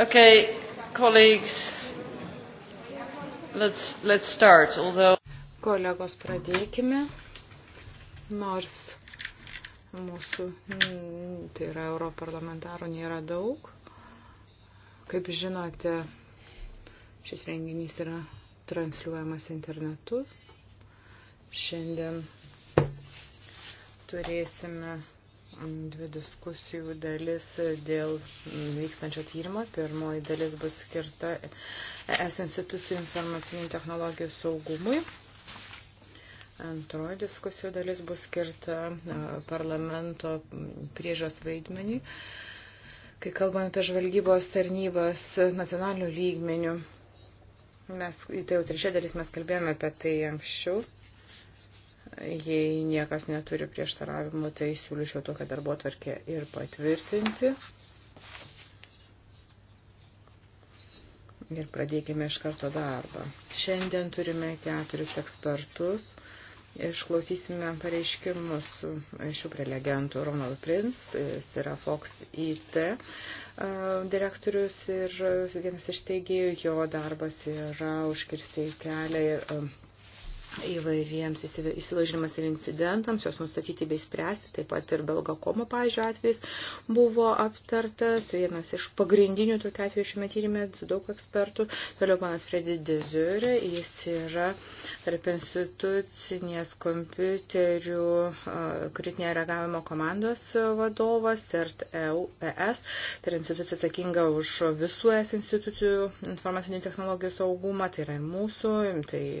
Okay, colleagues, let's, let's start, although... Kolegos, pradėkime, nors mūsų, tai yra europarlamentarų, nėra daug. Kaip žinote, šis renginys yra transliuojamas internetu. Šiandien turėsime dvi diskusijų dalis dėl vykstančio tyrimo. Pirmoji dalis bus skirta es institucijų informacinių technologijų saugumui. Antroji diskusijų dalis bus skirta e, parlamento priežos vaidmeniui, kai kalbame apie žvalgybos tarnybas nacionalinių lygmenių. Mes, tai jau trečia dalis mes kalbėjome apie tai anksčiau. Jei niekas neturi prieštaravimų, tai siūlyčiau tokią darbo tvarkę ir patvirtinti. Ir pradėkime iš karto darbą. Šiandien turime keturis ekspertus. Išklausysime pareiškimus šių prelegentų Ronald Prince, jis yra Fox IT direktorius ir vienas iš teigėjų, jo darbas yra užkirsti kelią įvairiems įsilaužinimas ir incidentams, jos nustatyti bei spręsti, taip pat ir Belgakomo, pavyzdžiui, atvejs buvo aptartas, vienas iš pagrindinių tokių atvejų šiame tyrimė, daug ekspertų, toliau panas Fredi Dezure, jis yra tarp institucinės kompiuterių kritinė reagavimo komandos vadovas, CERT-EUPS, tai yra institucija atsakinga už visų es institucijų informacinių technologijų saugumą, tai yra ir mūsų, tai e,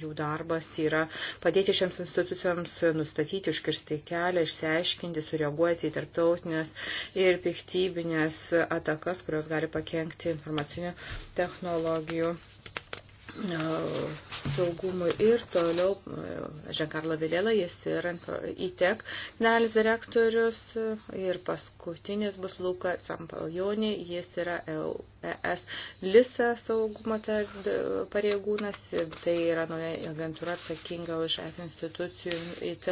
jų jų darbas yra padėti šiams institucijoms nustatyti, užkirsti kelią, išsiaiškinti, sureaguoti į tarptautinės ir piktybinės atakas, kurios gali pakengti informacinių technologijų saugumui ir toliau Žankarla e, Vilėla, jis yra ITEC generalinis direktorius e, ir paskutinis bus Luka Campaljonė, jis yra ES e LISA saugumo pareigūnas, tai yra nauja agentūra atsakinga už ES institucijų IT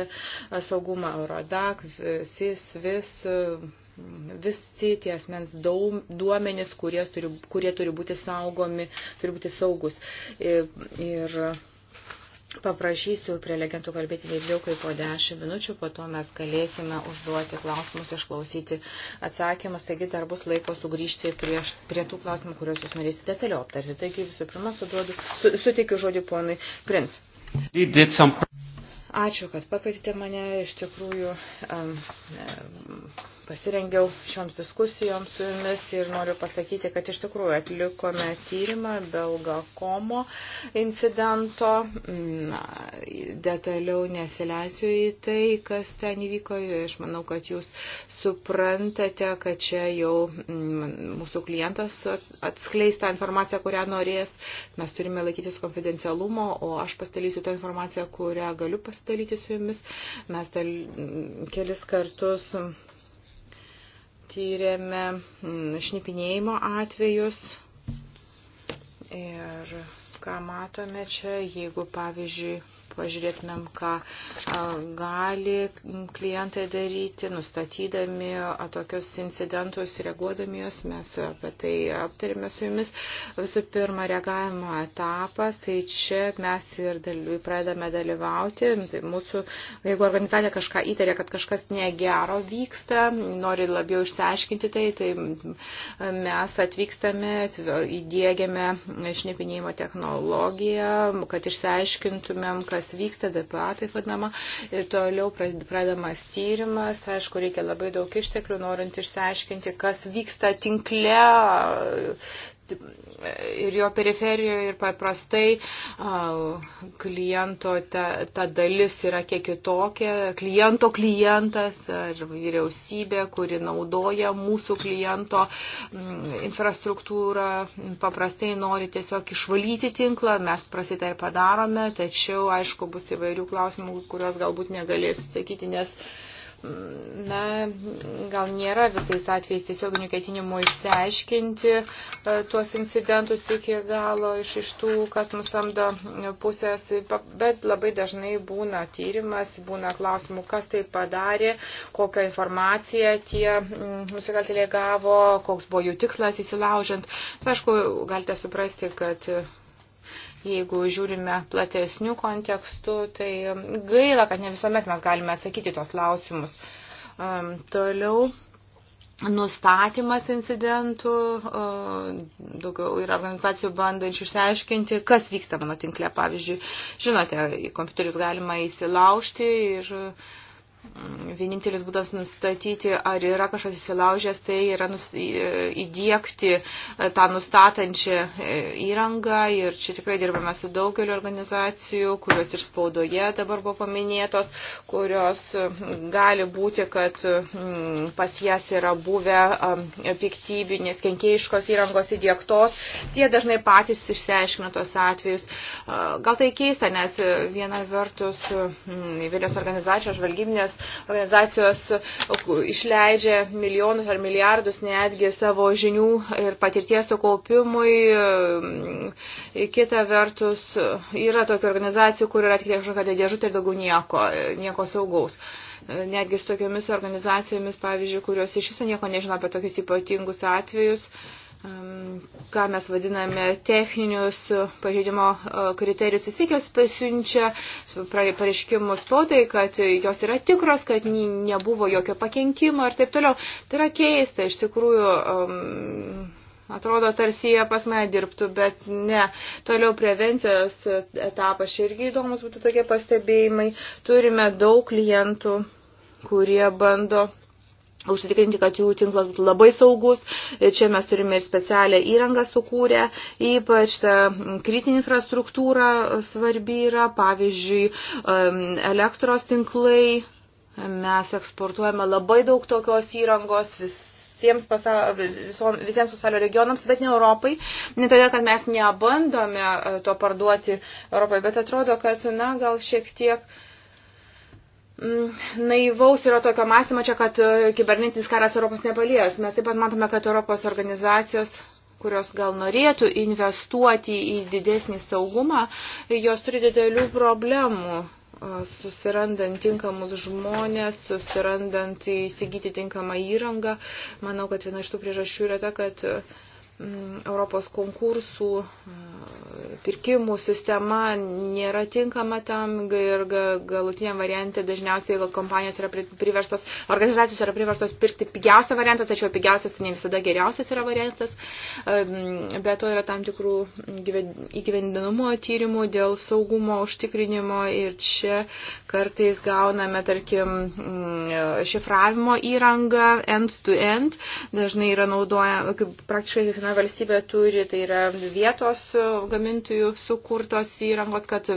saugumą Eurodac, SIS, VIS, visi tie asmens duomenys, kurie turi, kurie turi būti saugomi, turi būti saugus. Ir, ir paprašysiu prelegentų kalbėti neilgiau kaip po 10 minučių, po to mes galėsime užduoti klausimus, išklausyti atsakymus, taigi dar bus laiko sugrįžti prieš, prie tų klausimų, kuriuos jūs norėsite detaliau aptarti. Taigi visų pirma, suduodu, su, suteikiu žodį ponui Prins. Ačiū, kad pakvietėte mane, iš tikrųjų. Um, um, pasirengiau šioms diskusijoms su jumis ir noriu pasakyti, kad iš tikrųjų atlikome tyrimą Belgakomo incidento. Detaliau nesileisiu į tai, kas ten įvyko. Aš manau, kad jūs suprantate, kad čia jau mm, mūsų klientas atskleis tą informaciją, kurią norės. Mes turime laikytis konfidencialumo, o aš pastalysiu tą informaciją, kurią galiu pasidalyti su jumis. Mes dal, mm, kelis kartus tyrėme mm, šnipinėjimo atvejus ir ką matome čia, jeigu pavyzdžiui pažiūrėtumėm, ką gali klientai daryti, nustatydami tokius incidentus, reaguodami juos, mes apie tai aptarėme su jumis. Visų pirma, reagavimo etapas, tai čia mes ir dalyvi, pradedame dalyvauti. Tai mūsų, jeigu organizacija kažką įtarė, kad kažkas negero vyksta, nori labiau išsiaiškinti tai, tai mes atvykstame, įdėgiame šnipinėjimo technologiją, kad išsiaiškintumėm, kas kas vyksta, DPA taip vadinama, ir toliau pradamas tyrimas, aišku, reikia labai daug išteklių, norint išsiaiškinti, kas vyksta tinkle, ir jo periferijoje ir paprastai kliento ta, ta dalis yra kiek kitokia. Kliento klientas ar vyriausybė, kuri naudoja mūsų kliento mm, infrastruktūrą, paprastai nori tiesiog išvalyti tinklą, mes prasitai ir padarome, tačiau aišku bus įvairių klausimų, kuriuos galbūt negalėsiu sakyti, nes uh, na, gal nėra visais atvejais tiesioginių ketinimų išsiaiškinti e, tuos incidentus iki galo iš, iš tų, kas mus samdo pusės, bet labai dažnai būna tyrimas, būna klausimų, kas tai padarė, kokią informaciją tie mm, nusikaltėliai gavo, koks buvo jų tikslas įsilaužant. Tai, aišku, galite suprasti, kad Jeigu žiūrime platesnių kontekstų, tai gaila, kad ne visuomet mes galime atsakyti tos klausimus. Um, toliau nustatymas incidentų, daugiau yra organizacijų bandančių išsiaiškinti, kas vyksta mano tinkle. Pavyzdžiui, žinote, į kompiuterius galima įsilaužti ir uh, vienintelis būdas nustatyti, ar yra kažkas įsilaužęs, tai yra nus, įdėkti e, tą nustatančią e, įrangą. Ir čia tikrai dirbame su daugeliu organizacijų, kurios ir spaudoje dabar buvo paminėtos, kurios e, gali būti, kad mm, pas jas yra buvę piktybinės, kenkėjiškos įrangos įdėktos. Tie dažnai patys išsiaiškina tos atvejus. Gal tai keista, nes viena vertus mm, įvairios organizacijos žvalgybinės Nevyriausybinės organizacijos išleidžia milijonus ar milijardus netgi savo žinių ir patirties sukaupimui. E, kita vertus, yra tokių organizacijų, kur yra tik kažkokia tai dėžutė ir daugiau nieko, nieko saugaus e, netgi su tokiamis organizacijomis, pavyzdžiui, kurios iš viso nieko nežino apie tokius ypatingus atvejus. Uh, ką mes vadiname techninius pažeidimo e, kriterijus, vis tiek jos pasiunčia pareiškimus spaudai, kad jos yra tikros, kad nebuvo jokio pakenkimo ir taip toliau. Tai yra keista, iš tikrųjų. Um, Atrodo, tarsi jie pas mane dirbtų, bet ne. Toliau prevencijos etapas, čia irgi įdomus būtų tokie pastebėjimai. Turime daug klientų, kurie bando užsitikrinti, kad jų tinklas būtų labai saugus. Čia mes turime ir specialią įrangą sukūrę, ypač ta kritinė infrastruktūra svarbi yra, pavyzdžiui, elektros tinklai. Mes eksportuojame labai daug tokios įrangos, vis, visiems, pasa, visom, visiems pasaulio regionams, bet ne Europai. Ne todėl, kad mes nebandome e, to parduoti Europai, bet atrodo, kad, na, gal šiek tiek uh, Mm, naivaus yra tokio mąstymo čia, kad e, kibernetinis karas Europos nepalies. Mes taip pat matome, kad Europos organizacijos kurios gal norėtų investuoti į didesnį saugumą, jos turi didelių problemų e, susirandant tinkamus žmonės, susirandant įsigyti tinkamą įrangą. Manau, kad viena iš tų priežasčių yra ta, kad uh, Mm, Europos konkursų e, pirkimų sistema nėra tinkama tam ir galutiniam variantė dažniausiai kompanijos yra priverstos, organizacijos yra priverstos pirkti pigiausią variantą, tačiau pigiausias tai ne visada geriausias yra variantas. E, be to yra tam tikrų įgyvendinumo tyrimų dėl saugumo užtikrinimo ir čia kartais gauname, tarkim, mm, e, šifravimo įrangą end-to-end, -end. dažnai yra naudojama, praktiškai kiekviena valstybė turi, tai yra vietos gamintojų sukurtos įrangos, kad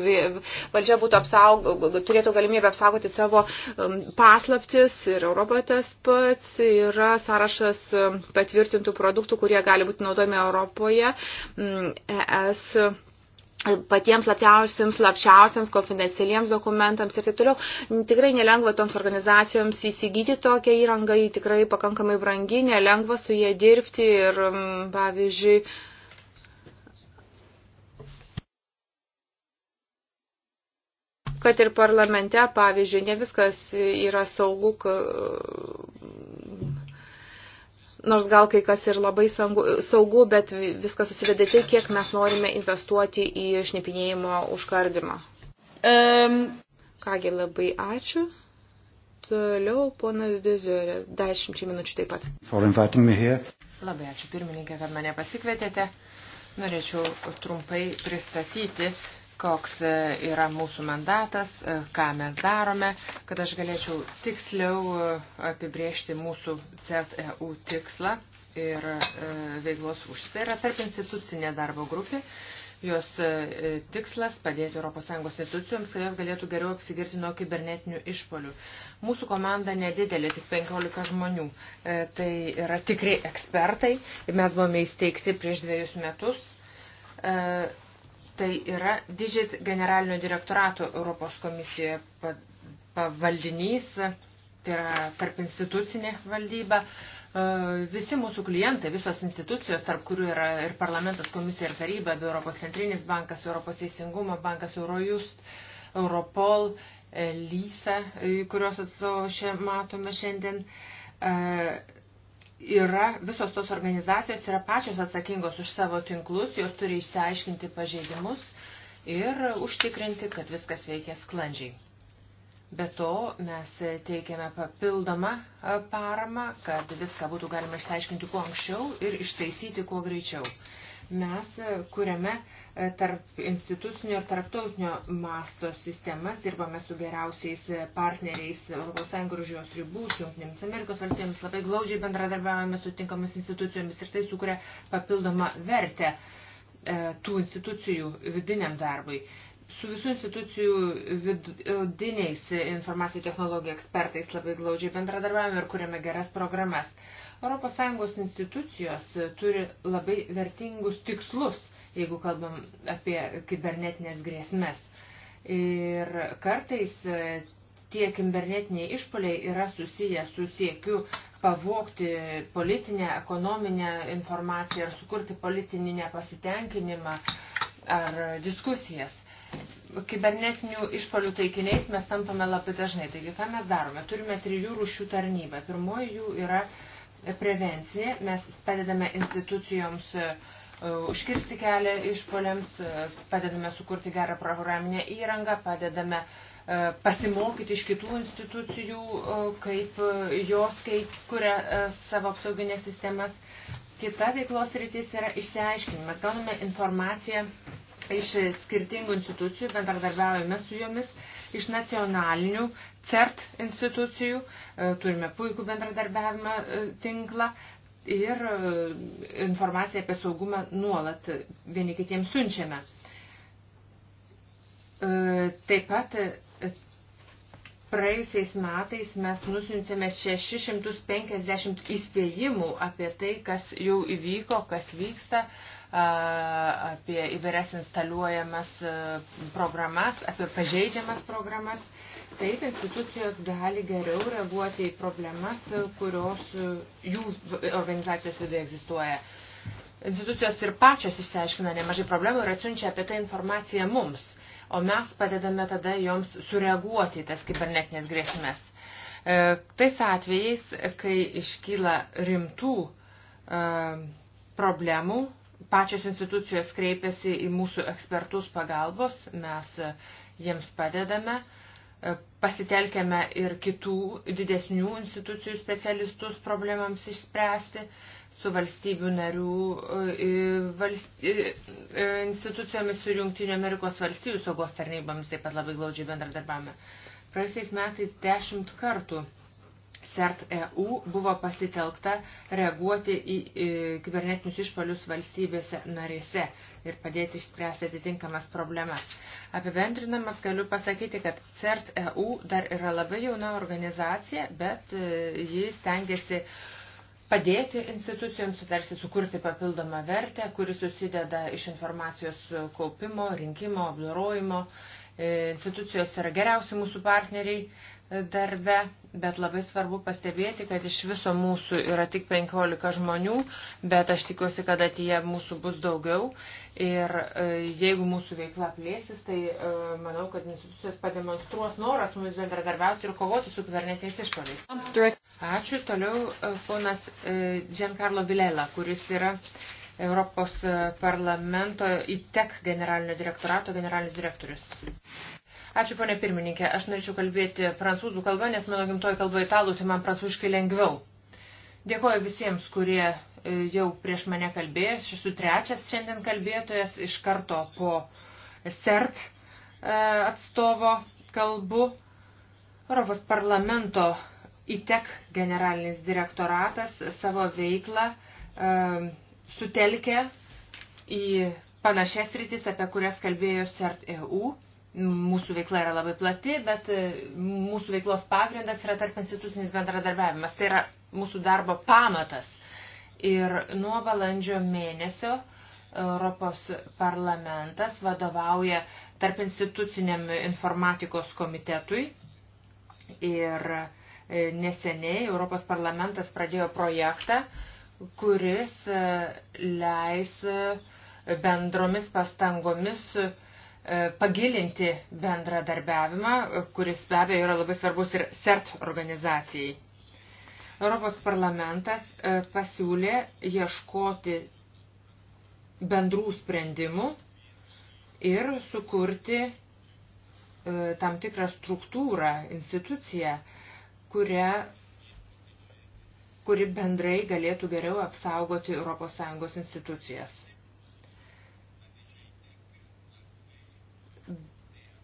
valdžia būtų apsaugo, turėtų galimybę apsaugoti savo um, paslaptis ir Europoje tas pats yra sąrašas um, patvirtintų produktų, kurie gali būti naudojami Europoje. Mm, ES patiems slapčiausiams, slapčiausiams, konfidencialiems dokumentams ir taip toliau. Tikrai nelengva toms organizacijoms įsigyti tokią įrangą, ji tikrai pakankamai brangi, nelengva su jie dirbti ir, mm, pavyzdžiui, kad ir parlamente, pavyzdžiui, ne viskas yra saugu, nors gal kai kas ir labai saugu, bet viskas susideda tai, kiek mes norime investuoti į šnipinėjimo užkardimą. Um. Kągi labai ačiū. Toliau ponas Dizerė, dešimčiai minučių taip pat. Labai ačiū pirmininkė, kad mane pasikvietėte. Norėčiau trumpai pristatyti koks e, yra mūsų mandatas, e, ką mes darome, kad aš galėčiau tiksliau e, apibriežti mūsų CERT-EU tikslą ir veiklos užsienį. Tai yra tarp institucinė darbo grupė. Jos tikslas padėti ES institucijoms, kad jos galėtų geriau apsigirti nuo kibernetinių išpolių. Mūsų komanda nedidelė, tik 15 žmonių. Tai yra tikri ekspertai. Mes buvome įsteigti prieš dviejus metus tai yra Digit generalinio direktorato Europos komisijoje pavaldinys, tai yra tarp institucinė valdyba. E, visi mūsų klientai, visos institucijos, tarp kurių yra ir parlamentas, komisija ir taryba, bei Europos centrinis bankas, Europos teisingumo bankas, Eurojust, Europol, e, Lysa, kurios atstovo matome šiandien, e, yra, visos tos organizacijos yra pačios atsakingos už savo tinklus, jos turi išsiaiškinti pažeidimus ir užtikrinti, kad viskas veikia sklandžiai. Be to, mes teikiame papildomą e, paramą, kad viską būtų galima išsiaiškinti kuo anksčiau ir ištaisyti kuo greičiau. Mes e, kuriame e, tarp institucinio ir tarptautinio masto sistemas, dirbame su geriausiais e, partneriais ES ir už jos ribų, su Junktinėmis Amerikos valstybėmis, labai glaužiai bendradarbiavame su tinkamomis institucijomis ir tai sukuria papildomą vertę tų institucijų vidiniam darbui su visų institucijų vidiniais informacijų technologijų ekspertais labai glaudžiai bendradarbiavame ir kuriame geras programas. ES institucijos turi labai vertingus tikslus, jeigu kalbam apie kibernetinės grėsmės. Ir kartais e, tie kibernetiniai išpoliai yra susiję su siekiu pavokti politinę, ekonominę informaciją ar sukurti politinį nepasitenkinimą ar diskusijas. Kibernetinių išpolių taikiniais mes tampame labai dažnai. Taigi, ką mes darome? Turime trijų rūšių tarnybą. Pirmoji jų yra uh, prevencija. Mes padedame institucijoms e, užkirsti kelią išpoliams, e, padedame sukurti gerą programinę įrangą, padedame e, pasimokyti iš kitų institucijų, kaip jos kai kuria savo apsauginės sistemas. Kita veiklos rytis yra išsiaiškinimas. Gauname informaciją iš skirtingų institucijų, bendradarbiaujame su jomis iš nacionalinių CERT institucijų, e, turime puikų bendradarbiavimą e, tinklą ir e, informaciją apie saugumą nuolat vieni kitiems siunčiame. Taip pat praėjusiais metais mes nusiuntėme 650 įspėjimų apie tai, kas jau įvyko, kas vyksta, uh, apie įvairias instaliuojamas programas, apie pažeidžiamas programas. Taip, institucijos gali geriau reaguoti į problemas, kurios jų organizacijos viduje egzistuoja. Institucijos ir pačios išsiaiškina nemažai problemų ir atsiunčia apie tai informaciją mums, o mes padedame tada joms sureaguoti į tas kibernetinės grėsmės. E, tais atvejais, kai iškyla rimtų e, problemų, pačios institucijos kreipiasi į mūsų ekspertus pagalbos, mes jiems padedame, e, pasitelkiame ir kitų didesnių institucijų specialistus problemams išspręsti su valstybių narių e, valst... E, institucijomis ir Junktinio Amerikos valstybių saugos tarnybomis taip pat labai glaudžiai bendradarbiavame. Praėjusiais metais dešimt kartų uh, CERT EU buvo pasitelkta reaguoti į, į kibernetinius išpolius valstybėse narėse ir padėti išspręsti atitinkamas problemas. Apibendrinamas galiu pasakyti, kad CERT EU dar yra labai jauna organizacija, bet e, ji stengiasi padėti institucijoms, tarsi sukurti papildomą vertę, kuri susideda iš informacijos kaupimo, rinkimo, apdorojimo. E, institucijos yra geriausi mūsų partneriai darbe, bet labai svarbu pastebėti, kad iš viso mūsų yra tik 15 žmonių, bet aš tikiuosi, kad ateitie mūsų bus daugiau ir e, jeigu mūsų veikla plėsis, tai e, manau, kad institucijos pademonstruos noras su mumis bendradarbiauti ir kovoti su kibernetiniais išpoliais. Ačiū. Toliau e, ponas Giancarlo Vilela, kuris yra Europos parlamento ITEC generalinio direktorato generalinis direktorius. Ačiū, ponė pirmininkė. Aš norėčiau kalbėti prancūzų kalbą, nes mano gimtoji kalba italų, tai man prancūziškai lengviau. Dėkoju visiems, kurie e, jau prieš mane kalbėjo. Aš esu trečias šiandien kalbėtojas iš karto po CERT e, atstovo kalbu. Europos parlamento ITEK generalinis direktoratas savo veiklą e, sutelkė į panašias rytis, apie kurias kalbėjo CERT EU. Mūsų veikla yra labai plati, bet e, mūsų veiklos pagrindas yra tarp institucinis bendradarbiavimas. Tai yra mūsų darbo pamatas. Ir nuo balandžio mėnesio Europos parlamentas vadovauja tarp instituciniam informatikos komitetui. Ir e, neseniai Europos parlamentas pradėjo projektą, kuris e, leis bendromis pastangomis uh, E, pagilinti bendradarbiavimą, e, kuris be abejo yra labai svarbus ir CERT organizacijai. Europos parlamentas e, pasiūlė ieškoti bendrų sprendimų ir sukurti tam tikrą struktūrą, instituciją, kuria, kuri bendrai galėtų geriau apsaugoti ES institucijas.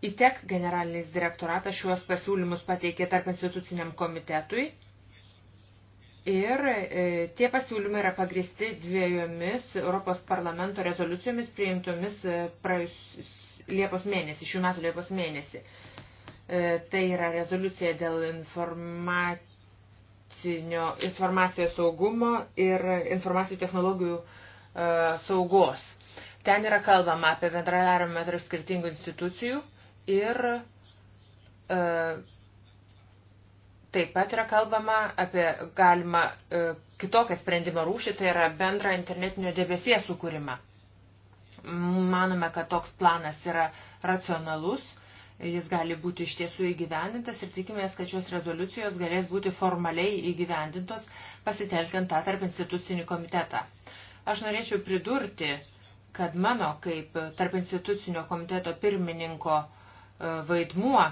ITEK generalinis direktoratas šiuos pasiūlymus pateikė tarp instituciniam komitetui ir e, tie pasiūlymai yra pagristi dviejomis Europos parlamento rezoliucijomis priimtomis e, praėjus Liepos mėnesį, šių metų Liepos mėnesį. E, tai yra rezoliucija dėl informacijos saugumo ir informacijų technologijų saugos. Ten yra kalbama apie bendradarbiavimą tarp skirtingų institucijų ir e, taip pat yra kalbama apie galimą e, kitokią sprendimo rūšį, tai yra bendrą internetinio debesies sukūrimą. Manome, kad toks planas yra racionalus, jis gali būti iš tiesų įgyvendintas ir tikimės, kad šios rezoliucijos galės būti formaliai įgyvendintos pasitelkiant tą tarp institucinį komitetą. Aš norėčiau pridurti, kad mano kaip tarp institucinio komiteto pirmininko uh, vaidmuo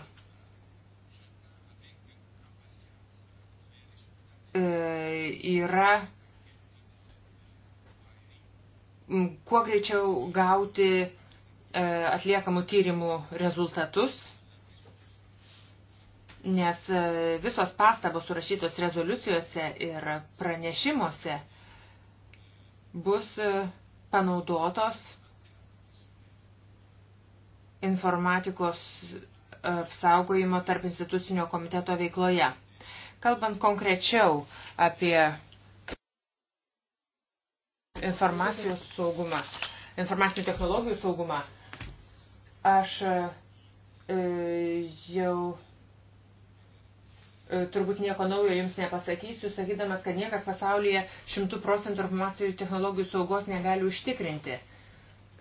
e, yra kuo greičiau gauti e, atliekamų tyrimų rezultatus, nes e, visos pastabos surašytos rezoliucijose ir pranešimuose bus panaudotos informatikos apsaugojimo tarp institucinio komiteto veikloje. Kalbant konkrečiau apie informacijos saugumą, informacinių technologijų saugumą, aš e, jau e, turbūt nieko naujo jums nepasakysiu, sakydamas, kad niekas pasaulyje šimtų procentų informacijų technologijų saugos negali užtikrinti.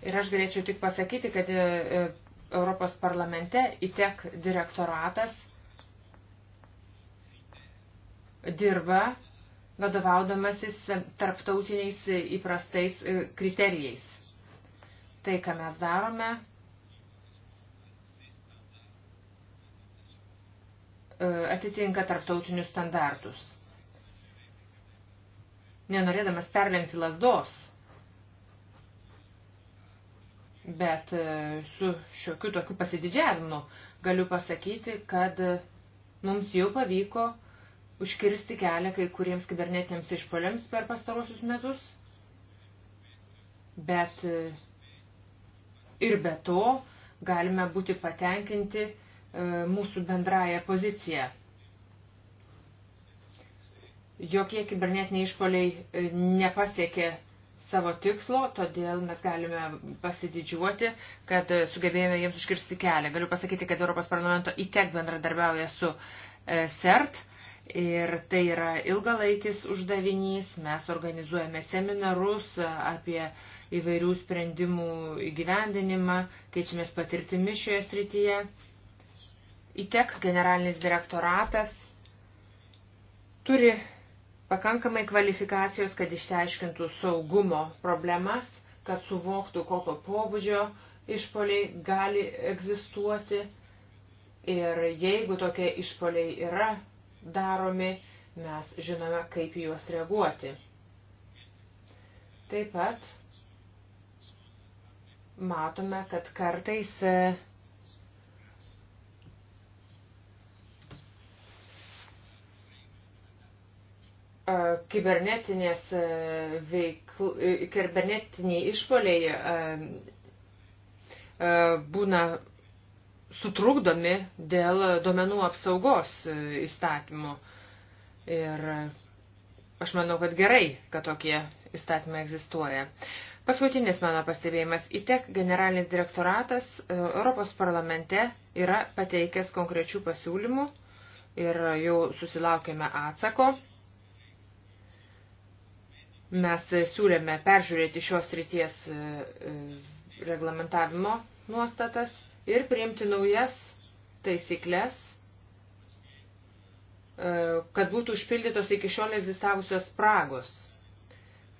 Ir aš galėčiau tik pasakyti, kad e, Europos parlamente ITEK direktoratas dirba vadovaudamasis tarptautiniais įprastais e, kriterijais. Tai, ką mes darome, e, atitinka tarptautinius standartus. Nenorėdamas perlengti lasdos, Bet e, su šiokiu tokiu pasididžiavimu galiu pasakyti, kad e, mums jau pavyko užkirsti kelią kai kuriems kibernetiniams išpoliams per pastarosius metus. Bet e, ir be to galime būti patenkinti mūsų bendrają poziciją. Jokie kibernetiniai išpoliai nepasiekė savo tikslo, todėl mes galime pasididžiuoti, kad sugebėjome jiems užkirsti kelią. Galiu pasakyti, kad Europos parlamento įtek bendradarbiauja su e, CERT ir tai yra ilgalaikis uždavinys. Mes organizuojame seminarus apie įvairių sprendimų įgyvendinimą, keičiamės patirtimi šioje srityje. ITEK generalinis direktoratas turi pakankamai kvalifikacijos, kad išsiaiškintų saugumo problemas, kad suvoktų, kokio pobūdžio išpoliai gali egzistuoti. Ir jeigu tokie išpoliai yra daromi, mes žinome, kaip juos reaguoti. Taip pat matome, kad kartais e, E, kibernetinės e, veiklų, e, kibernetiniai išpoliai būna sutrukdomi dėl duomenų apsaugos įstatymų. Ir aš manau, kad gerai, kad tokie įstatymai egzistuoja. Paskutinis mano pastebėjimas. ITEK generalinis direktoratas Europos parlamente yra pateikęs konkrečių pasiūlymų ir jau susilaukėme atsako Mes siūlėme peržiūrėti šios ryties e, e, reglamentavimo nuostatas ir priimti naujas taisyklės, e, kad būtų užpildytos iki šiol egzistavusios spragos,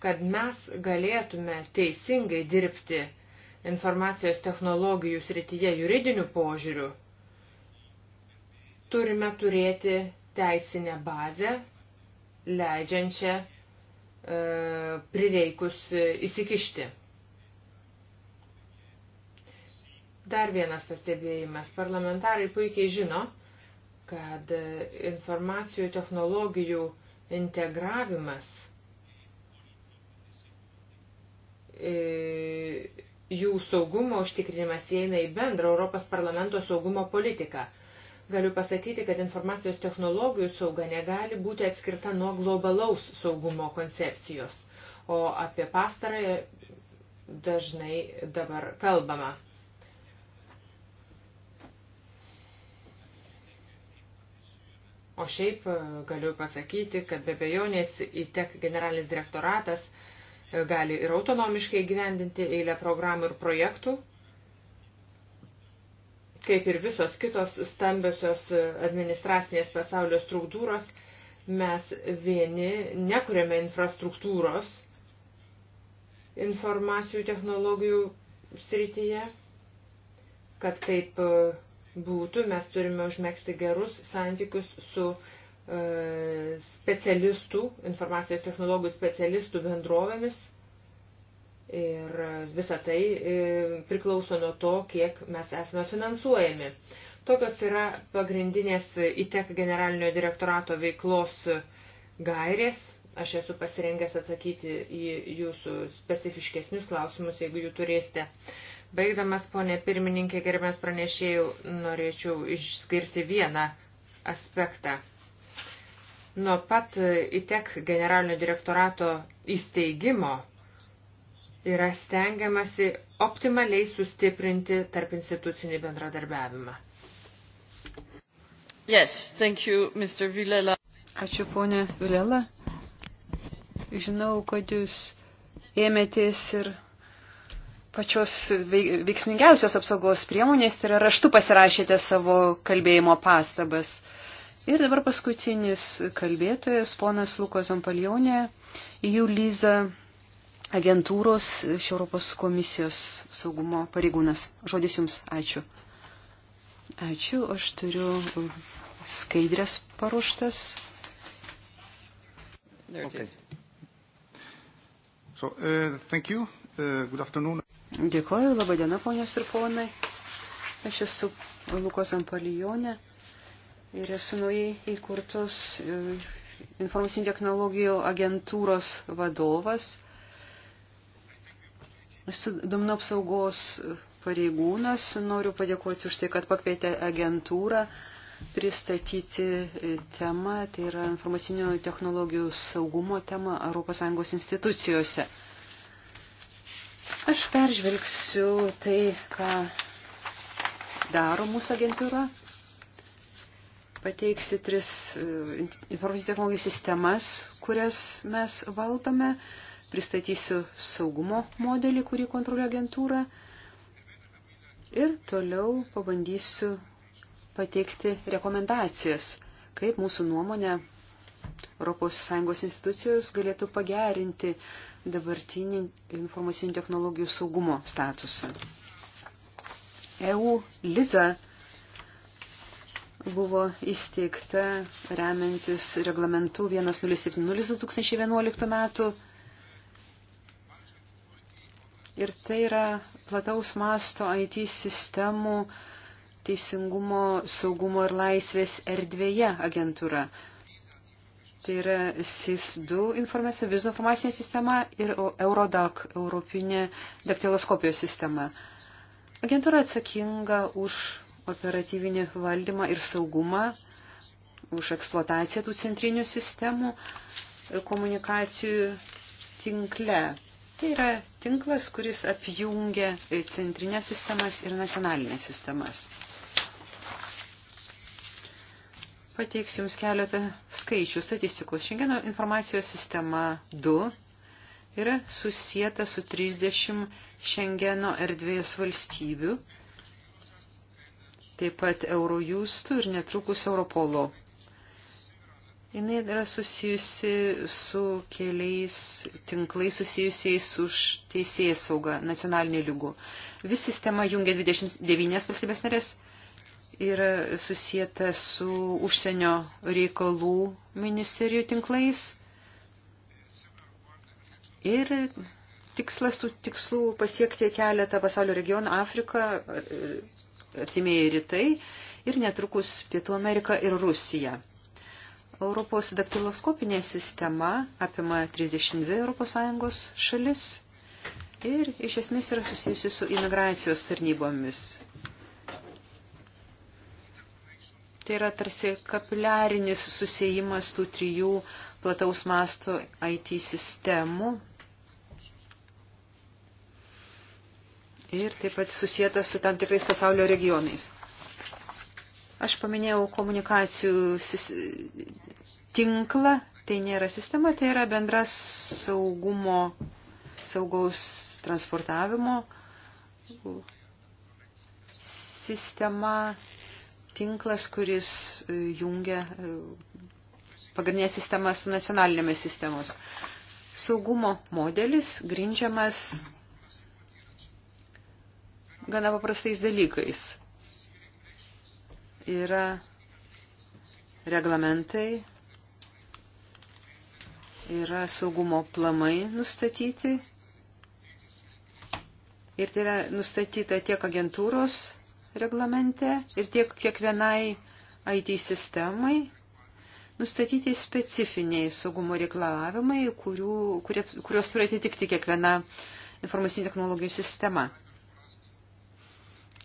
kad mes galėtume teisingai dirbti informacijos technologijų srityje juridinių požiūrių, turime turėti teisinę bazę, leidžiančią E, prireikus e, įsikišti. Dar vienas pastebėjimas. Parlamentarai puikiai žino, kad e, informacijų technologijų integravimas jų saugumo užtikrinimas įeina į bendrą Europos parlamento saugumo politiką – galiu pasakyti, kad informacijos technologijų sauga negali būti atskirta nuo globalaus saugumo koncepcijos, o apie pastarąją dažnai dabar kalbama. O šiaip e, galiu pasakyti, kad be bejonės ITEK generalinis direktoratas e, gali ir autonomiškai gyvendinti eilę programų ir projektų, kaip ir visos kitos stambiosios administracinės pasaulio struktūros, mes vieni nekuriame infrastruktūros informacijų technologijų srityje, kad taip e, būtų, mes turime užmėgsti gerus santykius su e, specialistų, informacijos technologijų specialistų bendrovėmis Ir visa tai e, priklauso nuo to, kiek mes esame finansuojami. Tokios yra pagrindinės ITEK generalinio direktorato veiklos gairės. Aš esu pasirengęs atsakyti į jūsų specifiškesnius klausimus, jeigu jų turėsite. Baigdamas, ponė pirmininkė, gerbės pranešėjų, norėčiau išskirti vieną aspektą. Nuo pat ITEK generalinio direktorato įsteigimo yra stengiamasi optimaliai sustiprinti tarp institucinį bendradarbiavimą. Yes, thank you, Mr. Vilela. Ačiū, ponė Vilela. Žinau, kad jūs ėmėtės ir pačios veiksmingiausios apsaugos priemonės, tai yra raštu pasirašėte savo kalbėjimo pastabas. Ir dabar paskutinis kalbėtojas, ponas Luko Zampaljonė, jų Lyza agentūros iš Europos komisijos saugumo pareigūnas. Žodis Jums, ačiū. Ačiū, aš turiu skaidrės paruoštas. Okay. So, uh, thank you. Uh, good afternoon. Dėkoju, laba diena, ponios ir ponai. Aš esu Lukos Ampalijonė ir esu naujai įkurtos uh, informacinių technologijų agentūros vadovas. Duomenų apsaugos pareigūnas, noriu padėkoti už tai, kad pakvietė agentūrą pristatyti e, temą, tai yra informacinių technologijų saugumo tema ES institucijose. Aš peržvelgsiu tai, ką daro mūsų agentūra. Pateiksiu tris e, informacinių technologijų sistemas, kurias mes valdome. Uh, pristatysiu saugumo modelį, kurį kontroliuoja agentūra. Ir toliau pabandysiu pateikti rekomendacijas, kaip mūsų nuomonė ES institucijos galėtų pagerinti dabartinį informacinių technologijų saugumo statusą. EU Liza buvo įsteigta remiantis reglamentu 1070 2011 metų Ir tai yra plataus masto IT sistemų teisingumo, saugumo ir laisvės erdvėje agentūra. Tai yra SIS-2 informacija, vizų informacinė sistema ir Eurodac, Europinė daktiloskopijos sistema. Agentūra atsakinga už operatyvinį valdymą ir saugumą, už eksploataciją tų centrinių sistemų e, komunikacijų tinkle. Tai yra tinklas, kuris apjungia centrinės sistemas ir nacionalinės sistemas. Pateiksiu Jums keletą skaičių statistikos. Šiandieno informacijos sistema 2 yra susijęta su 30 Šengeno erdvės valstybių, taip pat Eurojustų ir netrukus Europolo Jis yra susijusi su keliais tinklais susijusiais už teisėjai saugą nacionalinių lygų. Vis sistema jungia 29 valstybės narės ir susijęta su užsienio reikalų ministerijų tinklais. Ir tikslas tų tikslų pasiekti keletą pasaulio regionų - Afrika, artimieji rytai ir netrukus Pietų Amerika ir Rusija. Europos daktiloskopinė sistema apima 32 ES šalis ir iš esmės yra susijusi su imigracijos tarnybomis. Tai yra tarsi kapiliarinis susijimas tų trijų plataus masto IT sistemų. Ir taip pat susijęta su tam tikrais pasaulio regionais. Aš paminėjau komunikacijų tinklą, tai nėra sistema, tai yra bendra saugumo, saugaus transportavimo sistema, tinklas, kuris jungia pagrindinės sistemas su nacionalinėmis sistemos. Saugumo modelis grindžiamas gana paprastais dalykais – yra reglamentai, yra saugumo planai nustatyti. Ir tai yra nustatyta tiek agentūros reglamente ir tiek kiekvienai IT sistemai nustatyti specifiniai saugumo reikalavimai, kuriuos turi atitikti kiekviena informacinių technologijų sistema.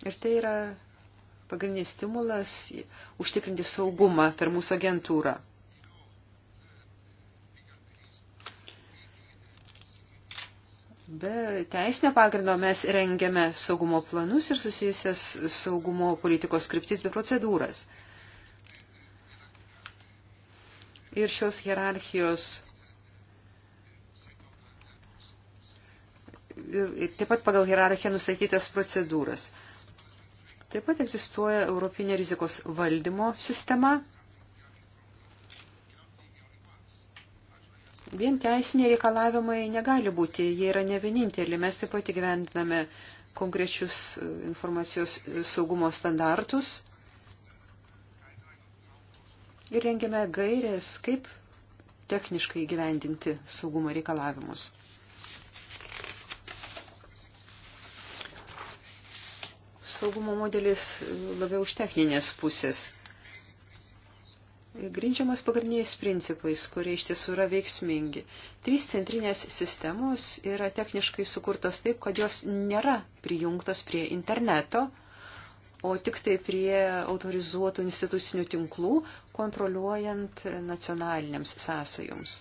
Ir tai yra pagrindinis stimulas užtikrinti saugumą per mūsų agentūrą. Be teisinio pagrindo mes rengiame saugumo planus ir susijusias saugumo politikos skriptis bei procedūras. Ir šios hierarchijos ir, ir taip pat pagal hierarchiją nustatytas procedūras. Taip pat egzistuoja Europinė rizikos valdymo sistema. Vien teisiniai reikalavimai negali būti, jie yra ne vieninteliai. Mes taip pat įgyvendiname konkrečius e, informacijos e, saugumo standartus ir rengiame gairės, kaip techniškai gyvendinti saugumo reikalavimus. saugumo modelis labiau už techninės pusės. Grindžiamas pagrindiniais principais, kurie iš tiesų yra veiksmingi. Trys centrinės sistemos yra techniškai sukurtos taip, kad jos nėra prijungtos prie interneto, o tik tai prie autorizuotų institucinių tinklų, kontroliuojant nacionaliniams sąsajoms.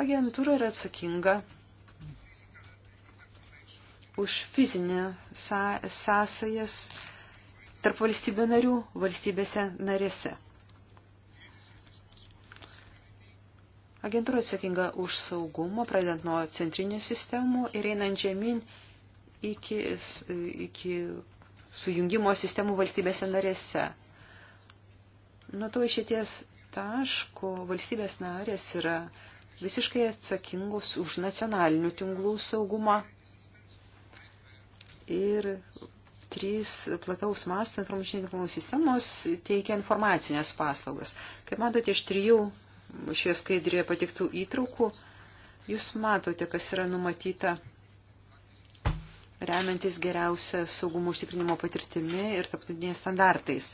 Agentūra yra atsakinga už fizinę sąsajas tarp valstybių narių valstybėse narėse. Agentūra atsakinga už saugumą, pradedant nuo centrinių sistemų ir einant žemyn iki, iki sujungimo sistemų valstybėse narėse. Nuo to išėties taško valstybės narės yra visiškai atsakingos už nacionalinių tinklų saugumą ir trys plataus masto informacinių tinklų sistemos teikia informacinės paslaugas. Kaip matote, iš trijų šioje skaidrėje patiktų įtraukų, jūs matote, kas yra numatyta remiantis geriausią saugumo užtikrinimo patirtimi ir taptutiniais standartais.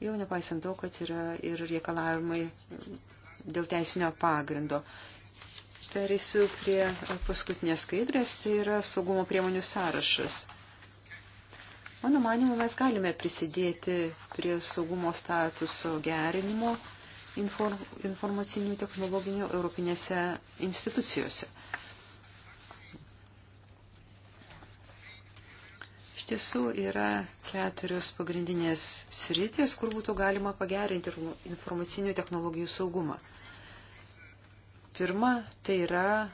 Jau nepaisant to, kad yra ir reikalavimai dėl teisinio pagrindo. Perėsiu prie paskutinės skaidrės, tai yra saugumo priemonių sąrašas. Mano manimu, mes galime prisidėti prie saugumo statuso gerinimo informacinių technologinių europinėse institucijose. Iš tiesų yra keturios pagrindinės sritės, kur būtų galima pagerinti informacinių technologijų saugumą. Pirma, tai yra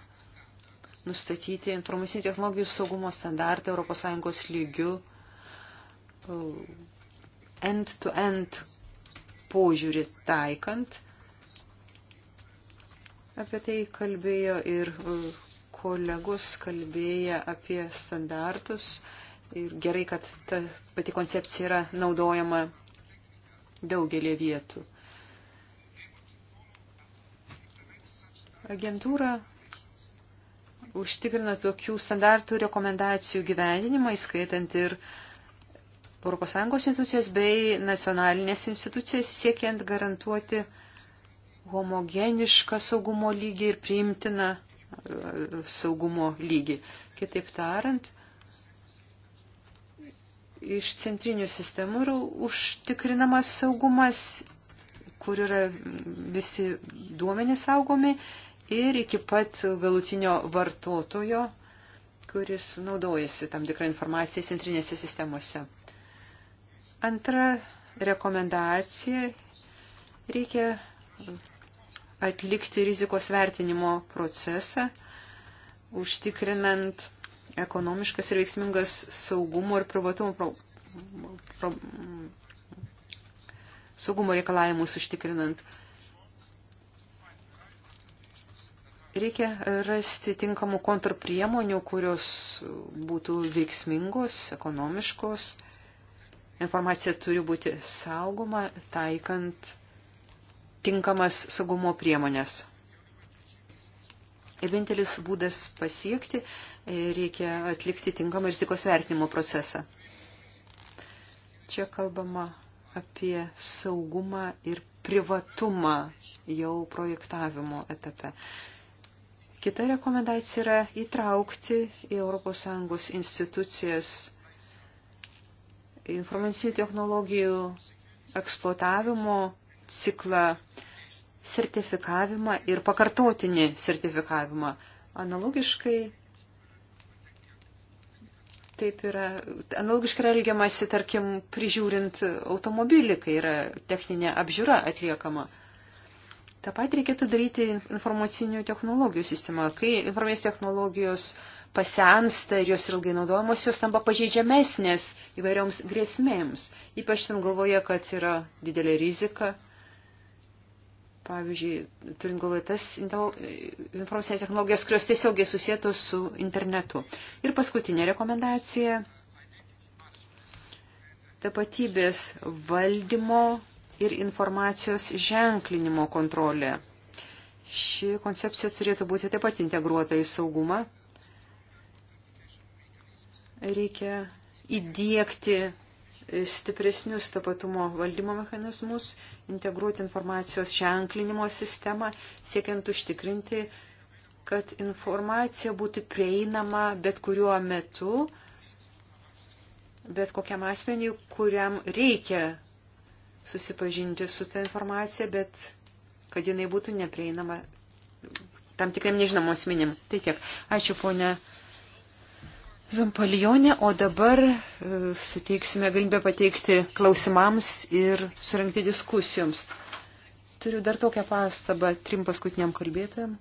nustatyti informacinių technologijų saugumo standartą ES lygių uh, end-to-end -end požiūrį taikant. Apie tai kalbėjo ir uh, kolegos, kalbėję apie standartus. Ir gerai, kad ta pati koncepcija yra naudojama daugelį vietų. agentūra užtikrina tokių standartų rekomendacijų gyvendinimą, įskaitant ir ES institucijas bei nacionalinės institucijas, siekiant garantuoti homogenišką saugumo lygį ir priimtiną e, saugumo lygį. Kitaip tariant, iš centrinių sistemų yra užtikrinamas saugumas, kur yra visi duomenys saugomi ir iki pat galutinio vartotojo, kuris naudojasi tam tikrą informaciją centrinėse sistemose. Antra rekomendacija reikia atlikti rizikos vertinimo procesą, užtikrinant ekonomiškas ir veiksmingas saugumo ir privatumo pro, pro, saugumo reikalavimus užtikrinant. Reikia rasti tinkamų kontrpriemonių, kurios būtų veiksmingos, ekonomiškos. Informacija turi būti saugoma, taikant tinkamas saugumo priemonės. Ir vienintelis būdas pasiekti reikia atlikti tinkamą rizikos vertinimo procesą. Čia kalbama apie saugumą ir privatumą jau projektavimo etape. Kita rekomendacija yra įtraukti į ES institucijas informacinių technologijų eksploatavimo ciklą, sertifikavimą ir pakartotinį sertifikavimą. Analogiškai taip yra, analogiškai yra elgiamasi, tarkim, prižiūrint automobilį, kai yra techninė apžiūra atliekama. Ta pat reikėtų daryti informacinių technologijų sistemoje. Kai informacinės technologijos pasensta ir jos ilgai naudojamos, jos tampa pažeidžiamesnės įvairioms grėsmėms. Ypač tam galvoje, kad yra didelė rizika. Pavyzdžiui, turint galvoje tas informacinės technologijas, kurios tiesiogiai susijėtos su internetu. Ir paskutinė rekomendacija – tapatybės valdymo ir informacijos ženklinimo kontrolė. Ši koncepcija turėtų būti taip pat integruota į saugumą. Reikia įdėkti stipresnius tapatumo valdymo mechanizmus, integruoti informacijos ženklinimo sistemą, siekiant užtikrinti, kad informacija būtų prieinama bet kuriuo metu, bet kokiam asmeniu, kuriam reikia susipažinti su tą informacija, bet kad jinai būtų neprieinama tam tikram nežinomam asmenim. Tai tiek. Ačiū, ponė Zampalionė, o dabar e, suteiksime galimybę pateikti klausimams ir surinkti diskusijoms. Turiu dar tokią pastabą trim paskutiniam kalbėtojam.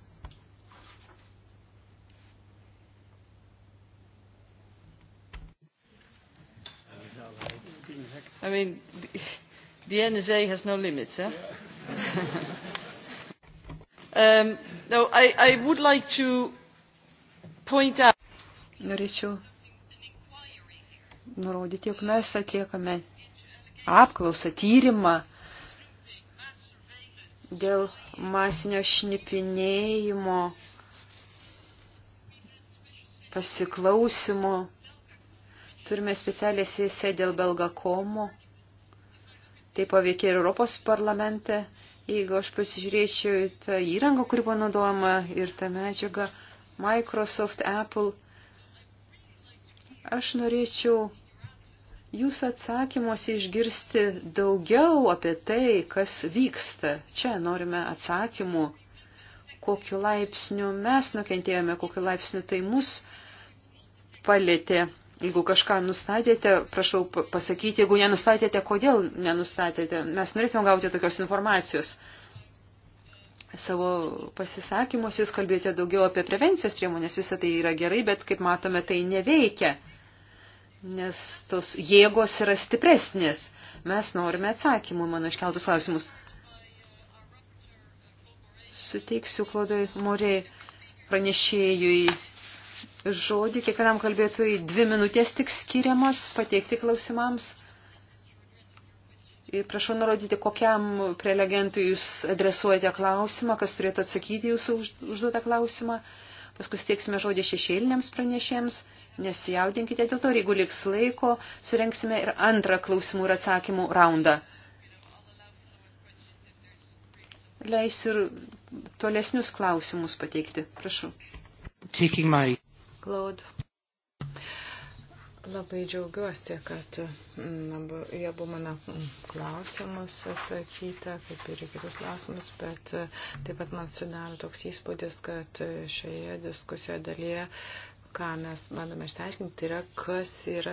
I mean, The NSA has no limits, eh? um, no, I, I would like to point out. Norėčiau nurodyti, jog mes atliekame apklausą, tyrimą dėl masinio šnipinėjimo, pasiklausimo. Turime specialią sesiją dėl Belgakomo tai paveikė ir Europos parlamente. Jeigu aš pasižiūrėčiau į tą įrangą, kuri buvo naudojama ir tą medžiagą Microsoft, Apple, aš norėčiau jūs atsakymuose išgirsti daugiau apie tai, kas vyksta. Čia norime atsakymų, kokiu laipsniu mes nukentėjome, kokiu laipsniu tai mus palėtė. Jeigu kažką nustatėte, prašau pasakyti, jeigu nenustatėte, kodėl nenustatėte, mes norėtume gauti tokios informacijos. Savo pasisakymus jūs kalbėjote daugiau apie prevencijos priemonės, visa tai yra gerai, bet kaip matome, tai neveikia, nes tos jėgos yra stipresnės. Mes norime atsakymų mano iškeltus klausimus. Suteiksiu Klodui Morei pranešėjui žodį, kiekvienam kalbėtojui dvi minutės tik skiriamos pateikti klausimams. Ir prašau nurodyti, kokiam prelegentui jūs adresuojate klausimą, kas turėtų atsakyti jūsų užduotą klausimą. Paskui steiksime žodį šešėliniams pranešėms. Nesijaudinkite dėl to, jeigu liks laiko, surenksime ir antrą klausimų ir atsakymų raundą. Leisiu ir tolesnius klausimus pateikti. Prašau. My... Claude. Labai džiaugiuosi, kad mm, į abu mano klausimus atsakyta, kaip ir į kitus klausimus, bet e, taip pat man sudaro toks įspūdis, kad e, šioje diskusijoje dalyje ką mes bandome išsiaiškinti, tai yra, kas yra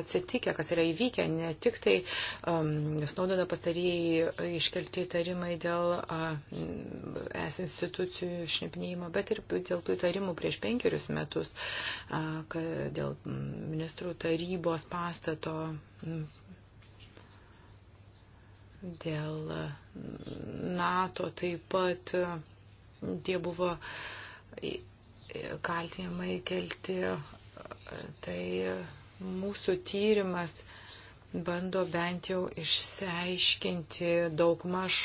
atsitikę, kas yra įvykę, ne tik tai um, Snowdono pastarėjai iškelti įtarimai dėl uh, es institucijų šnipinėjimo, bet ir dėl tų įtarimų prieš penkerius metus, uh, dėl ministrų tarybos pastato. Um, Dėl NATO taip pat tie buvo kaltinimai kelti. Tai mūsų tyrimas bando bent jau išsiaiškinti daugmaž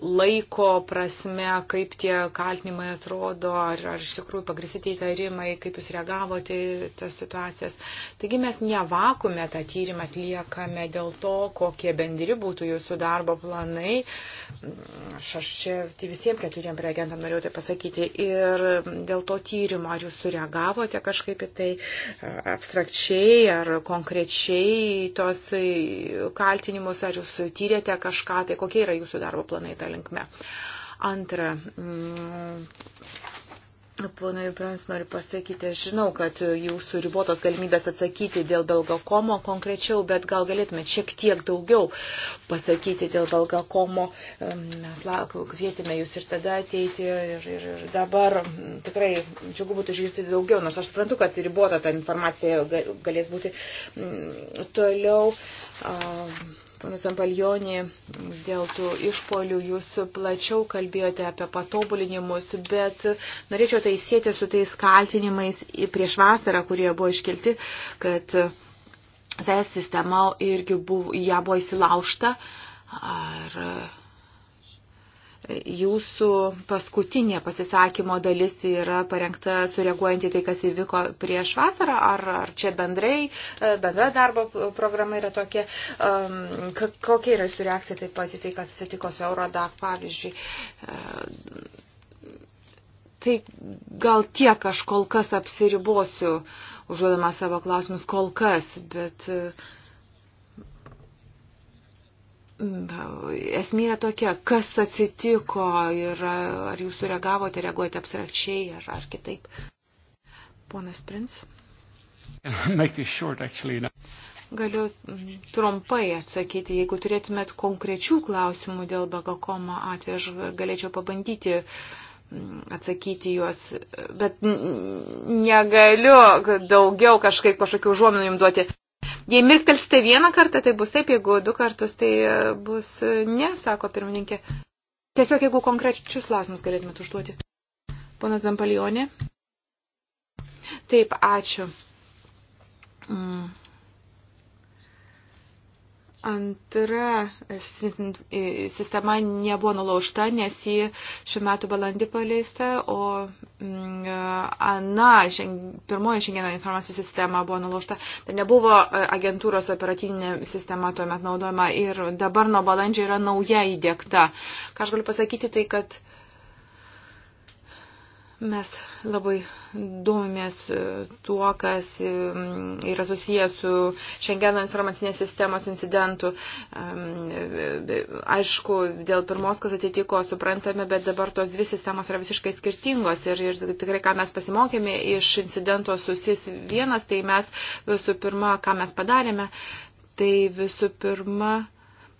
laiko prasme, kaip tie kaltinimai atrodo, ar, ar iš tikrųjų pagrisyti įtarimai, kaip jūs reagavote į tas situacijas. Taigi mes nevakume tą tyrimą atliekame dėl to, kokie bendri būtų jūsų darbo planai. Aš, aš čia tai visiems keturiem reagentam norėjau tai pasakyti. Ir dėl to tyrimo, ar jūs sureagavote kažkaip į tai abstrakčiai, ar konkrečiai tos kaltinimus, ar jūs tyrėte kažką, tai kokie yra jūsų darbo planai tą linkme. Antra, mm, Ponai Brans, noriu pasakyti, aš žinau, kad jūsų ribotos galimybės atsakyti dėl Belgakomo konkrečiau, bet gal galėtumėte šiek tiek daugiau pasakyti dėl Belgakomo. Mes lauk, kvietėme jūs ir tada ateiti ir, ir, ir dabar tikrai džiugu būtų išgirsti daugiau, nors aš suprantu, kad ribota ta informacija galės būti toliau. Uh, Panas Ambaljonė, dėl tų išpolių jūs plačiau kalbėjote apie patobulinimus, bet norėčiau tai sėti su tais kaltinimais prieš vasarą, kurie buvo iškelti, kad ta sistema irgi buvo, ją buvo įsilaužta. Ar Jūsų paskutinė pasisakymo dalis yra parengta sureaguojant į tai, kas įvyko prieš vasarą, ar, ar čia bendrai, e, bendra darbo programa yra tokia, um, kokia yra jūsų reakcija taip pat į tai, kas atsitiko su Eurodac, pavyzdžiui. E, tai gal tiek aš kol kas apsiribosiu, užduodama savo klausimus kol kas, bet. Uh, esmė yra tokia, kas atsitiko ir ar jūs sureagavote, reaguojate abstrakčiai ar, ar kitaip. Ponas Prins. Short, actually, no. Galiu mm, trumpai atsakyti, jeigu turėtumėt konkrečių klausimų dėl Bagakomo atveju, aš galėčiau pabandyti mm, atsakyti juos, bet mm, negaliu daugiau kažkaip kažkokių žuomenų jums duoti. Jei mirktelsite vieną kartą, tai bus taip, jeigu du kartus, tai e, bus e, ne, sako pirmininkė. Tiesiog jeigu konkrečius klausimus galėtumėt užduoti. Ponas Zampalionė. Taip, ačiū. Mm. Antra sistema nebuvo nulaužta, nes ji šiuo metu balandį paleista, o mm, ana, pirmoji šiandieno informacijų sistema buvo nulaužta. Tai nebuvo e, agentūros operatyvinė sistema tuomet naudojama ir dabar nuo balandžio yra nauja įdėkta. Ką aš galiu pasakyti, tai kad uh, Mes labai domimės e, tuo, kas e, yra susijęs su Šengeno informacinės sistemos incidentu. E, aišku, dėl pirmos, kas atitiko, suprantame, bet dabar tos dvi sistemos yra visiškai skirtingos. Ir, ir tikrai, ką mes pasimokėme iš incidento susis vienas, tai mes visų pirma, ką mes padarėme, tai visų pirma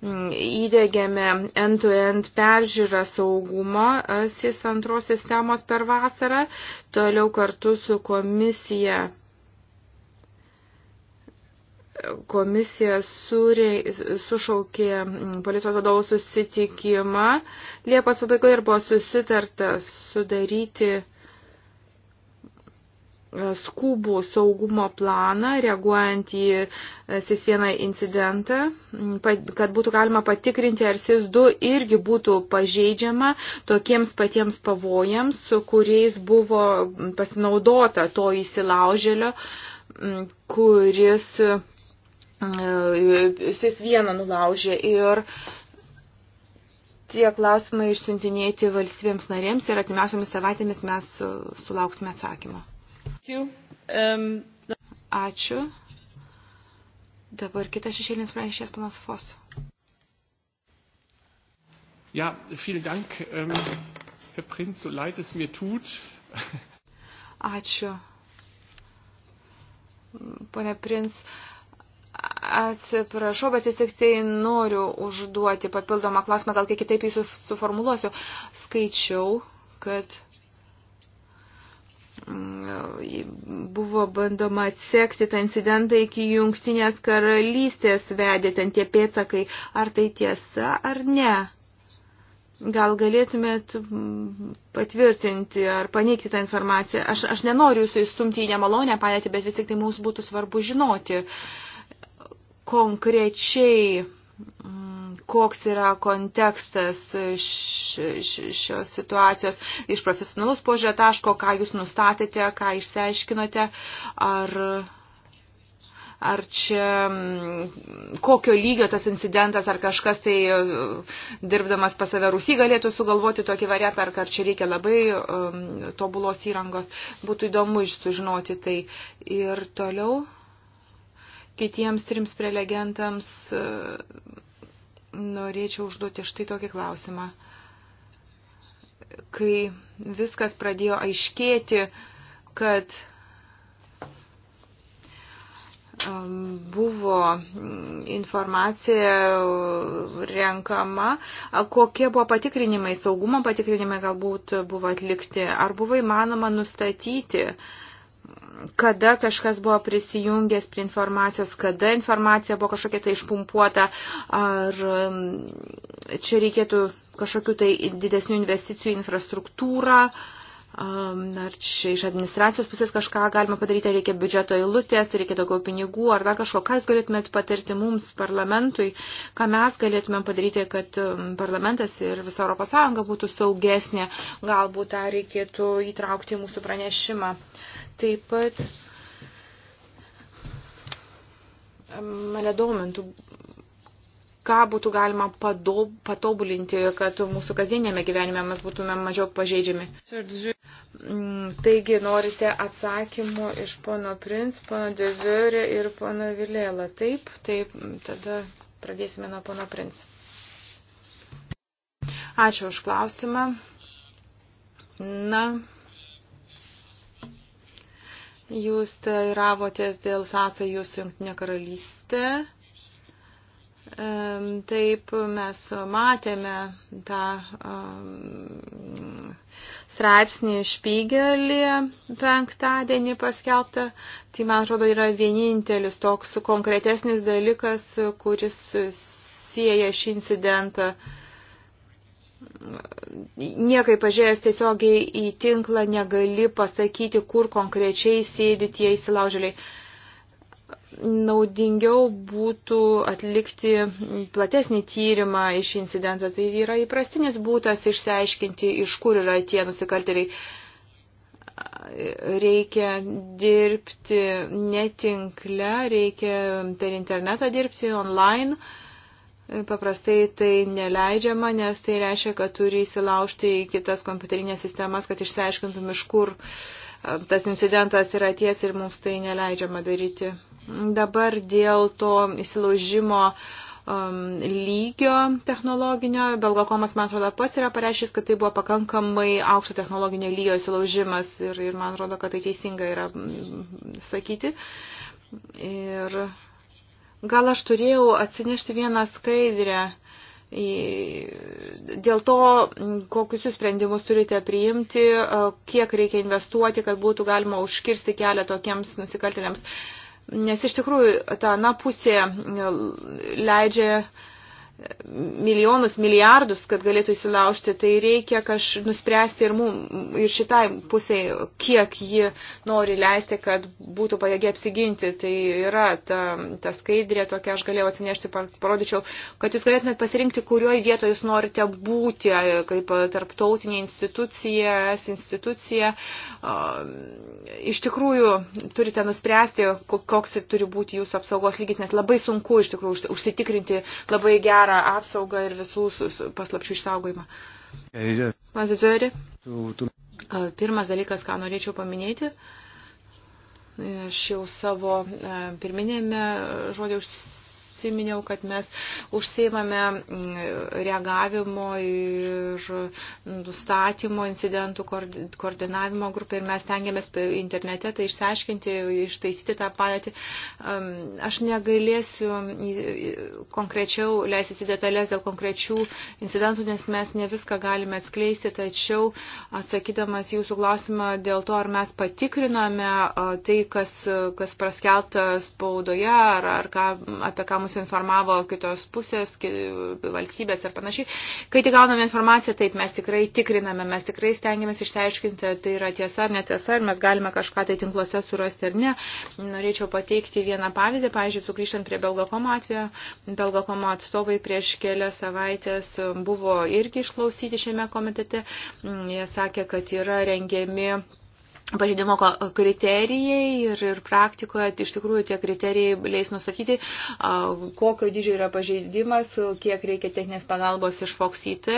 Mm, įdėgėme end-to-end peržiūrą saugumo e, SIS antros sistemos per vasarą, toliau kartu su komisija. Komisija surė, sušaukė mm, policijos vadovų susitikimą Liepos pabaigoje ir buvo susitarta sudaryti E, skubų saugumo planą, reaguojant į e, SIS-1 incidentą, kad būtų galima patikrinti, ar SIS-2 irgi būtų pažeidžiama tokiems patiems pavojams, su kuriais buvo pasinaudota to įsilaužėlio, kuris e, SIS-1 nulaužė. Ir tie klausimai išsiuntinėti valstybėms narėms ir atimiausiamis savaitėmis mes sulauksime atsakymo. Um, Ačiū. Dabar kitas šešėlinis pranešės panas Fos. Ja, vielen Dank, ähm, Herr Prinz, so leid es mir tut. Ačiū. Pone Prinz, atsiprašau, bet vis tik tai noriu užduoti papildomą klausimą, gal kiek kitaip jį suformuluosiu. Skaičiau, kad Mm, buvo bandoma atsekti tą incidentą iki jungtinės karalystės vedė ten tie pėtsakai. Ar tai tiesa, ar ne? Gal galėtumėt mm, patvirtinti ar paneigti tą informaciją? Aš, aš nenoriu jūsų įstumti į nemalonę padėtį, bet vis tik tai mums būtų svarbu žinoti konkrečiai. Mm, koks yra kontekstas šios situacijos iš profesionalus požiūrė taško, ką jūs nustatėte, ką išsiaiškinote, ar, ar čia mm, kokio lygio tas incidentas, ar kažkas tai e, dirbdamas pas save Rusy galėtų sugalvoti tokį variantą, ar, ar čia reikia labai um, tobulos įrangos. Būtų įdomu sužinoti tai. Ir toliau kitiems trims prelegentams. Uh, norėčiau užduoti štai tokį klausimą. Kai viskas pradėjo aiškėti, kad um, buvo informacija renkama, kokie buvo patikrinimai, saugumo patikrinimai galbūt buvo atlikti, ar buvo įmanoma nustatyti uh, kada kažkas buvo prisijungęs prie informacijos, kada informacija buvo kažkokia tai išpumpuota, ar mm, čia reikėtų kažkokių tai didesnių investicijų į infrastruktūrą, ar čia iš administracijos pusės kažką galima padaryti, ar reikia biudžeto eilutės, ar reikia daugiau pinigų, ar dar kažko, ką jūs galėtumėt patarti mums parlamentui, ką mes galėtumėm padaryti, kad mm, parlamentas ir visa Europos Sąjunga būtų saugesnė, galbūt tą reikėtų įtraukti į mūsų pranešimą. Uh, Taip pat mane domintų, ką būtų galima padob, patobulinti, kad mūsų kasdienėme gyvenime mes būtume mažiau pažeidžiami. Mm, taigi norite atsakymų iš pono Prins, pono Dezurė ir pono Vilėla. Taip, taip, tada pradėsime nuo pono Prins. Ačiū už klausimą. Na, Jūs tairavotės dėl sąsajų su Junktinė karalystė. Taip mes matėme tą straipsnį Špygelį penktadienį paskelbtą. Tai, man atrodo, yra vienintelis toks konkretesnis dalykas, kuris sieja šį incidentą uh, niekai pažiūrėjęs tiesiogiai į tinklą negali pasakyti, kur konkrečiai sėdi tie įsilaužėliai. Naudingiau būtų atlikti platesnį tyrimą iš incidentą. Tai yra įprastinis būtas išsiaiškinti, iš kur yra tie nusikaltėliai. Reikia dirbti netinkle, reikia per internetą dirbti online. Uh, Paprastai tai neleidžiama, nes tai reiškia, kad turi įsilaužti į kitas kompiuterinės sistemas, kad išsiaiškintum, iš kur e, tas incidentas yra ties ir mums tai neleidžiama daryti. Dabar dėl to įsilaužimo um, lygio technologinio, Belgakomas, man atrodo, pats yra pareiškęs, kad tai buvo pakankamai aukšto technologinio lygio įsilaužimas ir, ir man atrodo, kad tai teisinga yra sakyti. Ir Gal aš turėjau atsinešti vieną skaidrę dėl to, kokius jūs sprendimus turite priimti, kiek reikia investuoti, kad būtų galima užkirsti kelią tokiems nusikaltėliams. Nes iš tikrųjų ta ana pusė leidžia milijonus, milijardus, kad galėtų įsilaužti, tai reikia kaž nuspręsti ir, mum, ir šitai pusiai, kiek ji nori leisti, kad būtų pajėgi apsiginti. Tai yra ta, ta skaidrė tokia, aš galėjau atsinešti, parodyčiau, kad jūs galėtumėt pasirinkti, kurioje vietoje jūs norite būti, kaip tarptautinė institucija, es institucija. Iš tikrųjų, turite nuspręsti, koks turi būti jūsų apsaugos lygis, nes labai sunku iš tikrųjų užsitikrinti labai gerą gerą apsaugą ir visų paslapčių išsaugojimą. Mazizori, pirmas dalykas, ką norėčiau paminėti, aš jau savo e, pirminėme žodė užsisakiau užsiminiau, kad mes užsiimame mm, reagavimo ir nustatymo incidentų koordinavimo grupę ir mes tengiamės internete tai išsiaiškinti, ištaisyti tą patį. Aš negalėsiu konkrečiau leistis į detalės dėl konkrečių incidentų, nes mes ne viską galime atskleisti, tačiau atsakydamas jūsų klausimą dėl to, ar mes patikrinome tai, kas, kas praskelbta spaudoje, ar, ar ką, apie ką mus mus informavo kitos pusės, valstybės ir panašiai. Kai tik gauname informaciją, taip, mes tikrai tikriname, mes tikrai stengiamės išsiaiškinti, ar tai yra tiesa ar netiesa, ar mes galime kažką tai tinkluose surasti ar ne. Norėčiau pateikti vieną pavyzdį, pavyzdžiui, sugrįžtant prie Belgakomo atveju. Belgakomo atstovai prieš kelias savaitės buvo irgi išklausyti šiame komitete. Jie sakė, kad yra rengiami pažeidimo kriterijai ir, ir praktikoje tai iš tikrųjų tie kriterijai leis nusakyti, kokio dydžio yra pažeidimas, kiek reikia techninės pagalbos iš FOXIT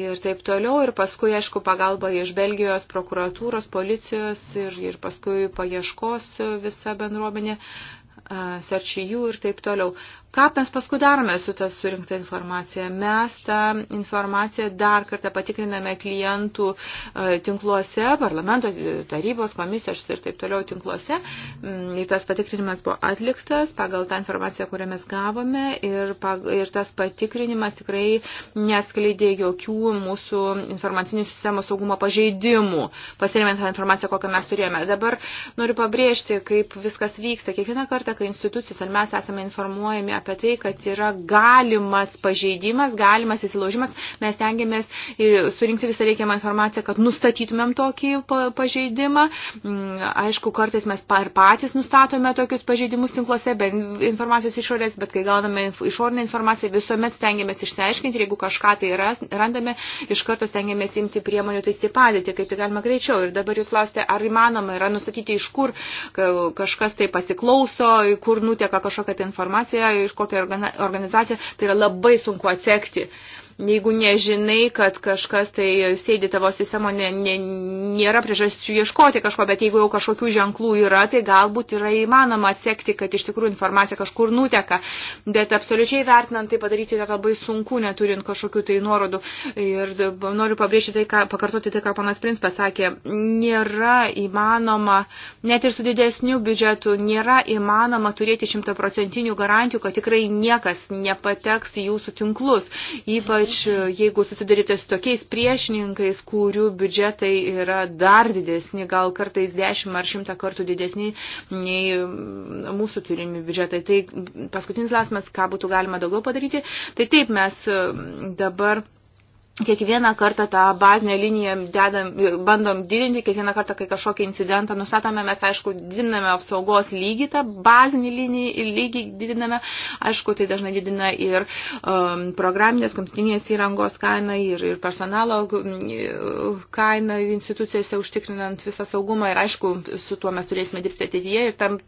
ir taip toliau. Ir paskui, aišku, pagalba iš Belgijos prokuratūros, policijos ir, ir paskui paieškos visa bendruomenė sarčijų ir taip toliau. Ką mes paskui darome su tą surinktą informaciją? Mes tą informaciją dar kartą patikriname klientų tinkluose, parlamento tarybos, komisijos ir taip toliau tinkluose. Mm, ir tas patikrinimas buvo atliktas pagal tą informaciją, kurią mes gavome ir, ir tas patikrinimas tikrai neskleidė jokių mūsų informacinių sistemų saugumo pažeidimų, pasirėmint tą informaciją, kokią mes turėjome. Dabar noriu pabrėžti, kaip viskas vyksta. Kiekvieną kartą, atsaką institucijas, ar mes esame informuojami apie tai, kad yra galimas pažeidimas, galimas įsilaužimas, mes tengiamės surinkti visą reikiamą informaciją, kad nustatytumėm tokį pažeidimą. Mm, aišku, kartais mes ir patys nustatome tokius pažeidimus tinkluose, be informacijos išorės, bet kai gauname išorinę informaciją, visuomet stengiamės išsiaiškinti, jeigu kažką tai randame, iš karto stengiamės imti priemonių taisti padėti, kaip tai galima greičiau. Ir dabar jūs klausite, ar įmanoma yra nustatyti, iš kur kažkas tai pasiklauso, kur nuteka kažkokia tai informacija, iš kokią organizaciją, tai yra labai sunku atsekti. Jeigu nežinai, kad kažkas tai sėdi tavo sistemo, ne, ne, nėra priežasčių ieškoti kažko, bet jeigu jau kažkokių ženklų yra, tai galbūt yra įmanoma atsekti, kad iš tikrųjų informacija kažkur nuteka. Bet absoliučiai vertinant tai padaryti yra labai sunku, neturint kažkokių tai nuorodų. Ir noriu pabrėžti tai, ką, pakartoti tai, ką panas Prins pasakė. Nėra įmanoma, net ir su didesniu biudžetu, nėra įmanoma turėti šimtaprocentinių garantijų, kad tikrai niekas nepateks į jūsų tinklus. Ypač jeigu susidarite su tokiais priešininkais, kurių biudžetai yra yra dar didesni, gal kartais 10 ar 100 kartų didesni nei mūsų turimi biudžetai. Tai paskutinis lasmas, ką būtų galima daugiau padaryti, tai taip mes e, dabar kiekvieną kartą tą bazinę liniją dedam, bandom didinti, kiekvieną kartą, kai kažkokį incidentą nustatome, mes, aišku, didiname apsaugos lygį, tą bazinį lygį, lygį didiname, aišku, tai dažnai didina ir um, programinės, kompiutinės įrangos kainą ir, ir personalo um, kainą institucijose užtikrinant visą saugumą ir, aišku, su tuo mes turėsime dirbti ateityje ir tam,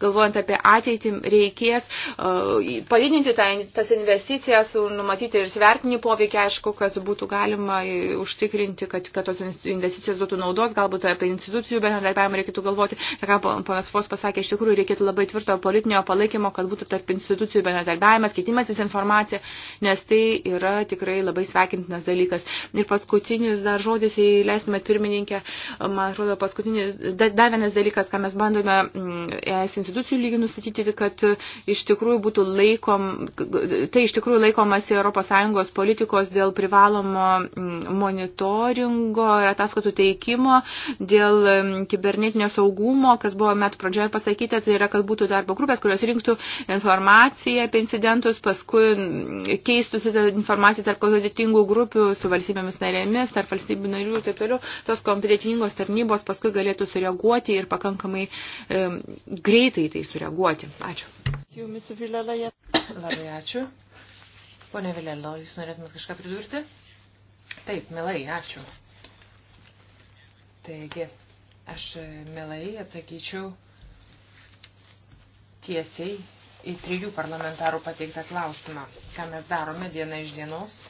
galvojant apie ateitį, reikės uh, padidinti tą, tas investicijas, numatyti ir svertinį poveikį, aišku, kad būtų galima užtikrinti, kad, kad tos investicijos duotų naudos, galbūt apie institucijų bendradarbiavimą reikėtų galvoti. Ir ką ponas Fos pasakė, iš tikrųjų reikėtų labai tvirto politinio palaikymo, kad būtų tarp institucijų bendradarbiavimas, keitimasis informacija, nes tai yra tikrai labai sveikintinas dalykas. Ir paskutinis dar žodis, jei leistumėt pirmininkę, man atrodo, paskutinis, dar da vienas dalykas, ką mes bandome mm, ES institucijų lygių nustatyti, tai kad iš tikrųjų būtų laikom, tai iš tikrųjų laikomas ES politikos dėl privalomų privalomo mm, monitoringo ir ataskaitų teikimo dėl mm, kibernetinio saugumo, kas buvo metų pradžioje pasakyta, tai yra, kad būtų darbo grupės, kurios rinktų informaciją apie incidentus, paskui mm, keistųsi informaciją tarp kompetentingų grupių su valstybėmis narėmis, tarp valstybių narių ir taip toliau. Tos kompetentingos tarnybos paskui galėtų sureaguoti ir pakankamai e, greitai tai sureaguoti. Ačiū. Labai ačiū. Pone Vilėlo, jūs norėtumėt kažką pridurti? Taip, mielai, ačiū. Taigi, aš mielai atsakyčiau tiesiai į trijų parlamentarų pateiktą klausimą, ką mes darome dieną iš dienos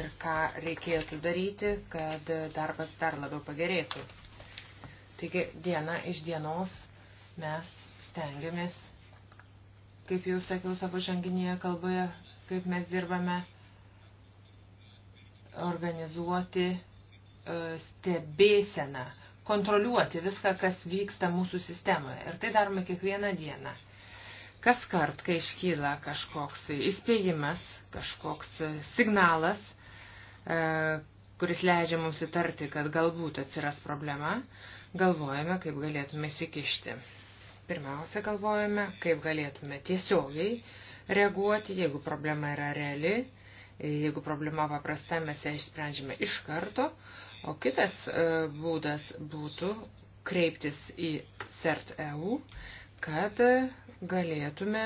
ir ką reikėtų daryti, kad darbas dar labiau pagerėtų. Taigi diena iš dienos mes stengiamės, kaip jau sakiau savo žanginėje kalboje, kaip mes dirbame organizuoti e, stebėseną, kontroliuoti viską, kas vyksta mūsų sistemoje. Ir tai darome kiekvieną dieną. Kas kart, kai iškyla kažkoks įspėjimas, kažkoks signalas, e, kuris leidžia mums įtarti, kad galbūt atsiras problema, galvojame, kaip galėtume įsikišti. Pirmiausia, galvojame, kaip galėtume tiesiogiai reaguoti, jeigu problema yra reali, Jeigu problema paprasta, mes ją išsprendžiame iš karto, o kitas e, būdas būtų kreiptis į CERT-EU, kad galėtume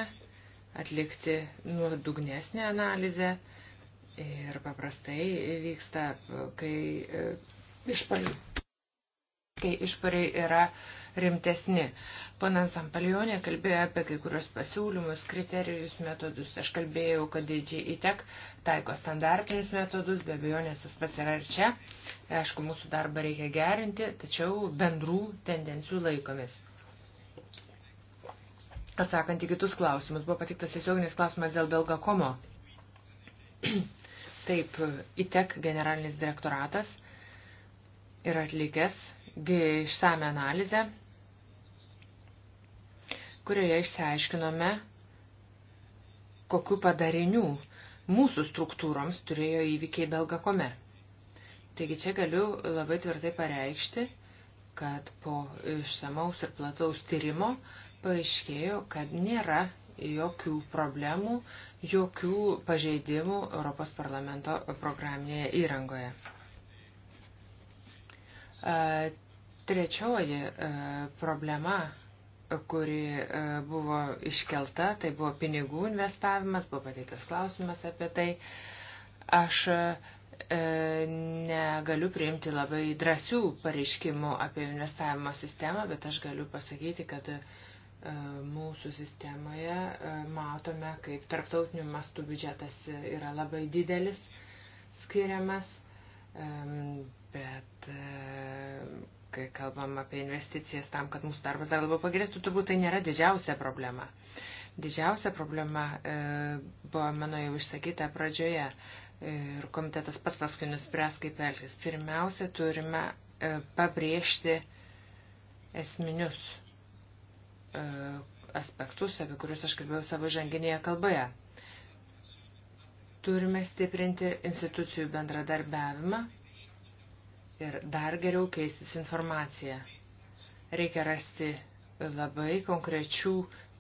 atlikti nuodugnesnę analizę ir paprastai vyksta, kai e, išpariai, kai išpariai yra rimtesni. Ponas Ampalionė kalbėjo apie kai kurios pasiūlymus, kriterijus, metodus. Aš kalbėjau, kad didžiai įtek e taiko standartinius metodus, be abejonės tas pats yra ir čia. Aišku, mūsų darbą reikia gerinti, tačiau bendrų tendencijų laikomis. Atsakant į kitus klausimus, buvo patiktas tiesioginis klausimas dėl Belgakomo. Taip, ITEK e generalinis direktoratas yra atlikęs išsame analizę kurioje išsiaiškinome, kokiu padarinių mūsų struktūroms turėjo įvykiai Belgakome. Taigi čia galiu labai tvirtai pareikšti, kad po išsamaus ir plataus tyrimo paaiškėjo, kad nėra jokių problemų, jokių pažeidimų Europos parlamento programinėje įrangoje. Trečioji problema kuri e, buvo iškelta, tai buvo pinigų investavimas, buvo pateiktas klausimas apie tai. Aš e, negaliu priimti labai drąsių pareiškimų apie investavimo sistemą, bet aš galiu pasakyti, kad e, mūsų sistemoje matome, kaip tarptautinių mastų biudžetas yra labai didelis, skiriamas, bet kai kalbam apie investicijas tam, kad mūsų darbas dar labiau pagerėtų, turbūt tai nėra didžiausia problema. Didžiausia problema e, buvo mano jau išsakyta pradžioje e, ir komitetas pats paskui nuspręs, kaip elgtis. Pirmiausia, turime e, pabrėžti esminius e, aspektus, apie kuriuos aš kalbėjau savo žanginėje kalboje. Turime stiprinti institucijų bendradarbiavimą ir dar geriau keistis informaciją. Reikia rasti labai konkrečių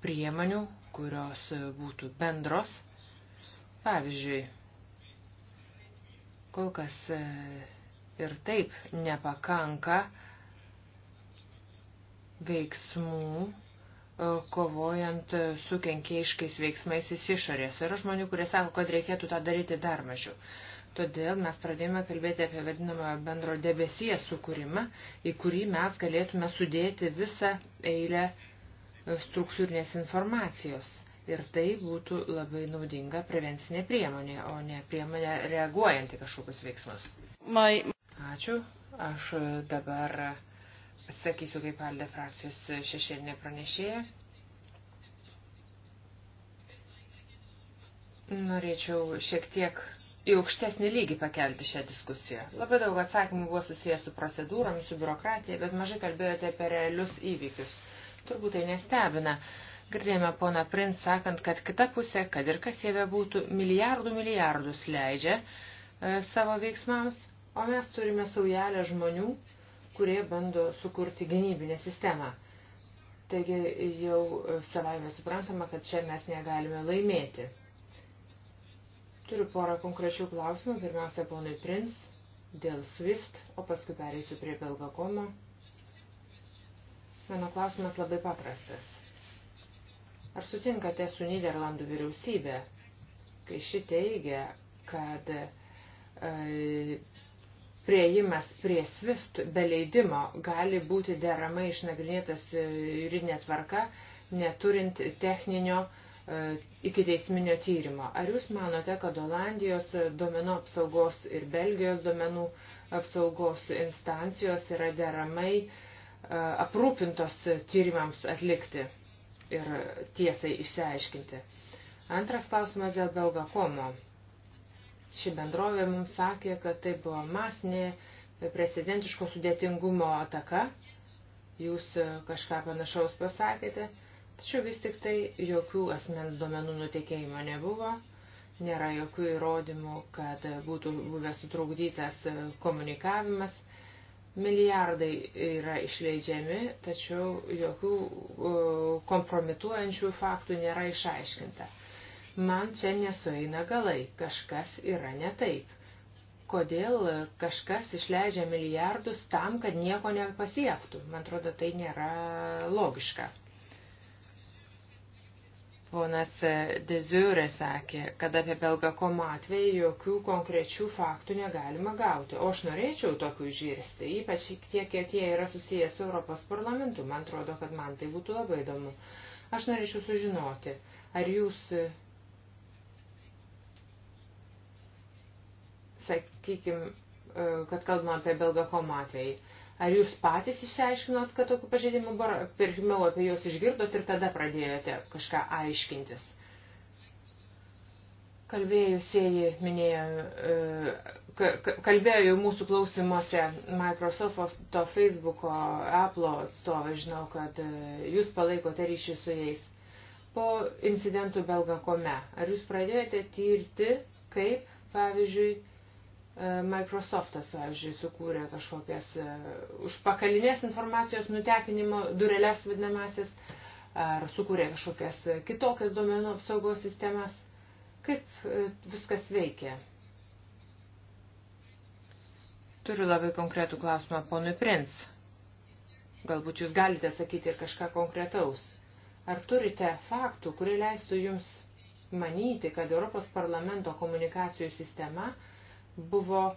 priemonių, kurios būtų bendros. Pavyzdžiui, kol kas e, ir taip nepakanka veiksmų e, kovojant su kenkėjiškais veiksmais iš išorės. Yra žmonių, kurie sako, kad reikėtų tą daryti dar mažiau. Todėl mes pradėjome kalbėti apie vadinamojo bendro debesies sukūrimą, į kurį mes galėtume sudėti visą eilę e, struktūrinės informacijos. Ir tai būtų labai naudinga prevencinė priemonė, o ne priemonė reaguojanti kažkokius veiksmus. My... Ačiū. Aš dabar sakysiu kaip Alde frakcijos šešėlinė pranešėja. Norėčiau šiek tiek į aukštesnį lygį pakelti šią diskusiją. Labai daug atsakymų buvo susijęs su procedūromis, su biurokratija, bet mažai kalbėjote apie realius įvykius. Turbūt tai nestebina. Girdėjome pona Prins sakant, kad kita pusė, kad ir kas jie bebūtų, milijardų milijardus leidžia e, savo veiksmams, o mes turime saujelę žmonių, kurie bando sukurti gynybinę sistemą. Taigi jau savaime suprantama, kad čia mes negalime laimėti. Turiu porą konkrečių klausimų. Pirmiausia, ponai Prins, dėl SWIFT, o paskui pereisiu prie Belgakomo. Mano klausimas labai paprastas. Ar sutinkate su Niderlandų vyriausybė, kai ši teigia, kad e, prieimas prie SWIFT be leidimo gali būti deramai išnagrinėtas e, juridinė tvarka, neturint techninio e, E, iki teisminio tyrimo. Ar jūs manote, kad Olandijos domenų apsaugos ir Belgijos domenų apsaugos instancijos yra deramai e, aprūpintos tyrimams atlikti ir tiesai išsiaiškinti? Antras klausimas dėl Belgakomo. Ši bendrovė mums sakė, kad tai buvo masinė precedentiško sudėtingumo ataka. Jūs e, kažką panašaus pasakėte. Tačiau vis tik tai jokių asmens duomenų nutekėjimo nebuvo, nėra jokių įrodymų, kad būtų buvęs sutrukdytas e, komunikavimas. Milijardai yra išleidžiami, tačiau jokių e, kompromituojančių faktų nėra išaiškinta. Man čia nesueina galai, kažkas yra ne taip kodėl kažkas išleidžia milijardus tam, kad nieko nepasiektų. Man atrodo, tai nėra logiška. Ponas Deziurė sakė, kad apie Belgakomo atvejį jokių konkrečių faktų negalima gauti. O aš norėčiau tokių išgirsti, ypač tiek, kiek jie yra susijęs su Europos parlamentu. Man atrodo, kad man tai būtų labai įdomu. Aš norėčiau sužinoti, ar jūs, sakykime, kad kalbam apie Belgakomo atvejį. Ar jūs patys išsiaiškinot, kad tokių pažeidimų buvo, pirmiau apie juos išgirdot ir tada pradėjote kažką aiškintis? Kalbėjusieji minėjo, e, kalbėjo jau mūsų klausimuose Microsoft'o, Facebook'o, Apple'o atstovai, žinau, kad e, jūs palaikote ryšį su jais. Po incidentų Belgakome, ar jūs pradėjote tirti, kaip, pavyzdžiui, E, Microsoftas, pavyzdžiui, sukūrė kažkokias e, užpakalinės informacijos nutekinimo dureles vadinamasis, ar sukūrė kažkokias kitokias duomenų apsaugos sistemas. Kaip e, viskas veikia? Turiu labai konkretų klausimą ponui Prins. Galbūt jūs galite atsakyti ir kažką konkretaus. Ar turite faktų, kurie leistų jums manyti, kad Europos parlamento komunikacijų sistema – buvo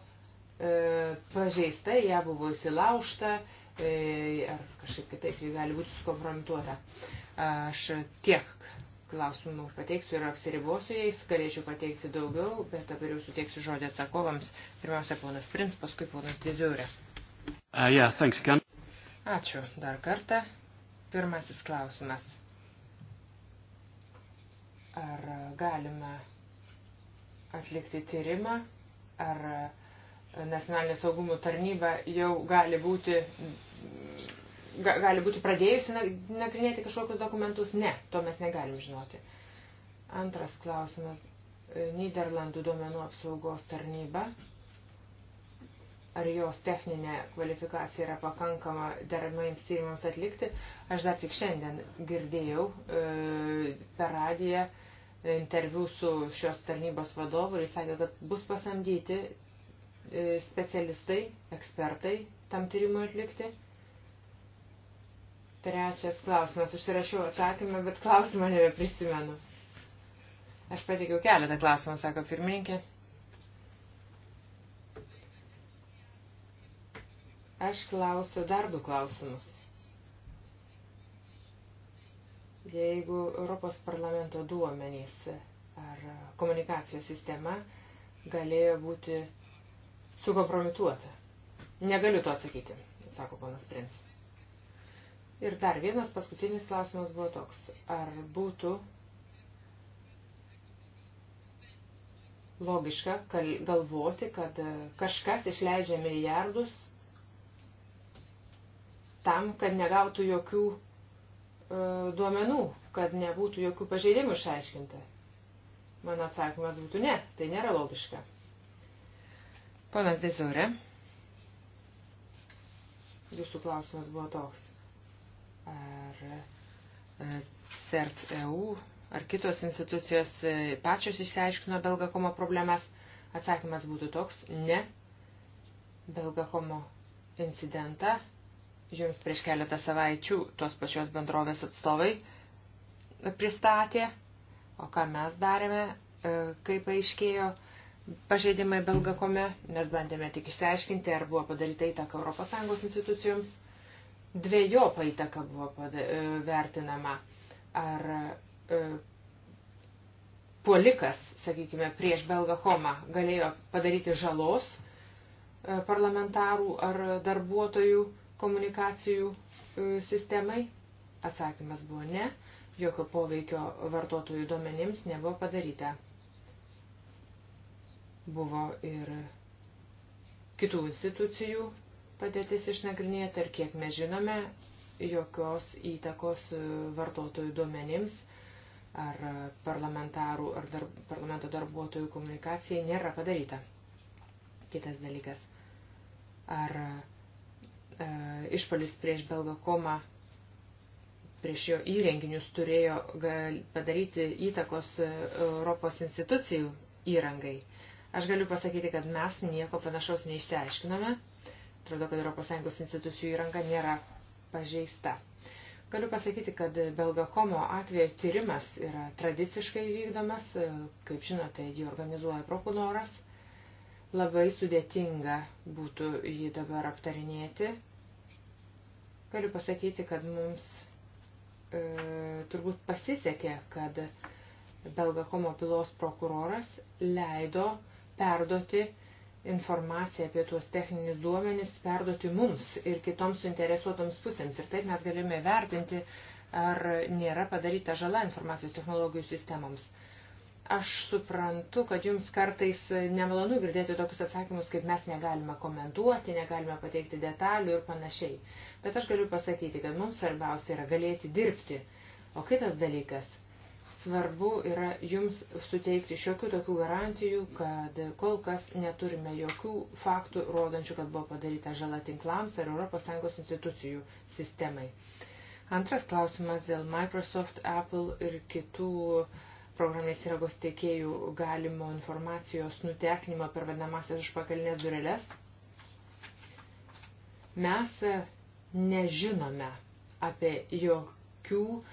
e, pažeista, ją buvo įsilaužta e, ar kažkaip kitaip ji gali būti sukompromituota. Aš tiek klausimų pateiksiu ir apsiribosiu jais, galėčiau pateikti daugiau, bet dabar jau suteiksiu žodį atsakovams. Pirmiausia, ponas Prins, paskui ponas Diziūrė. Uh, yeah, thanks, Ken. Ačiū dar kartą. Pirmasis klausimas. Ar galima atlikti tyrimą ar nacionalinė saugumų tarnyba jau gali būti, ga, gali būti pradėjusi nagrinėti kažkokius dokumentus? Ne, to mes negalim žinoti. Antras klausimas. Niderlandų duomenų apsaugos tarnyba. Ar jos techninė kvalifikacija yra pakankama deramiems tyrimams atlikti? Aš dar tik šiandien girdėjau e, per radiją e, interviu su šios tarnybos vadovu ir jis sakė, kad bus pasamdyti e, specialistai, ekspertai tam tyrimui atlikti. Trečias klausimas. Užsirašiau atsakymą, bet klausimą nebeprisimenu. Aš pateikiau keletą klausimą, sako pirmininkė. Aš klausiu dar du klausimus. jeigu Europos parlamento duomenys ar komunikacijos sistema galėjo būti sukompromituota. Negaliu to atsakyti, sako ponas Prins. Ir dar vienas paskutinis klausimas buvo toks. Ar būtų logiška galvoti, kad kažkas išleidžia milijardus tam, kad negautų jokių E, duomenų, kad nebūtų jokių pažeidimų išaiškinta? Mano atsakymas būtų ne, tai nėra logiška. Ponas Dezore, jūsų klausimas buvo toks. Ar e, CERT EU ar kitos institucijos e, pačios išsiaiškino Belgakomo problemas? Atsakymas būtų toks – ne. Belgakomo incidentą Jums prieš keletą savaičių tos pačios bendrovės atstovai pristatė, o ką mes darėme, e, kaip aiškėjo pažeidimai Belgakome, nes bandėme tik išsiaiškinti, ar buvo padaryta įtaka ES institucijoms. Dviejopa įtaka buvo pada, e, vertinama. Ar e, puolikas, sakykime, prieš Belgakomą galėjo padaryti žalos parlamentarų ar darbuotojų komunikacijų e, sistemai? Atsakymas buvo ne, jokio poveikio vartotojų duomenims nebuvo padaryta. Buvo ir kitų institucijų padėtis išnagrinėta ir kiek mes žinome, jokios įtakos e, vartotojų duomenims ar parlamentarų ar dar, parlamento darbuotojų komunikacijai nėra padaryta. Kitas dalykas. Ar E, išpolis prieš Belgakomą, prieš jo įrenginius turėjo padaryti įtakos Europos institucijų įrangai. Aš galiu pasakyti, kad mes nieko panašaus neišsiaiškinome. Atrodo, kad ES institucijų įranga nėra pažeista. Galiu pasakyti, kad Belgakomo atveju tyrimas yra tradiciškai vykdomas, kaip žinote, jį organizuoja prokuroras. Labai sudėtinga būtų jį dabar aptarinėti, Galiu pasakyti, kad mums e, turbūt pasisekė, kad Belgakomo pilos prokuroras leido perduoti informaciją apie tuos techninius duomenis, perduoti mums ir kitoms suinteresuotoms pusėms. Ir taip mes galime vertinti, ar nėra padaryta žala informacijos technologijų sistemoms. E, Aš suprantu, kad jums kartais nemalonu girdėti tokius atsakymus, kaip mes negalime komentuoti, negalime pateikti detalių ir panašiai. Bet aš galiu pasakyti, kad mums svarbiausia yra galėti dirbti. O kitas dalykas, svarbu yra jums suteikti šiokių tokių garantijų, kad kol kas neturime jokių faktų rodančių, kad buvo padaryta žala tinklams ar ES institucijų sistemai. Antras klausimas dėl Microsoft, Apple ir kitų uh, programinės įrangos tiekėjų galimo informacijos nutekinimą per vadinamasias užpakalinės dureles. Mes e, nežinome apie jokių e,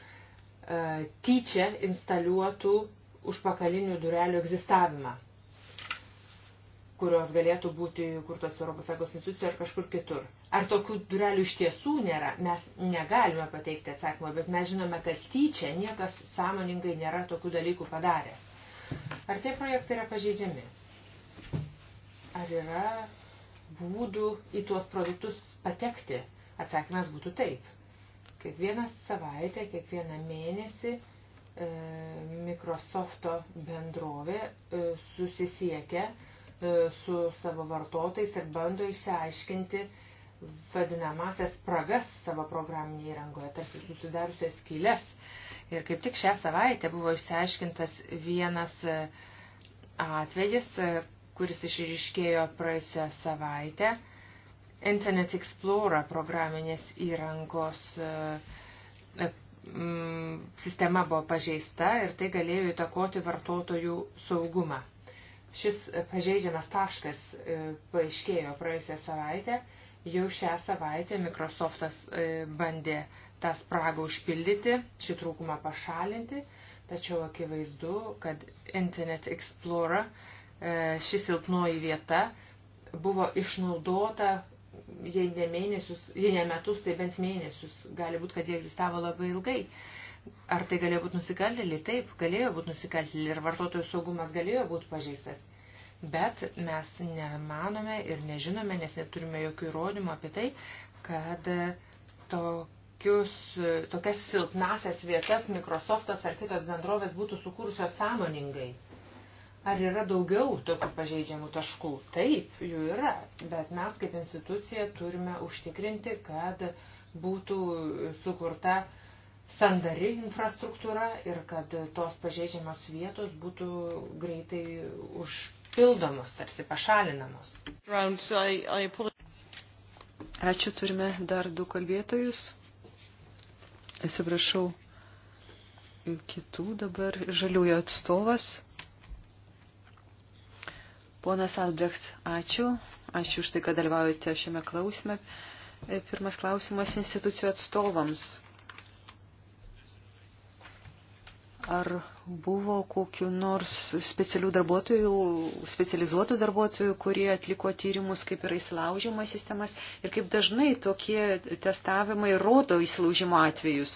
tyčia instaliuotų užpakalinių durelių egzistavimą kurios galėtų būti kurtos ES institucijų ar kažkur kitur. Ar tokių durelių iš tiesų nėra? Mes negalime pateikti atsakymą, bet mes žinome, kad tyčia niekas sąmoningai nėra tokių dalykų padaręs. Ar tie projektai yra pažeidžiami? Ar yra būdų į tuos produktus patekti? Atsakymas būtų taip. Kiekvieną savaitę, kiekvieną mėnesį e, Microsofto bendrovė e, susisiekia e, E, su savo vartotojais ir bando išsiaiškinti vadinamasias spragas savo programinėje įrangoje, tarsi susidariusias skylės. Ir kaip tik šią savaitę buvo išsiaiškintas vienas e, atvejis, e, kuris išryškėjo praėjusią savaitę. Internet Explorer programinės įrangos sistema buvo pažeista ir tai galėjo įtakoti vartotojų saugumą. Šis pažeidžiamas taškas e, paaiškėjo praėjusią savaitę. Jau šią savaitę Microsoftas e, bandė tą spragą užpildyti, šį trūkumą pašalinti, tačiau akivaizdu, kad Internet Explorer e, ši silpnoji vieta buvo išnaudota, jei ne, mėnesius, jei ne metus, tai bent mėnesius. Gali būti, kad jie egzistavo labai ilgai. Ar tai galėjo būti nusikaltėliai? Taip, galėjo būti nusikaltėliai ir vartotojų saugumas galėjo būti pažeistas. Bet mes nemanome ir nežinome, nes neturime jokių įrodymų apie tai, kad e, tokius, e, tokias silpnasias vietas Microsoftas ar kitos bendrovės būtų sukūrusios sąmoningai. Ar yra daugiau tokių pažeidžiamų taškų? Taip, jų yra, bet mes kaip institucija turime užtikrinti, kad būtų sukurta uh, sandari infrastruktūra ir kad tos pažeidžiamos vietos būtų greitai užpildomos, tarsi pašalinamos. Ačiū, turime dar du kalbėtojus. Atsiprašau kitų dabar žaliųjų atstovas. Ponas Albrecht, ačiū. Ačiū už tai, kad dalyvaujate šiame klausime. E, pirmas klausimas institucijų atstovams. Ar buvo kokiu nors specialių darbuotojų, specializuotų darbuotojų, kurie atliko tyrimus, kaip yra įsilaužimo sistemas ir kaip dažnai tokie testavimai rodo įsilaužimo atvejus?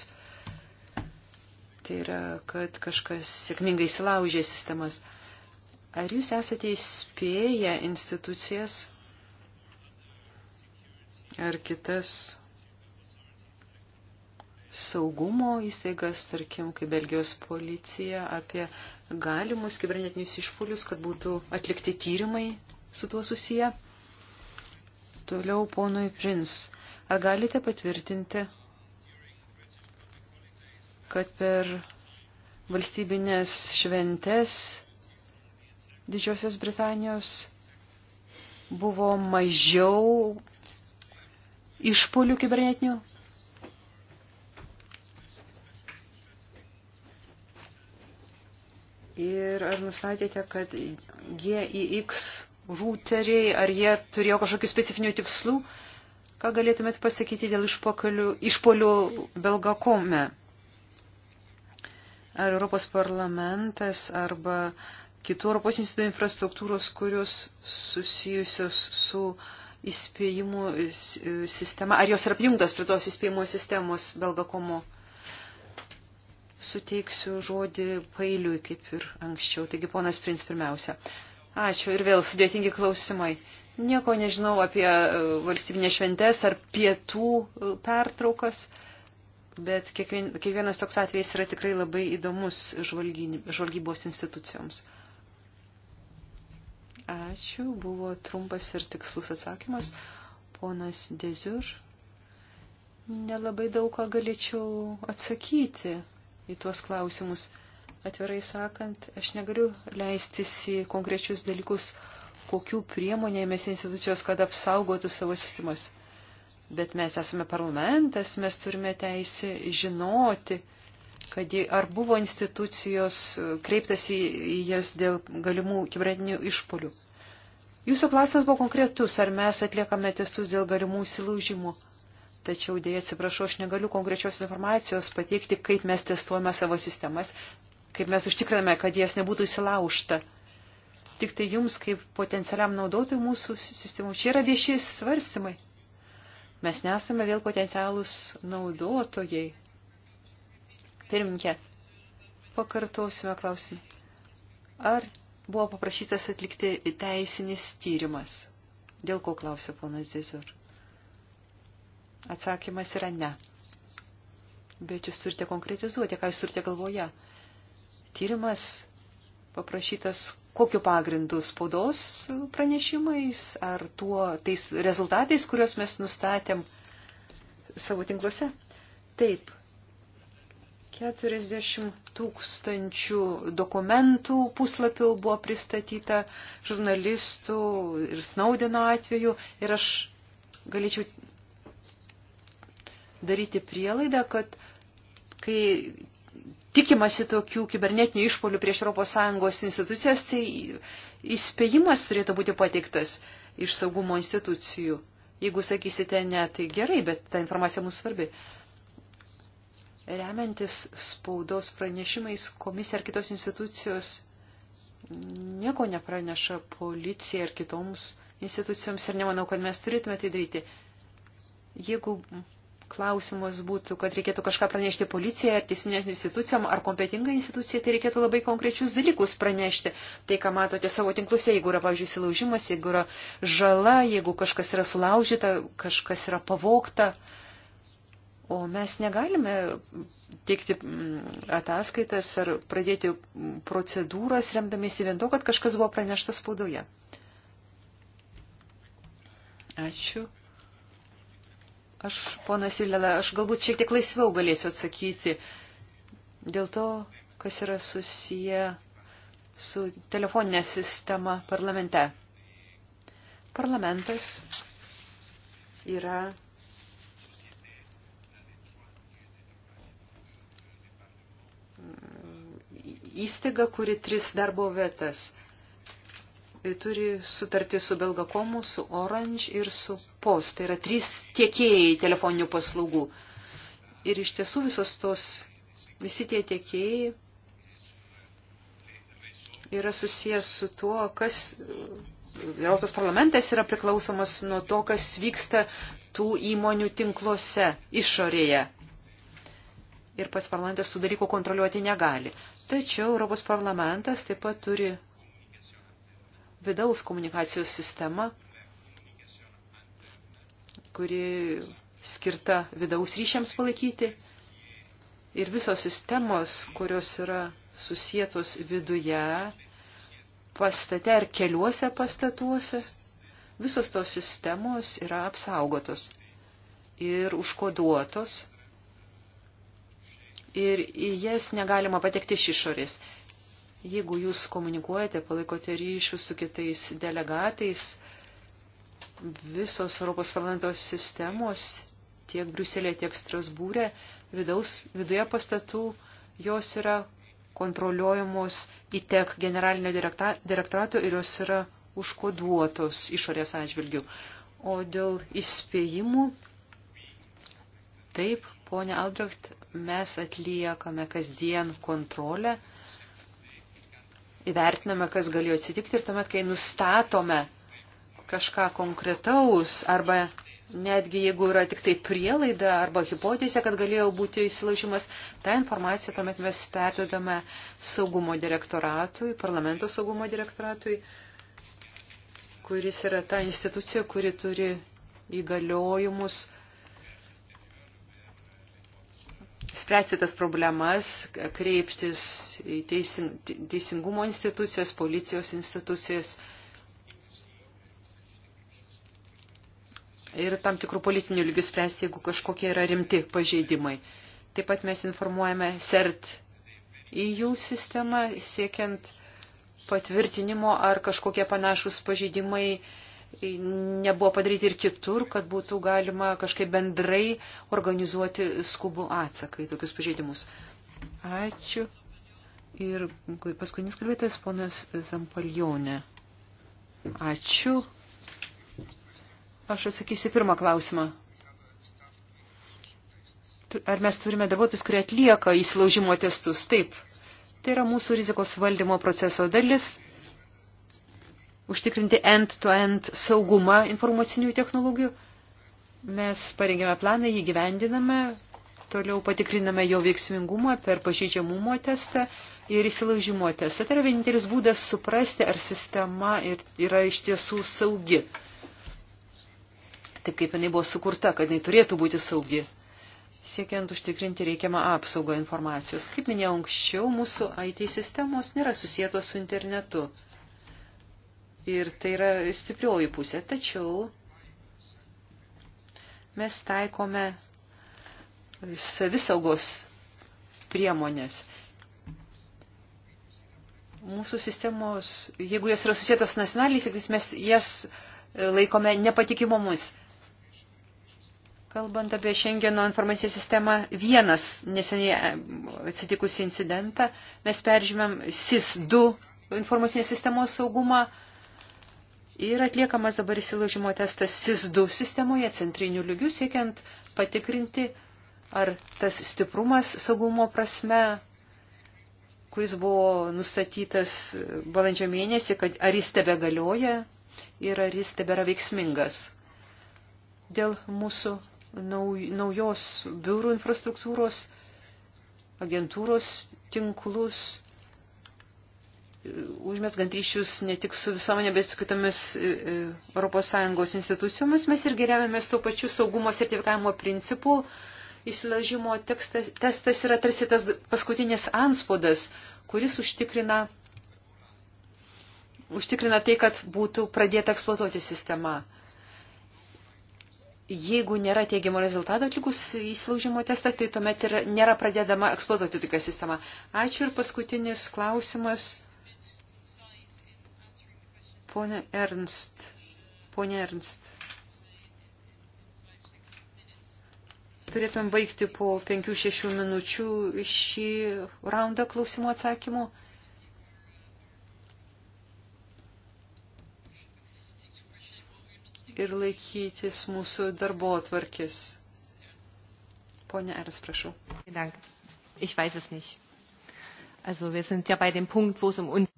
Tai yra, kad kažkas sėkmingai įsilaužė sistemas. Ar jūs esate įspėję institucijas ar kitas saugumo įstaigas, tarkim, kaip Belgijos policija, apie galimus kibernetinius išpolius, kad būtų atlikti tyrimai su tuo susiję. Toliau ponui Prins, ar galite patvirtinti, kad per valstybinės šventes Didžiosios Britanijos buvo mažiau išpolių kibernetinių Ir ar nustatėte, kad GIX routeriai, ar jie turėjo kažkokių specifinių tikslų? Ką galėtumėt pasakyti dėl išpolių Belgakome? Ar Europos parlamentas arba kitų Europos institucijų infrastruktūros, kurios susijusios su įspėjimų sistema, ar jos yra apjungtos prie tos įspėjimo sistemos Belgakomo? suteiksiu žodį pailiui, kaip ir anksčiau. Taigi, ponas Prins, pirmiausia. Ačiū ir vėl sudėtingi klausimai. Nieko nežinau apie e, valstybinės šventės ar pietų e, pertraukas, bet kiekvienas toks atvejis yra tikrai labai įdomus žvalgybos institucijoms. Ačiū, buvo trumpas ir tikslus atsakymas. Ponas Deziur, nelabai daug ką galėčiau atsakyti į tuos klausimus. Atvirai sakant, aš negaliu leistis į konkrečius dalykus, kokių priemonėmės institucijos, kad apsaugotų savo sistemas. Bet mes esame parlamentas, mes turime teisę žinoti, kad ar buvo institucijos e, kreiptasi į jas dėl galimų kibernetinių išpolių. Jūsų klausimas buvo konkretus, ar mes atliekame testus dėl galimų įsilaužimų. Tačiau dėja atsiprašau, aš negaliu konkrečios informacijos pateikti, kaip mes testuojame savo sistemas, kaip mes užtikriname, kad jas nebūtų įsilaužta. Tik tai jums, kaip potencialiam naudotojui mūsų sistemų, čia yra viešiai svarstymai. Mes nesame vėl potencialūs naudotojai. Pirminkė, pakartosime klausimą. Ar buvo paprašytas atlikti teisinis tyrimas? Dėl ko klausė ponas Dizur? Atsakymas yra ne. Bet jūs turite konkretizuoti, ką jūs turite galvoje. Tyrimas paprašytas kokiu pagrindu spaudos pranešimais ar tuo tais rezultatais, kuriuos mes nustatėm savo tinkluose. Taip, 40 tūkstančių dokumentų puslapių buvo pristatyta žurnalistų ir Snaudino atveju ir aš galėčiau daryti prielaidą, kad kai tikimasi tokių kibernetinių išpolių prieš ES institucijas, tai įspėjimas turėtų būti pateiktas iš saugumo institucijų. Jeigu sakysite ne, tai gerai, bet ta informacija mums svarbi. Remiantis spaudos pranešimais, komisija ar kitos institucijos nieko nepraneša policija ar kitoms institucijoms ir nemanau, kad mes turėtume tai daryti. Jeigu klausimas būtų, kad reikėtų kažką pranešti policijai ar teisminėms institucijom ar kompetingai institucijai, tai reikėtų labai konkrečius dalykus pranešti. Tai, ką matote savo tinkluose, jeigu yra, pavyzdžiui, įsilaužimas, jeigu yra žala, jeigu kažkas yra sulaužyta, kažkas yra pavokta. O mes negalime teikti mm, ataskaitas ar pradėti procedūras remdamiesi vien to, kad kažkas buvo pranešta spaudoje. Ačiū. Aš, ponas Ilela, aš galbūt šiek tiek laisviau galėsiu atsakyti dėl to, kas yra susiję su telefoninė sistema parlamente. Parlamentas yra įstaiga, kuri tris darbo vietas E, turi sutartį su Belgakomu, su Orange ir su Post. Tai yra trys tiekėjai telefoninių paslaugų. Ir iš tiesų visos tos, visi tie tiekėjai yra susijęs su tuo, kas Europos parlamentas yra priklausomas nuo to, kas vyksta tų įmonių tinkluose išorėje. Ir pats parlamentas tų dalykų kontroliuoti negali. Tačiau Europos parlamentas taip pat turi vidaus komunikacijos sistema, kuri skirta vidaus ryšiams palaikyti. Ir visos sistemos, kurios yra susietos viduje, pastate ar keliuose pastatuose, visos tos sistemos yra apsaugotos ir užkoduotos. Ir į jas negalima patekti iš išorės. Jeigu jūs komunikuojate, palaikote ryšių su kitais delegatais, visos Europos parlamento sistemos, tiek Briuselėje, tiek Strasbūrė, vidaus, viduje pastatų, jos yra kontroliuojamos įtek generalinio direktorato ir jos yra užkoduotos išorės atžvilgių. O dėl įspėjimų, taip, ponia Albrecht, mes atliekame kasdien kontrolę įvertiname, kas galėjo atsitikti ir tuomet, kai nustatome kažką konkretaus arba netgi jeigu yra tik tai prielaida arba hipotezė, kad galėjo būti įsilaužimas, tą informaciją tuomet mes perdodame saugumo direktoratui, parlamento saugumo direktoratui, kuris yra ta institucija, kuri turi įgaliojimus spręsti tas problemas, kreiptis į teisin, teisingumo institucijas, policijos institucijas ir tam tikrų politinių lygių spręsti, jeigu kažkokie yra rimti pažeidimai. Taip pat mes informuojame CERT į jų sistemą, siekiant patvirtinimo, ar kažkokie panašus pažeidimai uh, nebuvo padaryti ir kitur, kad būtų galima kažkaip bendrai organizuoti skubų atsaką į tokius pažeidimus. Ačiū. Ir paskutinis kalbėtojas ponas Zampaljonė. Ačiū. Aš atsakysiu pirmą klausimą. Ar mes turime darbuotojus, kurie atlieka įsilaužimo testus? Taip. Tai yra mūsų rizikos valdymo proceso dalis užtikrinti end-to-end -end saugumą informacinių technologijų. Mes parengėme planą, jį gyvendiname, toliau patikriname jo veiksmingumą per pažeidžiamumo testą ir įsilaužimo testą. Tai yra vienintelis būdas suprasti, ar sistema yra iš tiesų saugi. Taip kaip jinai buvo sukurta, kad jinai turėtų būti saugi siekiant užtikrinti reikiamą apsaugą informacijos. Kaip minėjau anksčiau, mūsų IT sistemos nėra susijėtos su internetu ir tai yra stiprioji pusė. Tačiau mes taikome savisaugos priemonės. Mūsų sistemos, jeigu jos yra susijėtos nacionaliniais, mes jas laikome nepatikimomis. Kalbant apie Šengeno informacinę sistemą, vienas neseniai atsitikusi incidentą, mes peržymėm SIS-2 informacinės sistemos saugumą Ir atliekamas dabar įsilaužimo testas SIS-2 sistemoje centrinių lygių siekiant patikrinti, ar tas stiprumas saugumo prasme, kuris buvo nustatytas balandžio mėnesį, kad ar jis tebe galioja ir ar jis tebėra veiksmingas. Dėl mūsų naujos biurų infrastruktūros, agentūros tinklus užmesgant ryšius ne tik su visuomenė, bet su kitomis ES e, institucijomis, mes irgi remiamės tuo pačiu saugumo sertifikavimo principu. Įsilažimo tekstas, testas yra tarsi tas paskutinis anspaudas, kuris užtikrina, užtikrina tai, kad būtų pradėta eksploatuoti sistema. Jeigu nėra teigiamo rezultato atlikus įsilaužimo testą, tai tuomet ir nėra pradedama eksploatuoti tokia sistema. Ačiū ir paskutinis klausimas Pone Ernst. Pone Ernst. Turėtumėm baigti po 5-6 minučių šį raundą klausimų atsakymų. Ir laikytis mūsų darbo atvarkės. Pone Ernst, prašau. Dank. Ich weiß es nicht. Also wir sind ja bei dem Punkt, wo es um uns.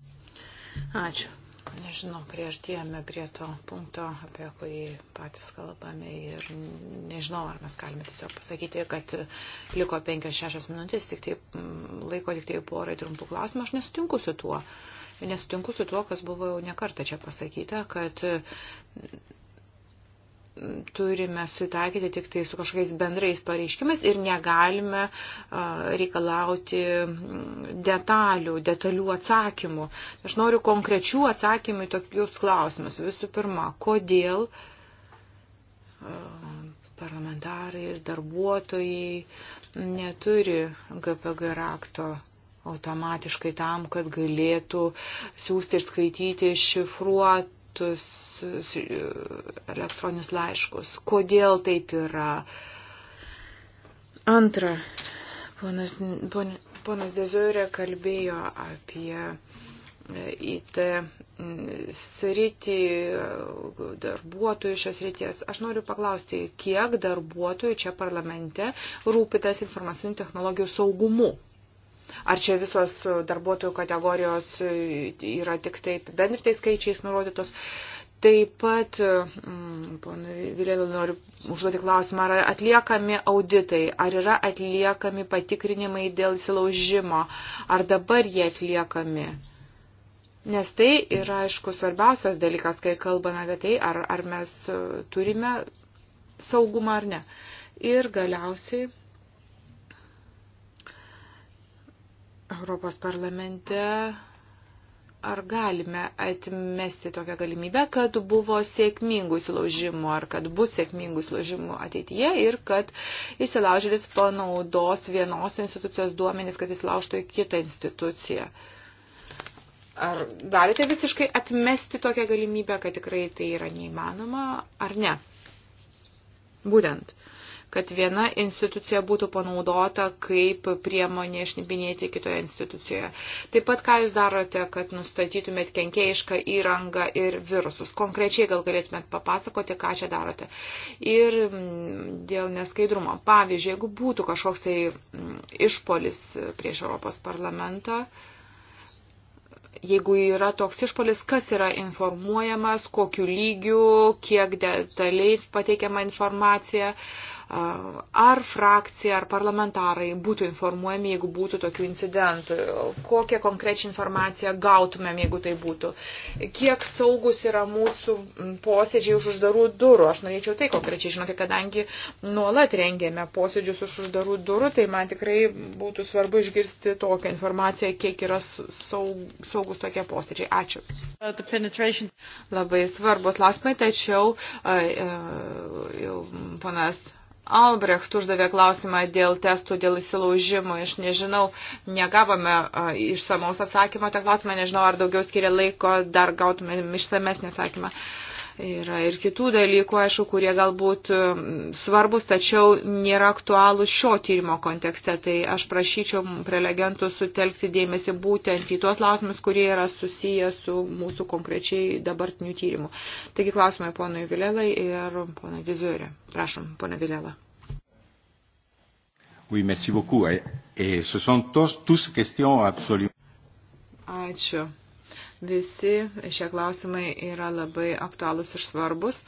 Ačiū. Nežinau, prieartėjame prie to punkto, apie kurį patys kalbame ir nežinau, ar mes galime tiesiog pasakyti, kad liko 5-6 minutės, tik tai mm, laiko tik tai porai trumpų klausimų, aš nesutinku su tuo. Nesutinku su tuo, kas buvo jau nekarta čia pasakyta, kad turime sutaikyti tik tai su kažkokiais bendrais pareiškimais ir negalime reikalauti detalių, detalių atsakymų. Aš noriu konkrečių atsakymų į tokius klausimus. Visų pirma, kodėl parlamentarai ir darbuotojai neturi GPG rakto automatiškai tam, kad galėtų siūsti ir skaityti šifruot raštus, e, elektroninius laiškus. Kodėl taip yra? Antra, ponas, pon, ponas Dezurė kalbėjo apie e, IT mm, sritį, darbuotojų šios ryties. Aš noriu paklausti, kiek darbuotojų čia parlamente rūpitas informacinių technologijų saugumu? Ar čia visos darbuotojų kategorijos yra tik taip bendritai skaičiais nurodytos? Taip pat, mm, ponui Vilėlė, noriu užduoti klausimą, ar atliekami auditai, ar yra atliekami patikrinimai dėl įsilaužimo, ar dabar jie atliekami? Nes tai yra, aišku, svarbiausias dalykas, kai kalbame apie tai, ar, ar mes turime saugumą ar ne. Ir galiausiai Europos parlamente ar galime atmesti tokią galimybę, kad buvo sėkmingų įsilaužimų, ar kad bus sėkmingų įsilaužimų ateityje ir kad įsilaužėlis panaudos vienos institucijos duomenys, kad įsilaužtų į kitą instituciją. Ar galite visiškai atmesti tokią galimybę, kad tikrai tai yra neįmanoma, ar ne? Būtent kad viena institucija būtų panaudota kaip priemonė išnipinėti kitoje institucijoje. Taip pat, ką jūs darote, kad nustatytumėt kenkėjišką įrangą ir virusus. Konkrečiai gal galėtumėt papasakoti, ką čia darote. Ir mm, dėl neskaidrumo. Pavyzdžiui, jeigu būtų kažkoks tai mm, išpolis prieš Europos parlamentą, jeigu yra toks išpolis, kas yra informuojamas, kokiu lygiu, kiek detaliai pateikiama informacija, uh, ar frakcija, ar parlamentarai būtų informuojami, jeigu būtų tokių incidentų, kokią konkrečią informaciją gautumėm, jeigu tai būtų, kiek saugus yra mūsų posėdžiai už uždarų durų. Aš norėčiau tai konkrečiai žinoti, kadangi nuolat rengėme posėdžius už uždarų durų, tai man tikrai būtų svarbu išgirsti tokią informaciją, kiek yra saug, saugus tokie posėdžiai. Ačiū. Labai svarbus klausimai, tačiau uh, uh, ponas Albrecht uždavė klausimą dėl testų, dėl įsilaužimų. Aš nežinau, negavome išsamaus atsakymo tą klausimą, nežinau, ar daugiau skiria laiko, dar gautume išsamesnį atsakymą. Uh, Yra ir kitų dalykų, aišku, kurie galbūt mm, svarbus, tačiau nėra aktualūs šio tyrimo kontekste. Tai aš prašyčiau prelegentų sutelkti dėmesį būtent į tuos lausimus, kurie yra susiję su mūsų konkrečiai dabartiniu tyrimu. Taigi klausimai ponui Vilelai ir ponui Dizuriui. Prašom, ponė Vilela. Oui, merci beaucoup. Et ce sont tous, tous questions absolument. Ačiū. Visi šie klausimai yra labai aktualūs ir svarbus.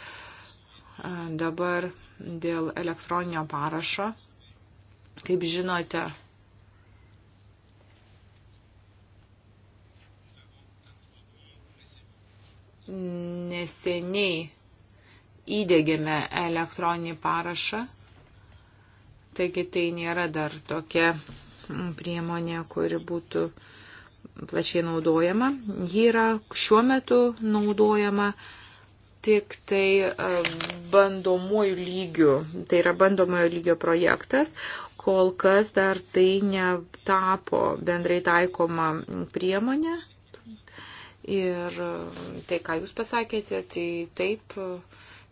Dabar dėl elektroninio parašo. Kaip žinote, neseniai įdėgėme elektroninį parašą, taigi tai nėra dar tokia priemonė, kuri būtų uh, plačiai naudojama. Ji yra šiuo metu naudojama tik tai e, bandomuoju lygiu. Tai yra bandomojo lygio projektas, kol kas dar tai netapo bendrai taikoma priemonė. Ir e, tai, ką jūs pasakėte, tai taip e,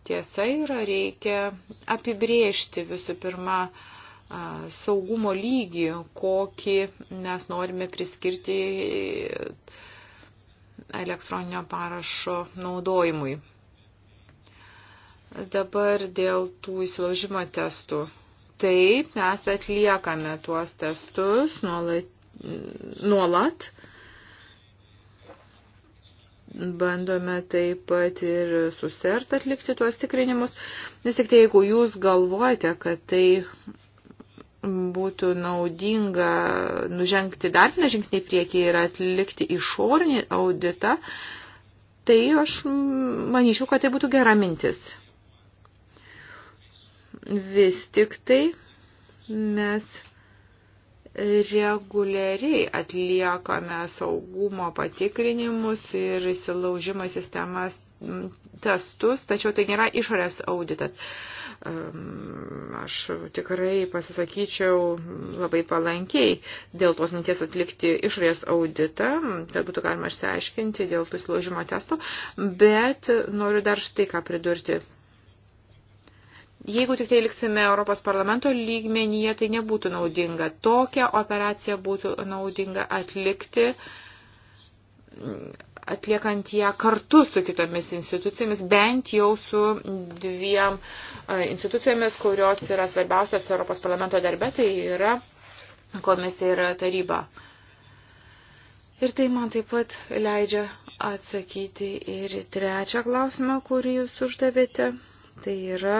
tiesa yra, reikia apibriežti visų pirma, uh, saugumo lygį, kokį mes norime priskirti elektroninio parašo naudojimui. Dabar dėl tų įsilaužimo testų. Taip, mes atliekame tuos testus nuolat, nuolat. Bandome taip pat ir susert atlikti tuos tikrinimus. Vis tik tai, jeigu jūs galvojate, kad tai būtų naudinga nužengti dar vieną žingsnį į priekį ir atlikti išorinį auditą, tai aš manyčiau, kad tai būtų gera mintis. Vis tik tai mes reguliariai atliekame saugumo patikrinimus ir įsilaužimo sistemas testus, tačiau tai nėra išorės auditas. Uh, Aš tikrai pasisakyčiau labai palankiai dėl tos minties atlikti išorės auditą, kad būtų galima išsiaiškinti dėl tų įsilaužimo testų, bet noriu dar štai ką pridurti. Jeigu tik tai liksime Europos parlamento lygmenyje, tai nebūtų naudinga. Tokią operaciją būtų naudinga atlikti atliekant ją kartu su kitomis institucijomis, bent jau su dviem e, institucijomis, kurios yra svarbiausios Europos parlamento darbe, tai yra komisija ir taryba. Ir tai man taip pat leidžia atsakyti ir trečią klausimą, kurį jūs uždavėte. Tai yra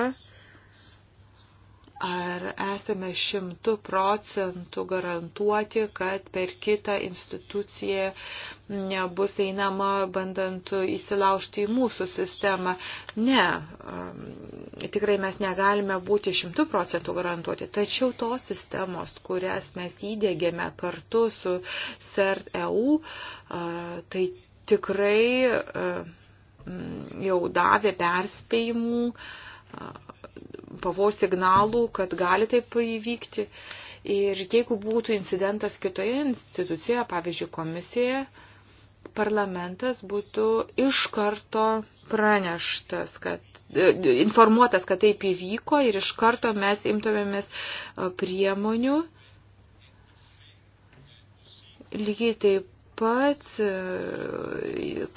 ar esame šimtų procentų garantuoti, kad per kitą instituciją nebus einama bandant įsilaužti į mūsų sistemą. Ne, tikrai mes negalime būti šimtų procentų garantuoti, tačiau tos sistemos, kurias mes įdėgėme kartu su CERT-EU, tai tikrai jau davė perspėjimų, pavos signalų, kad gali taip įvykti. Ir jeigu būtų incidentas kitoje institucijoje, pavyzdžiui, komisijoje, parlamentas būtų iš karto praneštas, kad e, informuotas, kad taip įvyko ir iš karto mes imtumėmės e, priemonių. Lygiai taip pat, e,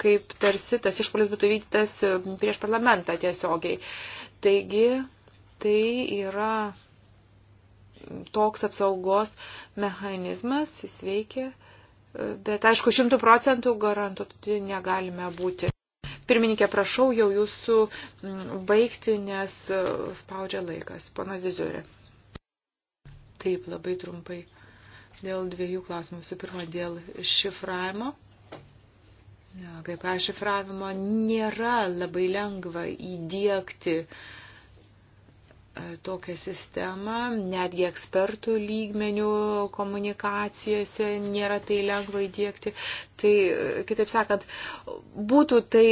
kaip tarsi tas išpolis būtų vykdytas prieš parlamentą tiesiogiai. Taigi, tai yra toks apsaugos mechanizmas, jis veikia, bet aišku, šimtų procentų garantuoti negalime būti. Pirmininkė, prašau jau jūsų baigti, nes e, spaudžia laikas. Panas Dizurė. Taip, labai trumpai. Dėl dviejų klausimų. Visų pirma, dėl šifravimo. Kaip šifravimo nėra labai lengva įdėkti e, tokią sistemą, netgi ekspertų lygmenių komunikacijose nėra tai lengva įdėkti. Tai, kitaip sakant, būtų tai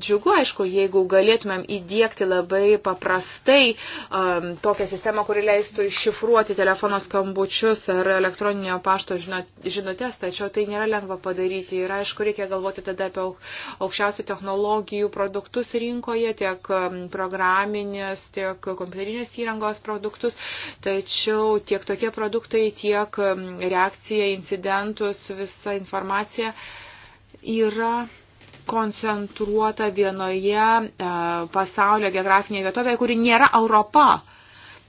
džiugu, aišku, jeigu galėtumėm įdėkti labai paprastai um, tokią sistemą, kuri leistų iššifruoti telefono skambučius ar elektroninio pašto žinutės, tačiau tai nėra lengva padaryti. Ir, aišku, reikia galvoti tada apie aukščiausių technologijų produktus rinkoje, tiek um, programinės, tiek kompiuterinės įrangos produktus. Tačiau tiek tokie produktai, tiek um, reakcija, incidentus, visa informacija informacija yra koncentruota vienoje e, pasaulio geografinėje vietovėje, kuri nėra Europa.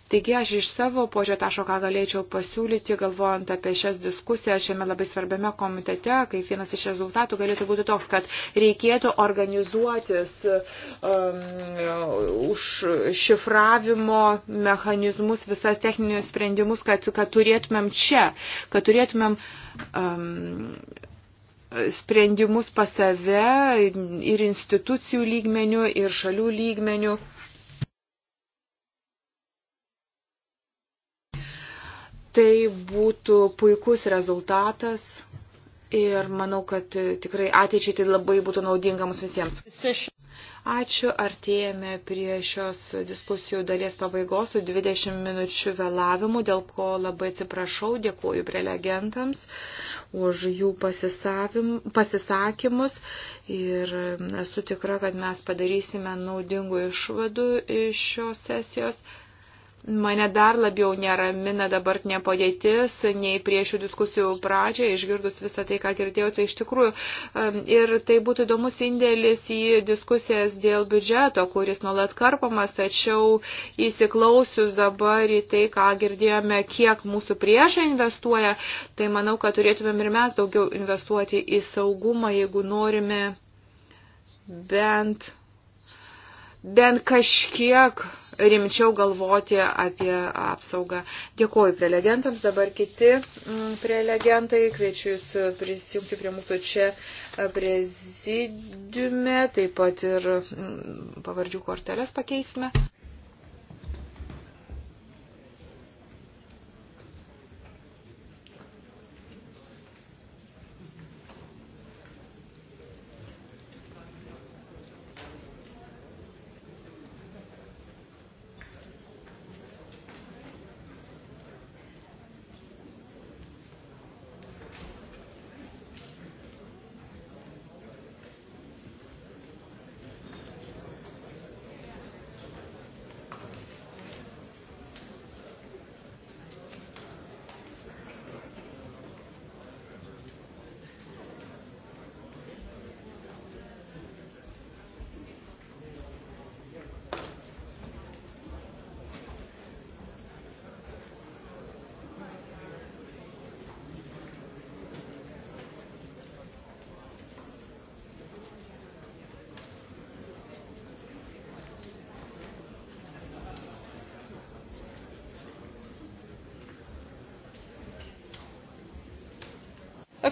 Taigi aš iš savo požio taško, ką galėčiau pasiūlyti, galvojant apie šias diskusijas šiame labai svarbiame komitete, kaip vienas iš rezultatų galėtų būti toks, kad reikėtų organizuotis um, už šifravimo mechanizmus, visas techninius sprendimus, kad, kad turėtumėm čia, kad turėtumėm um, sprendimus pas save ir institucijų lygmenių, ir šalių lygmenių. Tai būtų puikus rezultatas ir manau, kad tikrai ateičiai tai labai būtų naudinga mums visiems. Ačiū, artėjame prie šios diskusijų dalies pabaigos su 20 minučių vėlavimu, dėl ko labai atsiprašau, dėkuoju prelegentams už jų pasisakymus ir esu tikra, kad mes padarysime naudingų išvadų iš šios sesijos. Mane dar labiau neramina dabartinė padėtis, nei prieš šių diskusijų pradžią, išgirdus visą tai, ką girdėjau, tai iš tikrųjų. Ir tai būtų įdomus indėlis į diskusijas dėl biudžeto, kuris nuolat karpamas, tačiau įsiklausius dabar į tai, ką girdėjome, kiek mūsų priešai investuoja, tai manau, kad turėtumėm ir mes daugiau investuoti į saugumą, jeigu norime bent, bent kažkiek rimčiau galvoti apie apsaugą. Dėkuoju prelegentams, dabar kiti mm, prelegentai, kviečiu jūs e, prisijungti prie mūsų čia e, prezidiume, taip pat ir mm, pavardžių korteles pakeisime.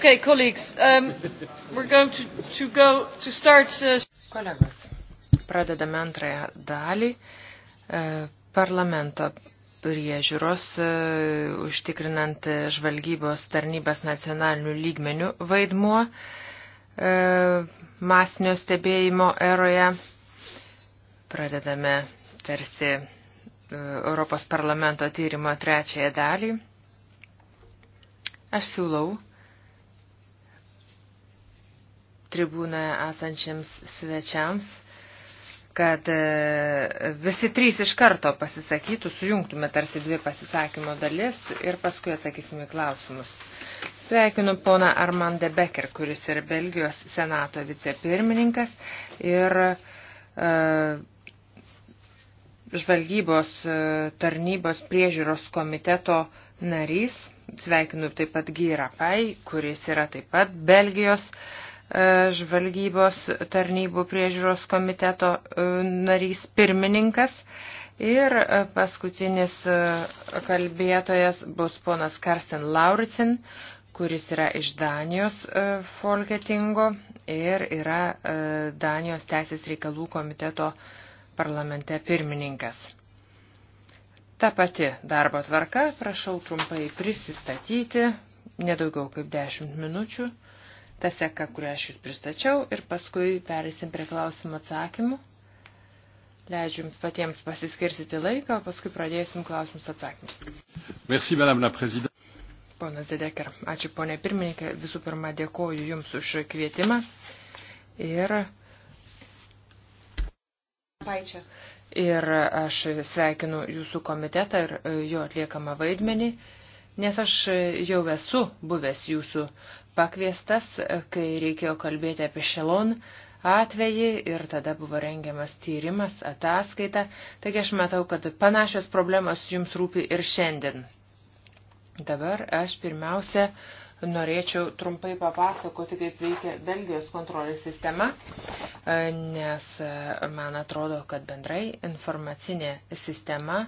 Okay, colleagues, um, we're going to, to go to start. Uh... Kolegos, pradedame antrąją dalį uh, parlamento priežiūros, uh, užtikrinant žvalgybos tarnybės nacionalinių lygmenių vaidmuo uh, masinio stebėjimo eroje. Pradedame tarsi uh, Europos parlamento tyrimo trečiąją dalį. Aš siūlau tribūnoje esančiams svečiams, kad e, visi trys iš karto pasisakytų, sujungtume tarsi dvi pasisakymo dalis ir paskui atsakysime į klausimus. Sveikinu poną Armandą Becker, kuris yra Belgijos senato vicepirmininkas ir e, žvalgybos e, tarnybos priežiūros komiteto narys. Sveikinu taip pat Gyra Pai, kuris yra taip pat Belgijos E, žvalgybos tarnybų priežiūros komiteto e, narys pirmininkas. Ir e, paskutinis kalbėtojas bus ponas Karsten Lauritsen, kuris yra iš Danijos Folketingo ir yra Danijos Teisės reikalų komiteto parlamente pirmininkas. Ta pati darbo tvarka, prašau trumpai prisistatyti, nedaugiau kaip 10 minučių tą seką, kurią aš jūs pristačiau ir paskui perėsim prie klausimų atsakymų. Leidžiu jums patiems pasiskirstyti laiką, o paskui pradėsim klausimus atsakymus. Merci, madame la présidente. Ponas Dedeker, ačiū ponė pirmininkė. Visų pirma, dėkoju Jums už kvietimą. Ir... Paičia. Ir aš sveikinu Jūsų komitetą ir jo atliekamą vaidmenį. Uh, Nes aš jau esu buvęs jūsų pakviestas, kai reikėjo kalbėti apie šelon atvejį ir tada buvo rengiamas tyrimas, ataskaita. Taigi aš matau, kad panašios problemos jums rūpi ir šiandien. Dabar aš pirmiausia uh, norėčiau trumpai papasakoti, kaip veikia Belgijos kontrolės sistema, e, nes e, man atrodo, kad bendrai informacinė sistema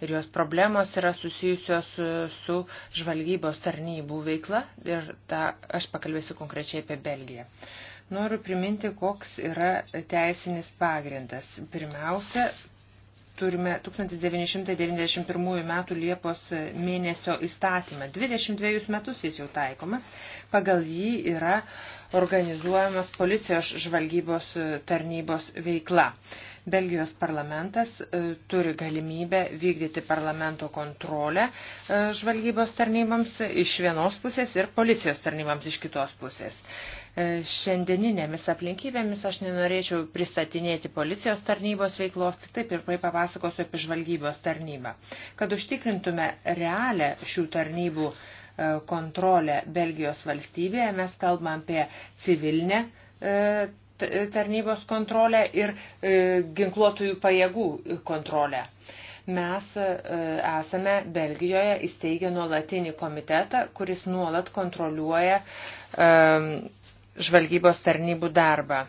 ir jos problemos yra susijusios su, su žvalgybos tarnybų veikla ir ta, aš pakalbėsiu konkrečiai apie Belgiją. Noriu priminti, koks yra teisinis pagrindas. Pirmiausia, turime 1991 metų Liepos mėnesio įstatymą. 22 metus jis jau taikomas. Pagal jį yra organizuojamos policijos žvalgybos tarnybos veikla. Belgijos parlamentas e, turi galimybę vykdyti parlamento kontrolę e, žvalgybos tarnyboms iš vienos pusės ir policijos tarnyboms iš kitos pusės. E, šiandieninėmis aplinkybėmis aš nenorėčiau pristatinėti policijos tarnybos veiklos, tik taip ir papasakosiu apie žvalgybos tarnybą. Kad užtikrintume realią šių tarnybų kontrolę Belgijos valstybėje, mes kalbam apie civilinę tarnybos kontrolę ir e, ginkluotųjų pajėgų kontrolę. Mes e, esame Belgijoje įsteigę nuolatinį komitetą, kuris nuolat kontroliuoja e, žvalgybos tarnybų darbą.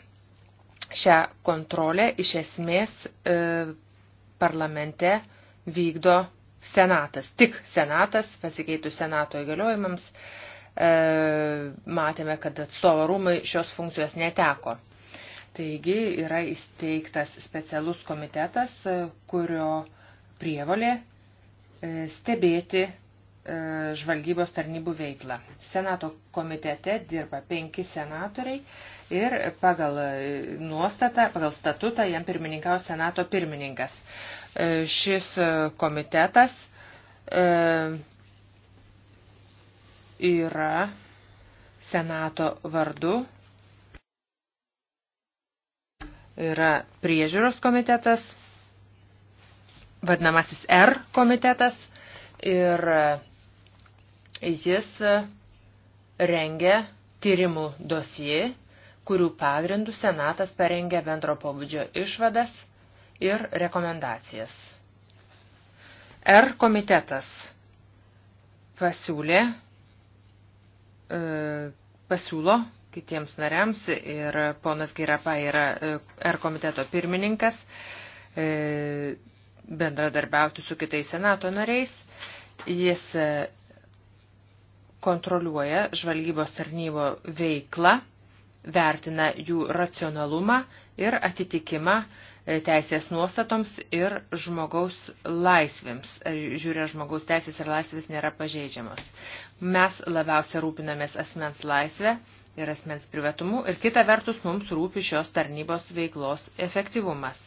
Šią kontrolę iš esmės parlamente vykdo Senatas, tik Senatas, pasikeitus Senato įgaliojimams, matėme, kad atstovo rūmai šios funkcijos neteko. Taigi yra įsteigtas specialus komitetas, e, kurio prievolė e, stebėti e, žvalgybos tarnybų veiklą. Senato komitete dirba penki senatoriai ir pagal nuostatą, pagal statutą jam pirmininkavo senato pirmininkas. Šis komitetas yra senato vardu yra priežiūros komitetas, vadinamasis R komitetas, ir e, jis e, rengia tyrimų dosijai, kurių pagrindų Senatas parengia bendro pobūdžio išvadas ir rekomendacijas. R komitetas pasiūlė, e, pasiūlo kitiems nariams ir ponas Girapa yra e, R komiteto pirmininkas, e, bendradarbiauti su kitais senato nariais. Jis e, kontroliuoja žvalgybos tarnybo veiklą, vertina jų racionalumą ir atitikimą teisės nuostatoms ir žmogaus laisvėms. Žiūrė, žmogaus teisės ir laisvės nėra pažeidžiamos. Mes labiausia rūpinamės asmens laisvę ir asmens privatumu, ir kita vertus mums rūpi šios tarnybos veiklos efektyvumas.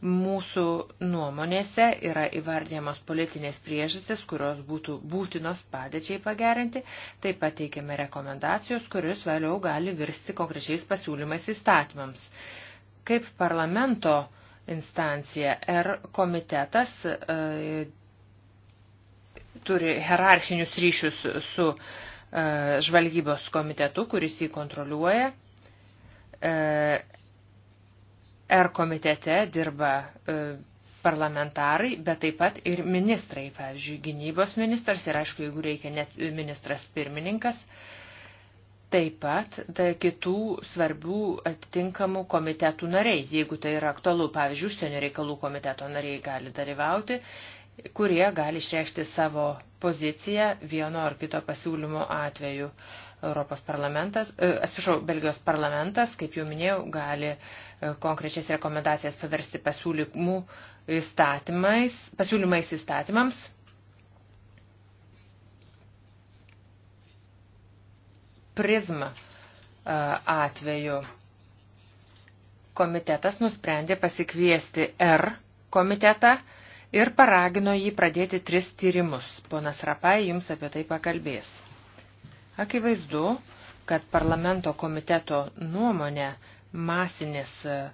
Mūsų nuomonėse yra įvardyjamos politinės priežastis, kurios būtų būtinos padėčiai pagerinti, taip pat teikiame rekomendacijos, kurios vėliau gali virsti konkrečiais pasiūlymais įstatymams. Kaip parlamento instancija ir komitetas e, turi hierarchinius ryšius su e, E, žvalgybos komitetu, kuris jį kontroliuoja. E, R komitete dirba e, parlamentarai, bet taip pat ir ministrai, pavyzdžiui, gynybos ministras ir, aišku, jeigu reikia, net ministras pirmininkas. Taip pat tai kitų svarbių atitinkamų komitetų nariai, jeigu tai yra aktualu, pavyzdžiui, užsienio reikalų komiteto nariai gali dalyvauti kurie gali išreikšti savo poziciją vieno ar kito pasiūlymo atveju. Europos parlamentas, e, atsiprašau, Belgijos parlamentas, kaip jau minėjau, gali e, konkrečias rekomendacijas paversti pasiūlymų įstatymais, pasiūlymais įstatymams. Prizma e, atveju komitetas nusprendė pasikviesti R komitetą ir paragino jį pradėti tris tyrimus. Ponas Rapai jums apie tai pakalbės. Akivaizdu, kad parlamento komiteto nuomonė masinės e,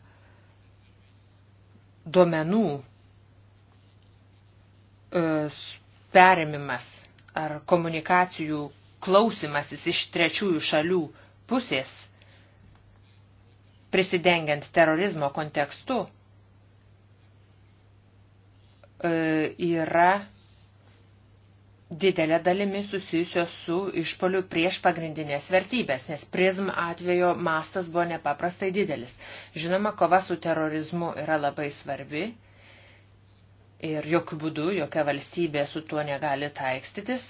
duomenų e, perėmimas ar komunikacijų klausimasis iš trečiųjų šalių pusės, prisidengiant terorizmo kontekstu, E, yra didelė dalimi susijusios su išpoliu prieš pagrindinės vertybės, nes prizm atvejo mastas buvo nepaprastai didelis. Žinoma, kova su terorizmu yra labai svarbi ir jokių būdų, jokia valstybė su tuo negali taikstytis,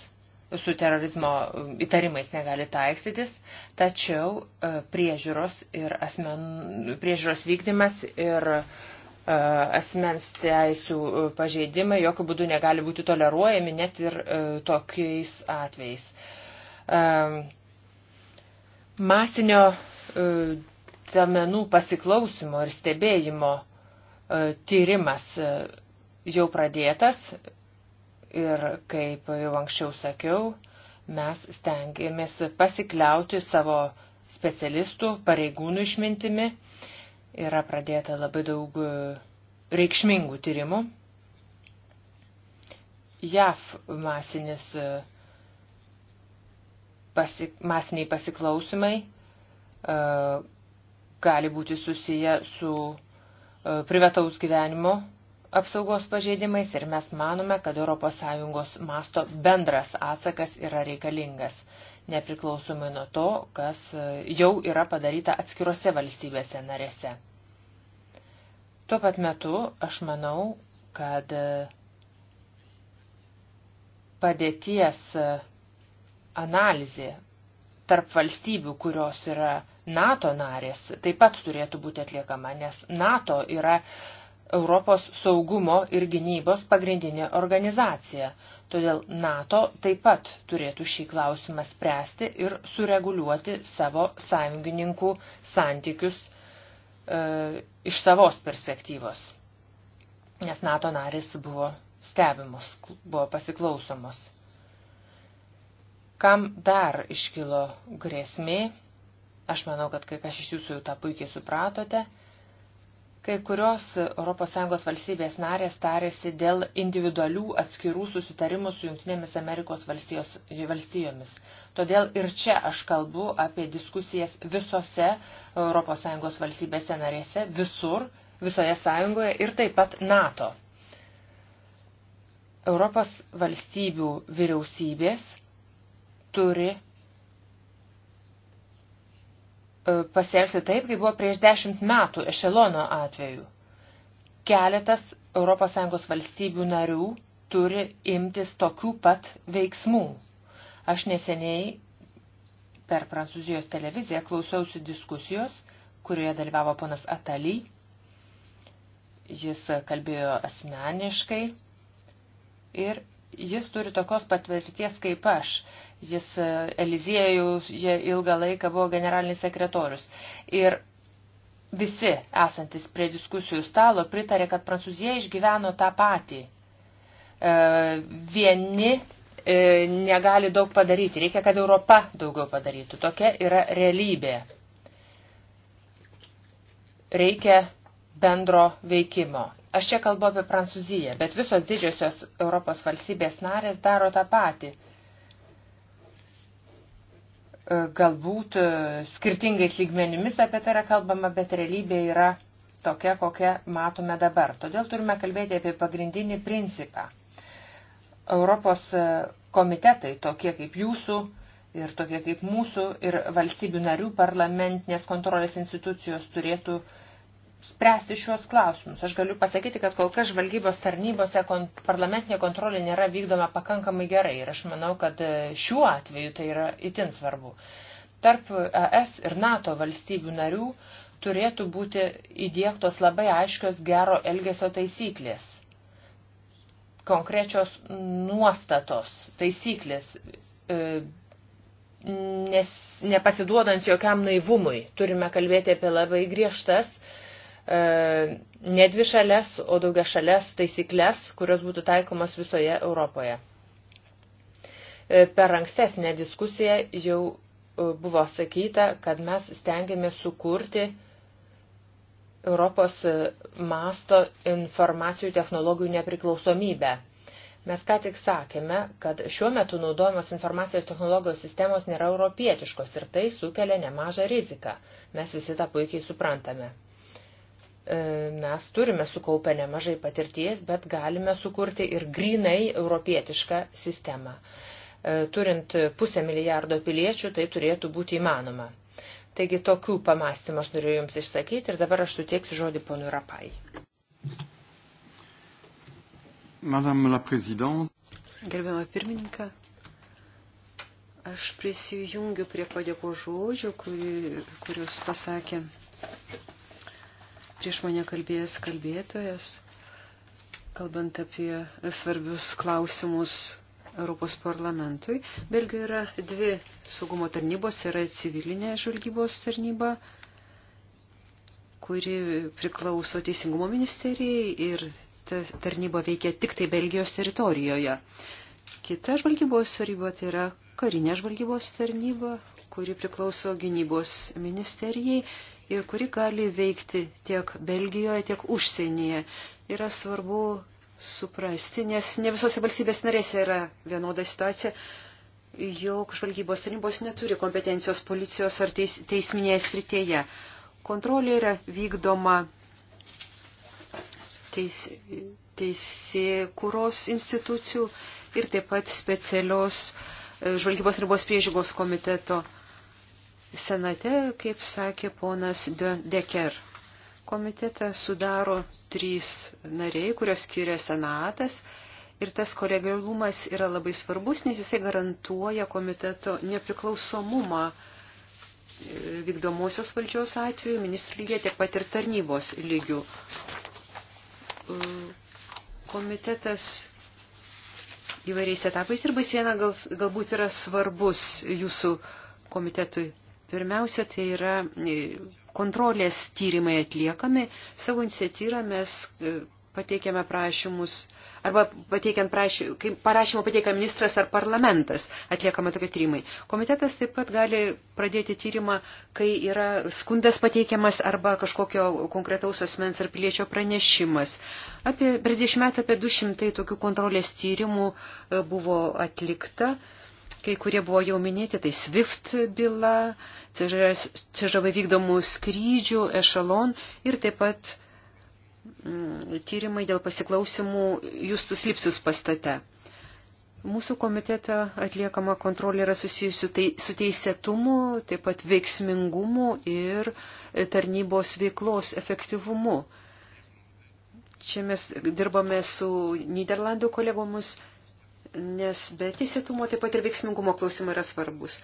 su terorizmo įtarimais negali taikstytis, tačiau e, priežiūros, ir asmen, priežiūros vykdymas ir uh, E, asmens teisų e, pažeidimai jokių būdų negali būti toleruojami net ir e, tokiais atvejais. Masinio domenų pasiklausimo ir stebėjimo tyrimas jau pradėtas ir, kaip jau anksčiau sakiau, mes stengiamės pasikliauti savo specialistų, pareigūnų išmintimi Yra pradėta labai daug e, reikšmingų tyrimų. JAF masinis e, pasi, masiniai pasiklausimai uh, gali būti susiję su uh, privataus gyvenimo apsaugos pažeidimais ir mes manome, kad ES masto bendras atsakas yra reikalingas nepriklausomai nuo to, kas e, jau yra padaryta atskiruose valstybėse narėse. Tuo pat metu aš manau, kad e, padėties e, analizė tarp valstybių, kurios yra NATO narės, taip pat turėtų būti atliekama, nes NATO yra uh, Europos saugumo ir gynybos pagrindinė organizacija, todėl NATO taip pat turėtų šį klausimą spręsti ir sureguliuoti savo sąjungininkų santykius e, iš savos perspektyvos, nes NATO narės buvo stebimos, buvo pasiklausomos. Kam dar iškilo grėsmė? Aš manau, kad kai kas iš jūsų jau tą puikiai supratote – Kai kurios ES valstybės narės tarėsi dėl individualių atskirų susitarimų su Junktinėmis Amerikos valstijos, valstijomis. Todėl ir čia aš kalbu apie diskusijas visose ES valstybėse narėse, visur, visoje sąjungoje ir taip pat NATO. Europos valstybių vyriausybės turi pasielgti taip, kaip buvo prieš dešimt metų ešelono atveju. Keletas ES valstybių narių turi imtis tokių pat veiksmų. Aš neseniai per Prancūzijos televiziją klausiausi diskusijos, kurioje dalyvavo ponas Ataly. Jis kalbėjo asmeniškai ir jis turi tokios patvirties kaip aš. Jis e, Eliziejus ilgą laiką buvo generalinis sekretorius. Ir visi esantis prie diskusijų stalo pritarė, kad Prancūzija išgyveno tą patį. E, vieni e, negali daug padaryti, reikia, kad Europa daugiau padarytų. Tokia yra realybė. Reikia bendro veikimo. Aš čia kalbu apie Prancūziją, bet visos didžiosios Europos valstybės narės daro tą patį. E, galbūt e, skirtingais lygmenimis apie tai yra kalbama, bet realybė yra tokia, kokią matome dabar. Todėl turime kalbėti apie pagrindinį principą. Europos e, komitetai, tokie kaip jūsų ir tokie kaip mūsų ir valstybių narių parlamentinės kontrolės institucijos turėtų uh, spręsti šiuos klausimus. Aš galiu pasakyti, kad kol kas žvalgybos tarnybose kon, parlamentinė kontrolė nėra vykdoma pakankamai gerai ir aš manau, kad e, šiuo atveju tai yra itin svarbu. Tarp e, ES ir NATO valstybių narių turėtų būti įdėktos labai aiškios gero elgesio taisyklės, konkrečios nuostatos, taisyklės. E, Nes nepasiduodant jokiam naivumui, turime kalbėti apie labai griežtas uh, E, ne dvi šalias, o daugia šalias taisyklės, kurios būtų taikomas visoje Europoje. E, per ankstesnę diskusiją jau e, buvo sakyta, kad mes stengiamės sukurti Europos masto informacijų technologijų nepriklausomybę. Mes ką tik sakėme, kad šiuo metu naudojamos informacijos technologijos sistemos nėra europietiškos ir tai sukelia nemažą riziką. Mes visi tą puikiai suprantame. E, mes turime sukaupę nemažai patirties, bet galime sukurti ir grinai europietišką sistemą. E, turint pusę milijardo piliečių, tai turėtų būti įmanoma. Taigi tokių pamastymų aš noriu Jums išsakyti ir dabar aš suteiksiu žodį ponui Rapai. Madame la Présidente. Gerbiama pirmininka, aš prisijungiu prie padėko žodžių, kuri, kuriuos pasakė Prieš mane kalbėjęs kalbėtojas, kalbant apie svarbius klausimus Europos parlamentui. Belgijoje yra dvi saugumo tarnybos, yra civilinė žvalgybos tarnyba, kuri priklauso Teisingumo ministerijai ir ta tarnyba veikia tik tai Belgijos teritorijoje. Kita žvalgybos taryba tai yra karinė žvalgybos tarnyba, kuri priklauso gynybos ministerijai ir kuri gali veikti tiek Belgijoje, tiek užsienyje, yra svarbu suprasti, nes ne visose valstybės narėse yra vienoda situacija, jog žvalgybos tarnybos neturi kompetencijos policijos ar teis, teisminėje srityje. Kontrolė yra vykdoma teis, teisėkūros institucijų ir taip pat specialios e, žvalgybos ribos priežygos komiteto Senate, kaip sakė ponas De Deker, komitetą sudaro trys nariai, kurios skiria Senatas. Ir tas kolegialumas yra labai svarbus, nes jisai garantuoja komiteto nepriklausomumą e, vykdomosios valdžios atveju, ministrų lygiai tiek pat ir tarnybos lygių. E, komitetas įvairiais etapais ir baisieną gal, galbūt yra svarbus jūsų komitetui Pirmiausia, tai yra e, kontrolės tyrimai atliekami. Savo iniciatyvą mes e, pateikiame prašymus, arba pateikiant prašymą, kai parašymą pateikia ministras ar parlamentas, atliekama tokie tyrimai. Komitetas taip pat gali pradėti tyrimą, kai yra skundas pateikiamas arba kažkokio konkretaus asmens ar piliečio pranešimas. Apie, per 10 metų apie 200 tokių kontrolės tyrimų e, buvo atlikta kai kurie buvo jau minėti, tai SWIFT byla, CŽV vykdomų skrydžių, ešalon ir taip pat mm, tyrimai dėl pasiklausimų Justus Lipsius pastate. Mūsų komitete atliekama kontrolė yra susijusi tai, su teisėtumu, taip pat veiksmingumu ir tarnybos veiklos efektyvumu. Čia mes dirbame su Niderlandų kolegomis nes be teisėtumo taip pat ir veiksmingumo klausimai yra svarbus.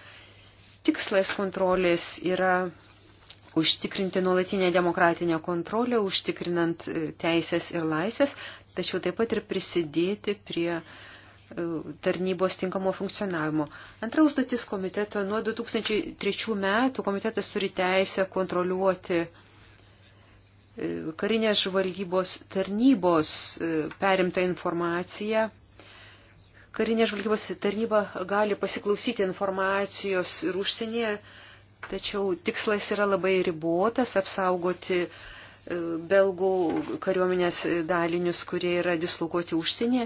Tikslas kontrolės yra užtikrinti nuolatinę demokratinę kontrolę, užtikrinant e, teisės ir laisvės, tačiau taip pat ir prisidėti prie e, tarnybos tinkamo funkcionavimo. Antra užduotis komiteto nuo 2003 metų komitetas turi teisę kontroliuoti e, karinės žvalgybos tarnybos perimtą informaciją Karinė žvalgybos tarnyba gali pasiklausyti informacijos ir užsienyje, tačiau tikslas yra labai ribotas - apsaugoti e, belgų kariuomenės dalinius, kurie yra dislokuoti užsienyje.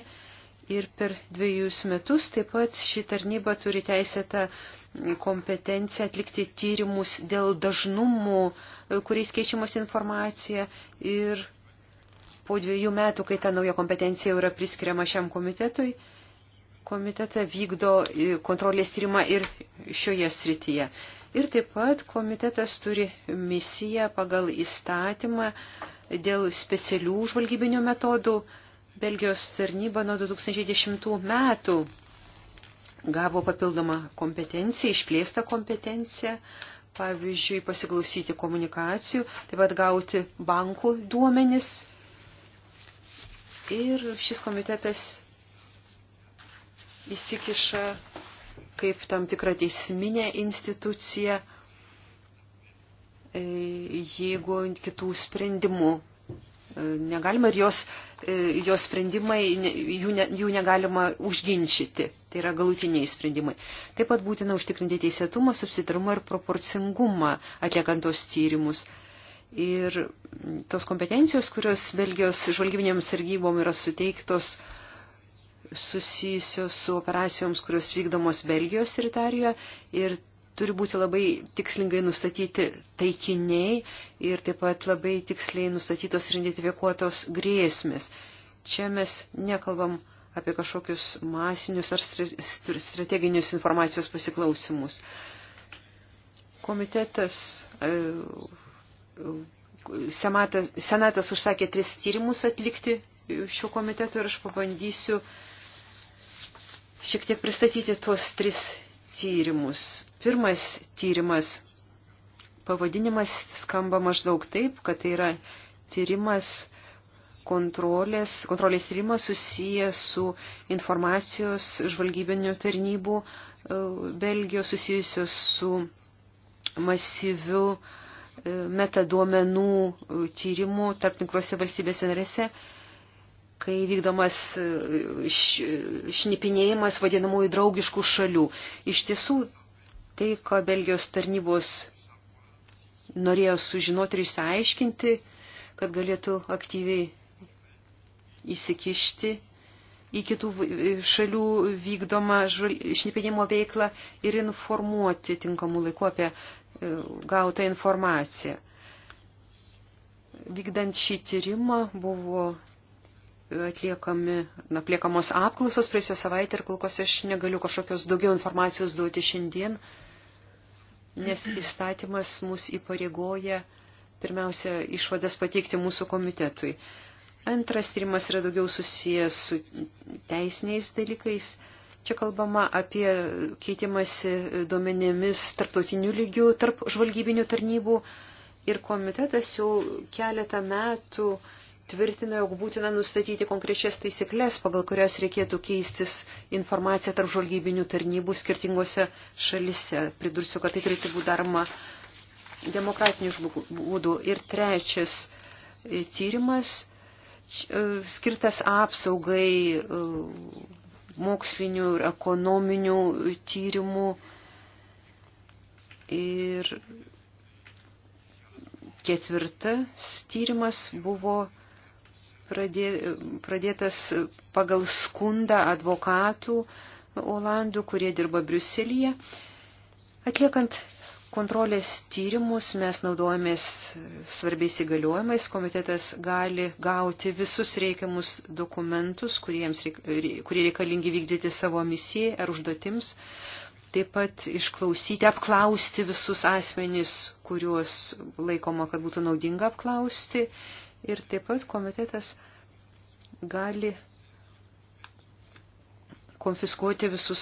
Ir per dviejus metus taip pat ši tarnyba turi teisėtą kompetenciją atlikti tyrimus dėl dažnumų, e, kuriais keičiamas informacija. Ir po dviejų metų, kai ta nauja kompetencija jau yra priskiriama šiam komitetui, komitetą vykdo kontrolės tyrimą ir šioje srityje. Ir taip pat komitetas turi misiją pagal įstatymą dėl specialių žvalgybinių metodų. Belgijos tarnyba nuo 2010 metų gavo papildomą kompetenciją, išplėstą kompetenciją, pavyzdžiui, pasiklausyti komunikacijų, taip pat gauti bankų duomenis. Ir šis komitetas įsikiša kaip tam tikra teisminė institucija, e, jeigu kitų sprendimų e, negalima ir jos, e, jos sprendimai, jų, ne, jų negalima užginčyti. Tai yra galutiniai sprendimai. Taip pat būtina užtikrinti teisėtumą, subsidarumą ir proporcingumą atliekant tos tyrimus. Ir tos kompetencijos, kurios Belgijos žvalgybinėms sargybom yra suteiktos, uh, susijusios su operacijoms, kurios vykdomos Belgijos ir Italijoje ir turi būti labai tikslingai nustatyti taikiniai ir taip pat labai tiksliai nustatytos ir identifikuotos grėsmės. Čia mes nekalbam apie kažkokius masinius ar strateginius informacijos pasiklausimus. Komitetas, e, senatas užsakė tris tyrimus atlikti šio komiteto ir aš pabandysiu uh, šiek tiek pristatyti tuos tris tyrimus. Pirmas tyrimas pavadinimas skamba maždaug taip, kad tai yra tyrimas kontrolės, kontrolės tyrimas susijęs su informacijos žvalgybinių tarnybų e, Belgijos susijusios su masyviu e, metaduomenų e, tyrimų tarp tinkluose valstybėse narėse kai vykdomas e, šnipinėjimas vadinamųjų draugiškų šalių. Iš tiesų, tai, ko Belgijos tarnybos norėjo sužinoti ir išsiaiškinti, kad galėtų aktyviai įsikišti į kitų e, šalių vykdomą šnipinėjimo veiklą ir informuoti tinkamų laikų apie e, gautą informaciją. Vykdant šį tyrimą buvo atliekami, atliekamos apklausos praėjusią savaitę ir kol kas aš negaliu kažkokios daugiau informacijos duoti šiandien, nes įstatymas mus įpareigoja pirmiausia išvadas pateikti mūsų komitetui. Antras tyrimas yra daugiau susijęs su teisiniais dalykais. Čia kalbama apie keitimąsi duomenėmis tarptautinių lygių tarp žvalgybinių tarnybų ir komitetas jau keletą metų uh, tvirtina, jog būtina nustatyti konkrečias taisyklės, pagal kurias reikėtų keistis informaciją tarp žvalgybinių tarnybų skirtingose šalise. Pridursiu, kad tai turėtų būti daroma demokratinių būdų. Ir trečias e, tyrimas e, skirtas apsaugai e, mokslinių ir ekonominių tyrimų ir ketvirtas tyrimas buvo pradė, pradėtas pagal skundą advokatų Olandų, kurie dirba Briuselyje. Atliekant kontrolės tyrimus mes naudojamės svarbiais įgaliojimais. Komitetas gali gauti visus reikiamus dokumentus, kurie, reik, kurie reikalingi vykdyti savo misijai ar užduotims. Taip pat išklausyti, apklausti visus asmenys, kuriuos laikoma, kad būtų naudinga apklausti ir taip pat komitetas gali konfiskuoti visus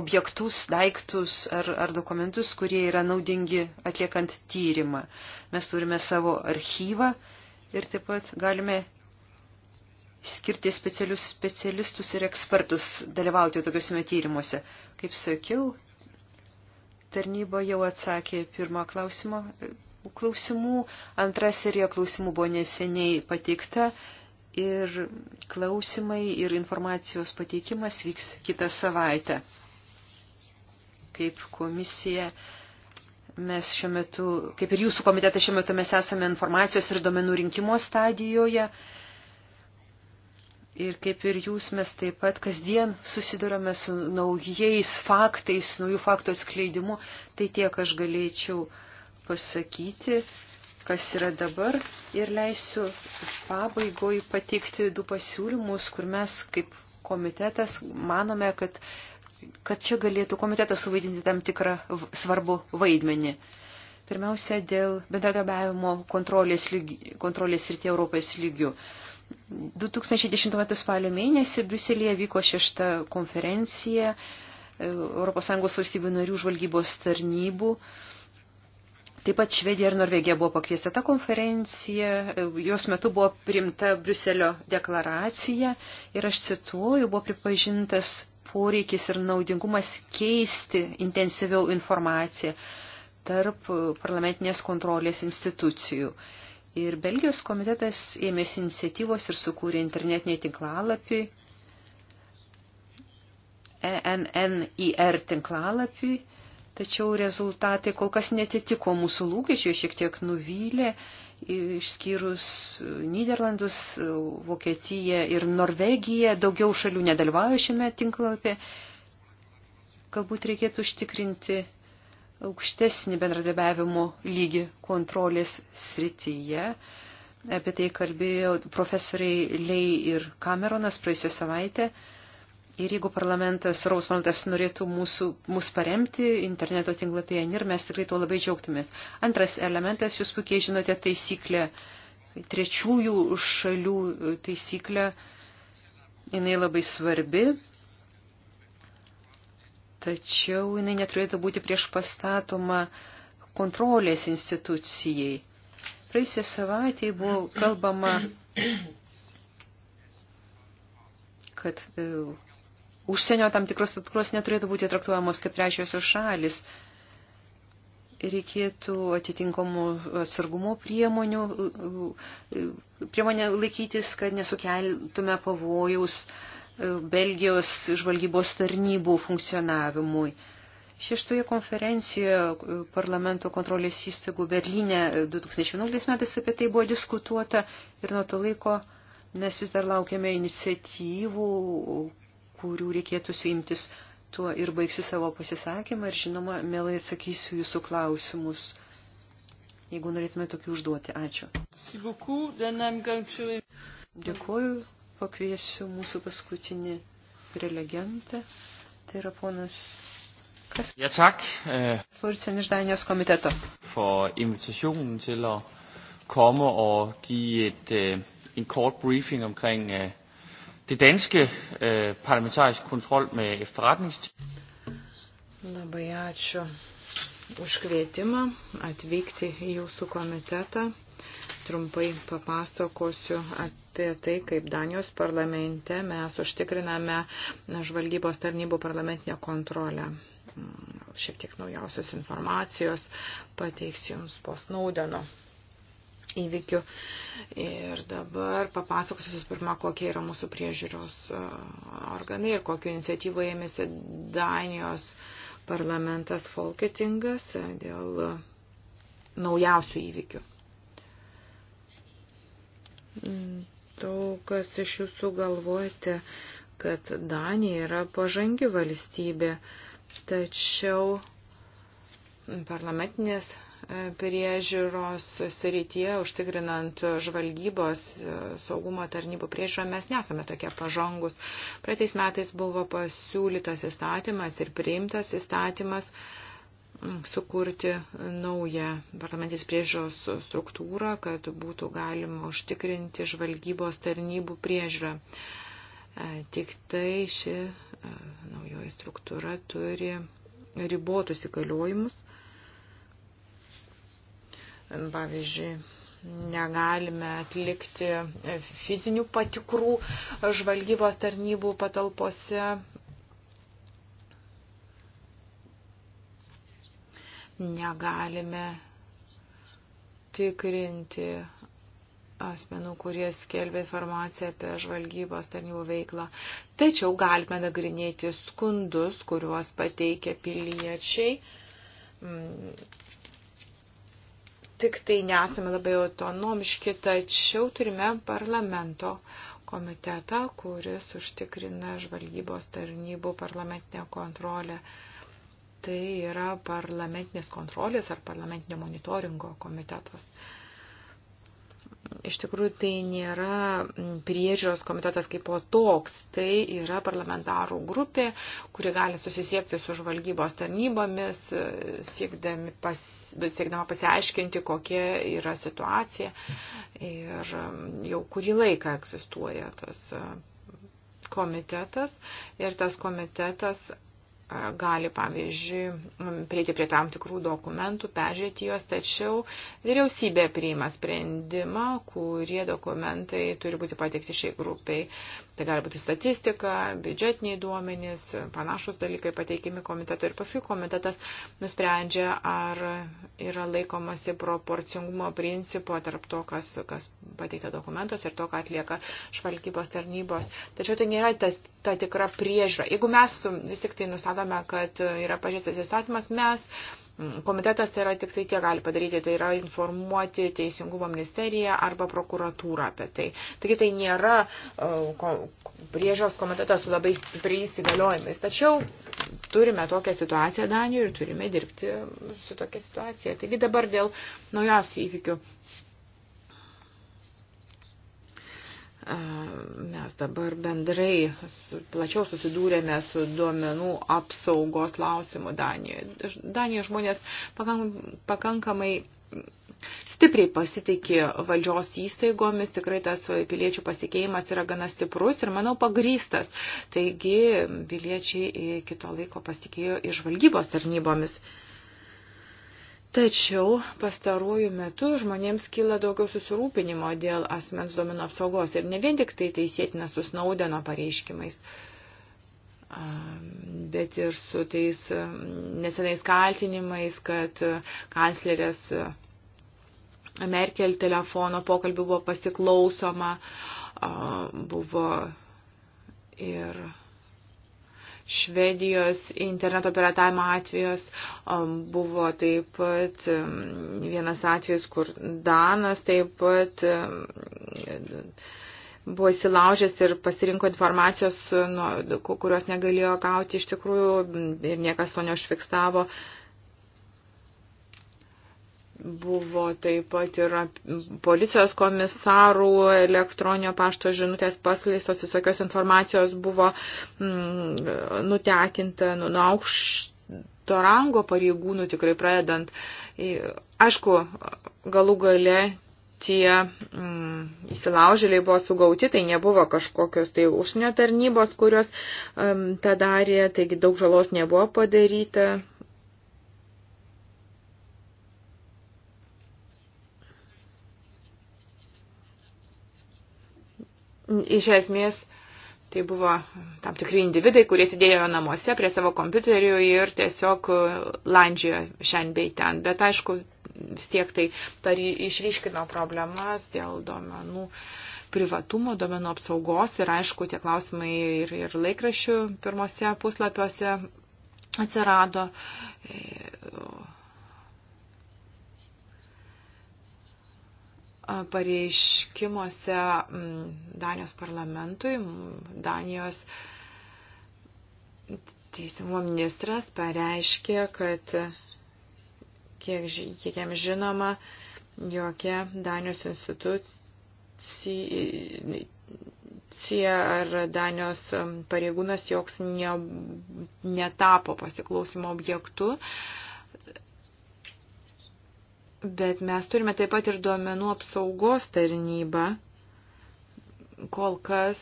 objektus, daiktus ar, ar dokumentus, kurie yra naudingi atliekant tyrimą. Mes turime savo archyvą ir taip pat galime skirti specialius specialistus ir ekspertus dalyvauti tokiuose tyrimuose. Kaip sakiau, tarnyba jau atsakė pirmą klausimą, klausimų, antra serija klausimų buvo neseniai pateikta ir klausimai ir informacijos pateikimas vyks kitą savaitę. Kaip komisija mes šiuo metu, kaip ir jūsų komitetas šiuo metu mes esame informacijos ir domenų rinkimo stadijoje. Ir kaip ir jūs, mes taip pat kasdien susidurame su naujais faktais, naujų faktų atskleidimu. Tai tiek aš galėčiau pasakyti, kas yra dabar ir leisiu pabaigoj pateikti du pasiūlymus, kur mes kaip komitetas manome, kad, kad čia galėtų komitetas suvaidinti tam tikrą svarbų vaidmenį. Pirmiausia, dėl bendradarbiavimo kontrolės, lygi, kontrolės rytie Europos lygių. 2010 m. spalio mėnesį Briuselėje vyko šešta konferencija ES valstybių narių žvalgybos tarnybų Taip pat Švedija ir Norvegija buvo pakviesta ta konferencija, jos metu buvo priimta Bruselio deklaracija ir aš cituoju, buvo pripažintas poreikis ir naudingumas keisti intensyviau informaciją tarp parlamentinės kontrolės institucijų. Ir Belgijos komitetas ėmėsi iniciatyvos ir sukūrė internetinį tinklalapį, ENNIR tinklalapį tačiau rezultatai kol kas netitiko mūsų lūkesčių, šiek tiek nuvylė, išskyrus Niderlandus, Vokietiją ir Norvegiją, daugiau šalių nedalyvauja šiame tinklapė. Galbūt reikėtų užtikrinti aukštesnį bendradarbiavimo lygį kontrolės srityje. Apie tai kalbėjo profesoriai Lei ir Kameronas praėjusią savaitę. Ir jeigu parlamentas, Europos parlamentas norėtų mūsų, mūsų paremti interneto tinklapyje NIR, mes tikrai to labai džiaugtumės. Antras elementas, jūs puikiai žinote taisyklę, trečiųjų šalių taisyklę, jinai labai svarbi, tačiau jinai neturėtų būti prieš pastatoma kontrolės institucijai. Praėjusią savaitę buvo kalbama, kad e, užsienio tam tikros struktūros neturėtų būti traktuojamos kaip trečiosios šalis. Reikėtų atitinkamų atsargumo priemonių, priemonė laikytis, kad nesukeltume pavojaus Belgijos žvalgybos tarnybų funkcionavimui. Šeštoje konferencijoje parlamento kontrolės įstaigų Berlyne 2011 metais apie tai buvo diskutuota ir nuo to laiko mes vis dar laukiame iniciatyvų, kurių reikėtų suimtis. Tuo ir baigsiu savo pasisakymą ir žinoma, mielai atsakysiu jūsų klausimus, jeigu norėtume tokių užduoti. Ačiū. Dėkuoju, pakviesiu mūsų paskutinį prelegentą. Tai yra ponas Kas? Ja, tak. Forsen eh, iš Danijos komiteto. For invitationen til at komme og give et, eh, en kort briefing omkring eh, Det danske øh, parlamentarisk kontrol med efterretningstjenesten. Labai ačiū už kvietimą atvykti į jūsų komitetą. Trumpai papasakosiu apie tai, kaip Danijos parlamente mes užtikriname žvalgybos tarnybų parlamentinę kontrolę. Šiek tiek naujausios informacijos pateiksiu Jums po Snaudeno įvykių. Ir dabar papasakosiu visų pirma, kokie yra mūsų priežiūros e, organai ir kokiu iniciatyvu ėmėsi Danijos parlamentas Folketingas e, dėl e, naujausių įvykių. Daug kas iš jūsų galvojate, kad Danija yra pažangi valstybė, tačiau parlamentinės priežiūros srityje, užtikrinant žvalgybos saugumo tarnybų priežiūrą, mes nesame tokie pažangus. Praeitais metais buvo pasiūlytas įstatymas ir priimtas įstatymas mm, sukurti naują parlamentės priežiūros struktūrą, kad būtų galima užtikrinti žvalgybos tarnybų priežiūrą. E, tik tai ši e, naujoji struktūra turi ribotus įgaliojimus Pavyzdžiui, negalime atlikti fizinių patikrų žvalgybos tarnybų patalpose. Negalime tikrinti asmenų, kurie skelbia informaciją apie žvalgybos tarnybų veiklą. Tačiau galime nagrinėti skundus, kuriuos pateikia piliečiai mm, tik tai nesame labai autonomiški, tačiau turime parlamento komitetą, kuris užtikrina žvalgybos tarnybų parlamentinę kontrolę. Tai yra parlamentinės kontrolės ar parlamentinio monitoringo komitetas. Uh, iš tikrųjų tai nėra priežiūros komitetas kaip po toks, tai yra parlamentarų grupė, kuri gali susisiekti su žvalgybos tarnybomis, pas, siekdama pasiaiškinti, kokia yra situacija. Ir jau kurį laiką egzistuoja tas komitetas ir tas komitetas gali, pavyzdžiui, prieiti prie tam tikrų dokumentų, peržiūrėti juos, tačiau vyriausybė priima sprendimą, kurie dokumentai turi būti pateikti šiai grupiai. Tai gali būti statistika, biudžetiniai duomenys, panašus dalykai pateikimi komitetu ir paskui komitetas nusprendžia, ar yra laikomasi proporcingumo principo tarp to, kas, kas pateikta dokumentos ir to, ką atlieka švalgybos tarnybos. Tačiau tai nėra tas, ta tikra priežiūra. Jeigu mes vis tik tai nustatome, manome, kad yra pažėtas įstatymas, mes komitetas tai yra tik tai tie gali padaryti, tai yra informuoti Teisingumo ministeriją arba prokuratūrą apie tai. Taigi tai nėra e, priežos komitetas su labai stipriais įgaliojimais. Tačiau turime tokią situaciją Danijoje ir turime dirbti su tokia situacija. Taigi dabar dėl naujausių įvykių. Mes dabar bendrai plačiau susidūrėme su duomenų apsaugos klausimu Danijoje. Danijoje žmonės pakankamai stipriai pasitikė valdžios įstaigomis, tikrai tas piliečių pasikeimas yra gana stiprus ir, manau, pagrystas. Taigi piliečiai iki to laiko pasitikėjo ir žvalgybos tarnybomis. Tačiau pastaruoju metu žmonėms kyla daugiau susirūpinimo dėl asmens domino apsaugos ir ne vien tik tai teisėtina su Snaudeno pareiškimais, bet ir su tais nesenais kaltinimais, kad kanclerės Merkel telefono pokalbių buvo pasiklausoma, buvo ir Švedijos interneto piratavimo atvejos um, buvo taip pat um, vienas atvejis, kur Danas taip pat um, buvo įsilaužęs ir pasirinko informacijos, nu, kurios negalėjo gauti iš tikrųjų ir niekas to neužfiksavo. Buvo taip pat ir policijos komisarų elektroninio pašto žinutės paskleistos, visokios informacijos buvo mm, nutekinta, nu, nu aukšto rango pareigūnų tikrai pradedant. Aišku, galų gale tie mm, įsilaužėliai buvo sugauti, tai nebuvo kažkokios tai užsienio tarnybos, kurios mm, tą darė, taigi daug žalos nebuvo padaryta. Iš esmės, tai buvo tam tikri individai, kurie sėdėjo namuose prie savo kompiuterių ir tiesiog e, landžiojo šiandien bei ten. Bet aišku, vis tiek tai tar, išryškino problemas dėl duomenų privatumo, duomenų apsaugos ir aišku, tie klausimai ir, ir laikrašių pirmose puslapiuose atsirado. E, pareiškimuose mm, Danijos parlamentui. Mm, Danijos teisingumo ministras pareiškė, kad kiek, kiek jam žinoma, jokia Danijos institucija ar Danijos mm, pareigūnas joks ne, netapo pasiklausimo objektu. Uh, Bet mes turime taip pat ir duomenų apsaugos tarnybą. Kol kas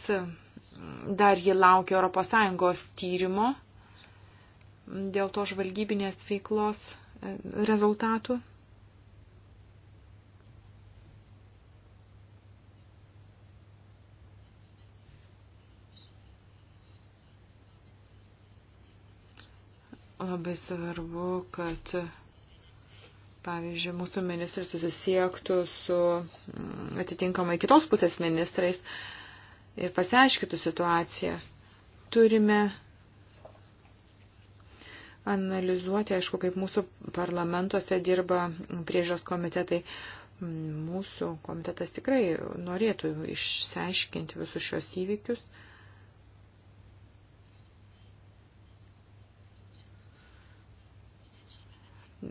dar ji laukia ES tyrimo dėl to žvalgybinės veiklos e, rezultatų. Labai svarbu, kad pavyzdžiui, mūsų ministras susisiektų su mm, atitinkamai kitos pusės ministrais ir pasiaiškitų situaciją. Turime analizuoti, aišku, kaip mūsų parlamentuose dirba priežos komitetai. Mm, mūsų komitetas tikrai norėtų išsiaiškinti visus šios įvykius.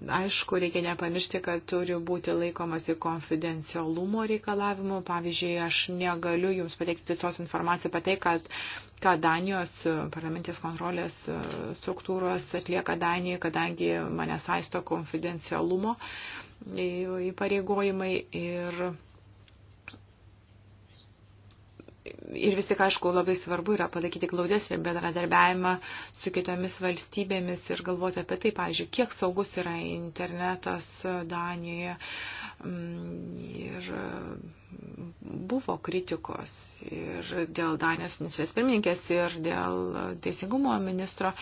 aišku, reikia nepamiršti, kad turi būti laikomasi konfidencialumo reikalavimų. Pavyzdžiui, aš negaliu Jums pateikti tos informacijos apie tai, kad ką Danijos parlamentės kontrolės e, struktūros atlieka Danijai, kadangi mane saisto konfidencialumo įpareigojimai ir Ir vis tik, aišku, labai svarbu yra palaikyti glaudesnį bendradarbiavimą su kitomis valstybėmis ir galvoti apie tai, pavyzdžiui, kiek saugus yra internetas e, Danijoje. Mm, ir e, buvo kritikos ir dėl Danijos ministrės pirmininkės, ir dėl teisingumo ministro.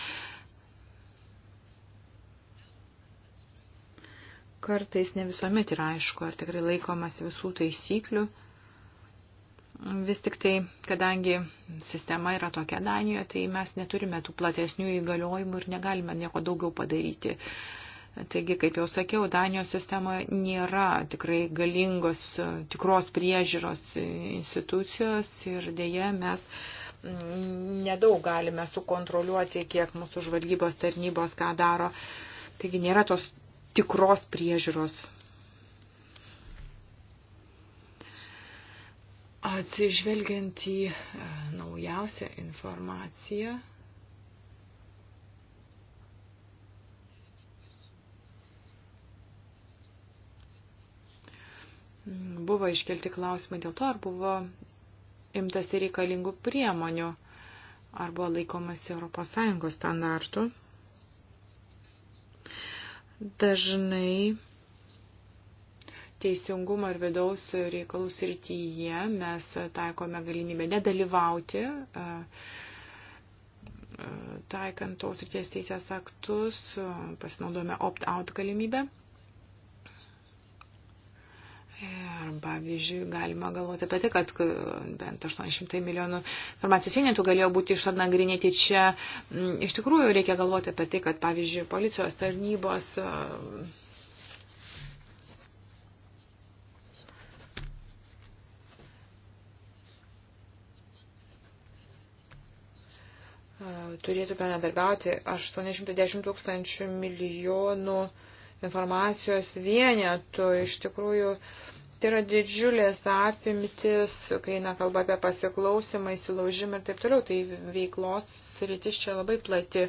Kartais ne visuomet yra aišku, ar tikrai laikomas visų taisyklių. Vis tik tai, kadangi sistema yra tokia Danijoje, tai mes neturime tų platesnių įgaliojimų ir negalime nieko daugiau padaryti. Taigi, kaip jau sakiau, Danijos sistemoje nėra tikrai galingos tikros priežiūros institucijos ir dėje mes nedaug galime sukontroliuoti, kiek mūsų žvalgybos tarnybos ką daro. Taigi nėra tos tikros priežiūros Atsižvelgiant į e, naujausią informaciją, buvo iškelti klausimai dėl to, ar buvo imtasi reikalingų priemonių, ar buvo laikomasi ES standartų. Dažnai teisingumo ir vidaus reikalų srityje mes taikome galimybę nedalyvauti, taikant tos ryties teisės aktus, pasinaudojame opt-out galimybę. Ir, pavyzdžiui, galima galvoti apie tai, kad bent 800 milijonų informacijos vienetų galėjo būti išnagrinėti čia. Mm, iš tikrųjų, reikia galvoti apie tai, kad, pavyzdžiui, policijos tarnybos turėtų bendradarbiauti 810 tūkstančių milijonų informacijos vienetų. Iš tikrųjų, tai yra didžiulės apimtis, kai eina kalba apie pasiklausimą, įsilaužimą ir taip toliau. Tai veiklos sritis čia labai plati.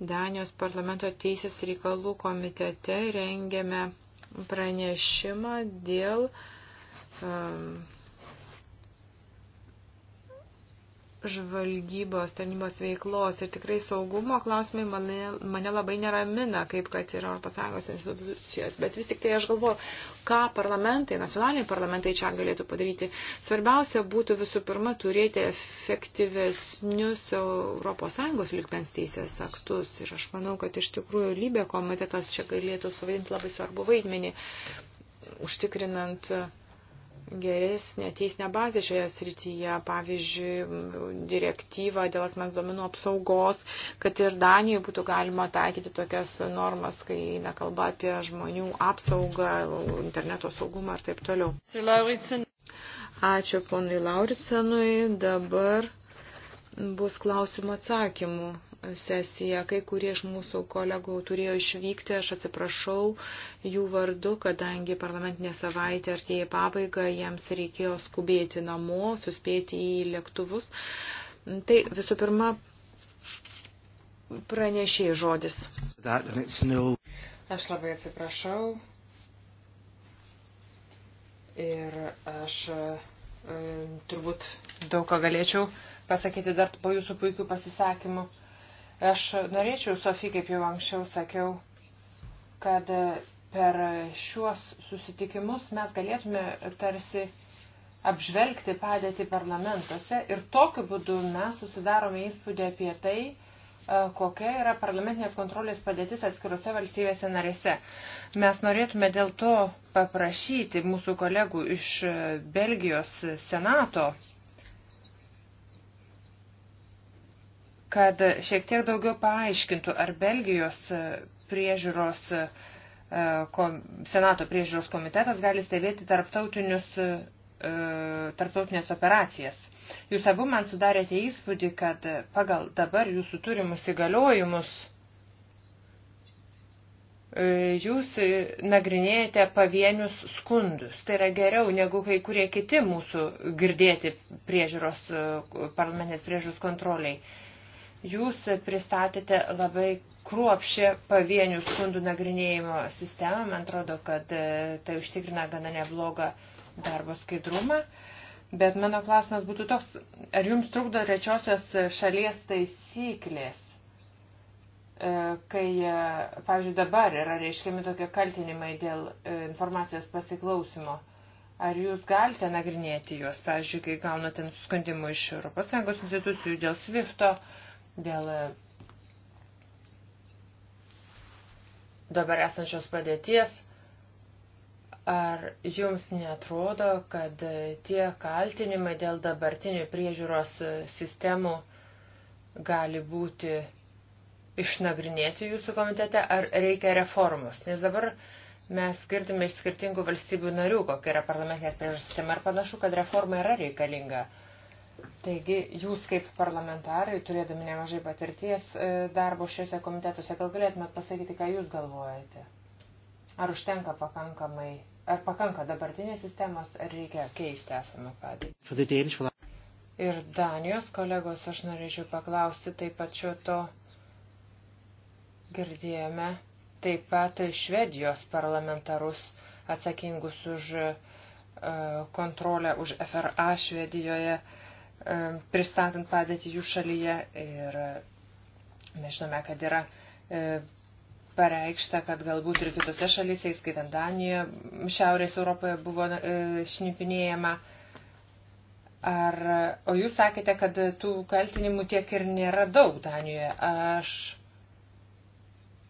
Danijos parlamento teisės reikalų komitete rengėme pranešimą dėl um, žvalgybos tarnybos veiklos ir tikrai saugumo klausimai mane, mane labai neramina, kaip kad yra ES institucijos. Bet vis tik tai aš galvoju, ką parlamentai, nacionaliniai parlamentai čia galėtų padaryti. Svarbiausia būtų visų pirma turėti efektyvesnius ES likmens teisės aktus. Ir aš manau, kad iš tikrųjų lybė komitetas čia galėtų suvaidinti labai svarbu vaidmenį, užtikrinant uh, geresnė teisinė bazė šioje srityje, pavyzdžiui, direktyva dėl asmens duomenų apsaugos, kad ir Danijoje būtų galima taikyti tokias normas, kai eina kalba apie žmonių apsaugą, interneto saugumą ir taip toliau. Ačiū ponui Lauricenui. Dabar bus klausimų atsakymų sesiją. Kai kurie iš mūsų kolegų turėjo išvykti, aš atsiprašau jų vardu, kadangi parlamentinė savaitė artėja pabaiga, jiems reikėjo skubėti namo, suspėti į lėktuvus. Tai visų pirma, pranešėjai žodis. Aš labai atsiprašau. Ir aš e, turbūt daug ką galėčiau pasakyti dar po jūsų puikių pasisakymų. Aš norėčiau, Sofija, kaip jau anksčiau sakiau, kad per šiuos susitikimus mes galėtume tarsi apžvelgti padėtį parlamentuose ir tokiu būdu mes susidarome įspūdį apie tai, e, kokia yra parlamentinės kontrolės padėtis atskiruose valstybėse narėse. Mes norėtume dėl to paprašyti mūsų kolegų iš Belgijos senato kad šiek tiek daugiau paaiškintų, ar Belgijos priežiūros, e, kom, Senato priežiūros komitetas gali stebėti tarptautinius, e, tarptautinės operacijas. Jūs abu man sudarėte įspūdį, kad pagal dabar jūsų turimus įgaliojimus e, jūs nagrinėjate pavienius skundus. Tai yra geriau negu kai kurie kiti mūsų girdėti priežiūros, parlamentinės priežiūros kontroliai. Jūs pristatėte labai kruopšė pavienių skundų nagrinėjimo sistemą. Man atrodo, kad e, tai užtikrina gana neblogą darbo skaidrumą. Bet mano klausimas būtų toks, ar jums trukdo rečiosios šalies taisyklės, e, kai, e, pavyzdžiui, dabar yra reiškiami tokie kaltinimai dėl informacijos pasiklausimo. Ar jūs galite nagrinėti juos, pavyzdžiui, kai gaunate nusiskundimų iš ES institucijų dėl SWIFT'o, dėl e, dabar esančios padėties, ar jums netrodo, kad e, tie kaltinimai dėl dabartinių priežiūros e, sistemų gali būti išnagrinėti jūsų komitete, ar reikia reformos? Nes dabar mes skirtume iš skirtingų valstybių narių, kokia yra parlamentinės priežastis. Ar panašu, kad reforma yra reikalinga? Taigi, jūs kaip parlamentarai, turėdami nemažai patirties e, darbo šiuose komitetuose, gal galėtumėt pasakyti, ką jūs galvojate? Ar užtenka pakankamai, ar pakanka dabartinės sistemos, ar reikia keisti esamą padėtį? Ir Danijos kolegos aš norėčiau paklausti taip pat šio to girdėjome taip pat Švedijos parlamentarus atsakingus už e, kontrolę už FRA Švedijoje. Uh, E, pristatant padėtį jų šalyje ir mes žinome, kad yra e, pareikšta, kad galbūt ir kitose šalyse, įskaitant Daniją, Šiaurės Europoje buvo e, šnipinėjama. Ar, o jūs sakėte, kad tų kaltinimų tiek ir nėra daug Danijoje. Aš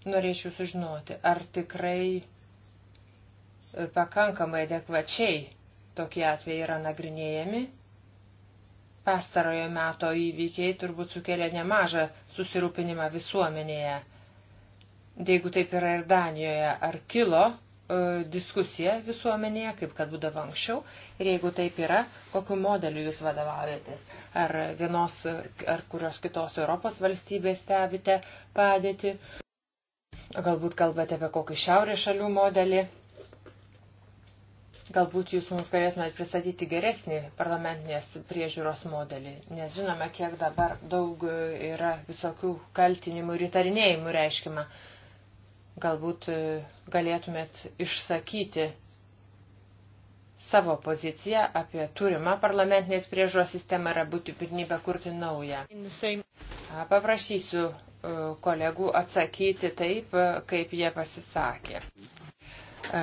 norėčiau sužinoti, ar tikrai pakankamai adekvačiai tokie atvejai yra nagrinėjami Pastarojo meto įvykiai turbūt sukelia nemažą susirūpinimą visuomenėje. Tai jeigu taip yra ir Danijoje, ar kilo e, diskusija visuomenėje, kaip kad būdavo anksčiau, ir jeigu taip yra, kokiu modeliu jūs vadovaujatės? Ar vienos, ar kurios kitos Europos valstybės stebite padėti? Galbūt kalbate apie kokį šiaurės šalių modelį? Galbūt jūs mums galėtumėte pristatyti geresnį parlamentinės priežiūros modelį, nes žinome, kiek dabar daug yra visokių kaltinimų ir įtarinėjimų reiškima. Galbūt e, galėtumėt išsakyti savo poziciją apie turimą parlamentinės priežiūros sistemą ir būti pirnybę kurti naują. Paprašysiu e, kolegų atsakyti taip, e, kaip jie pasisakė. E,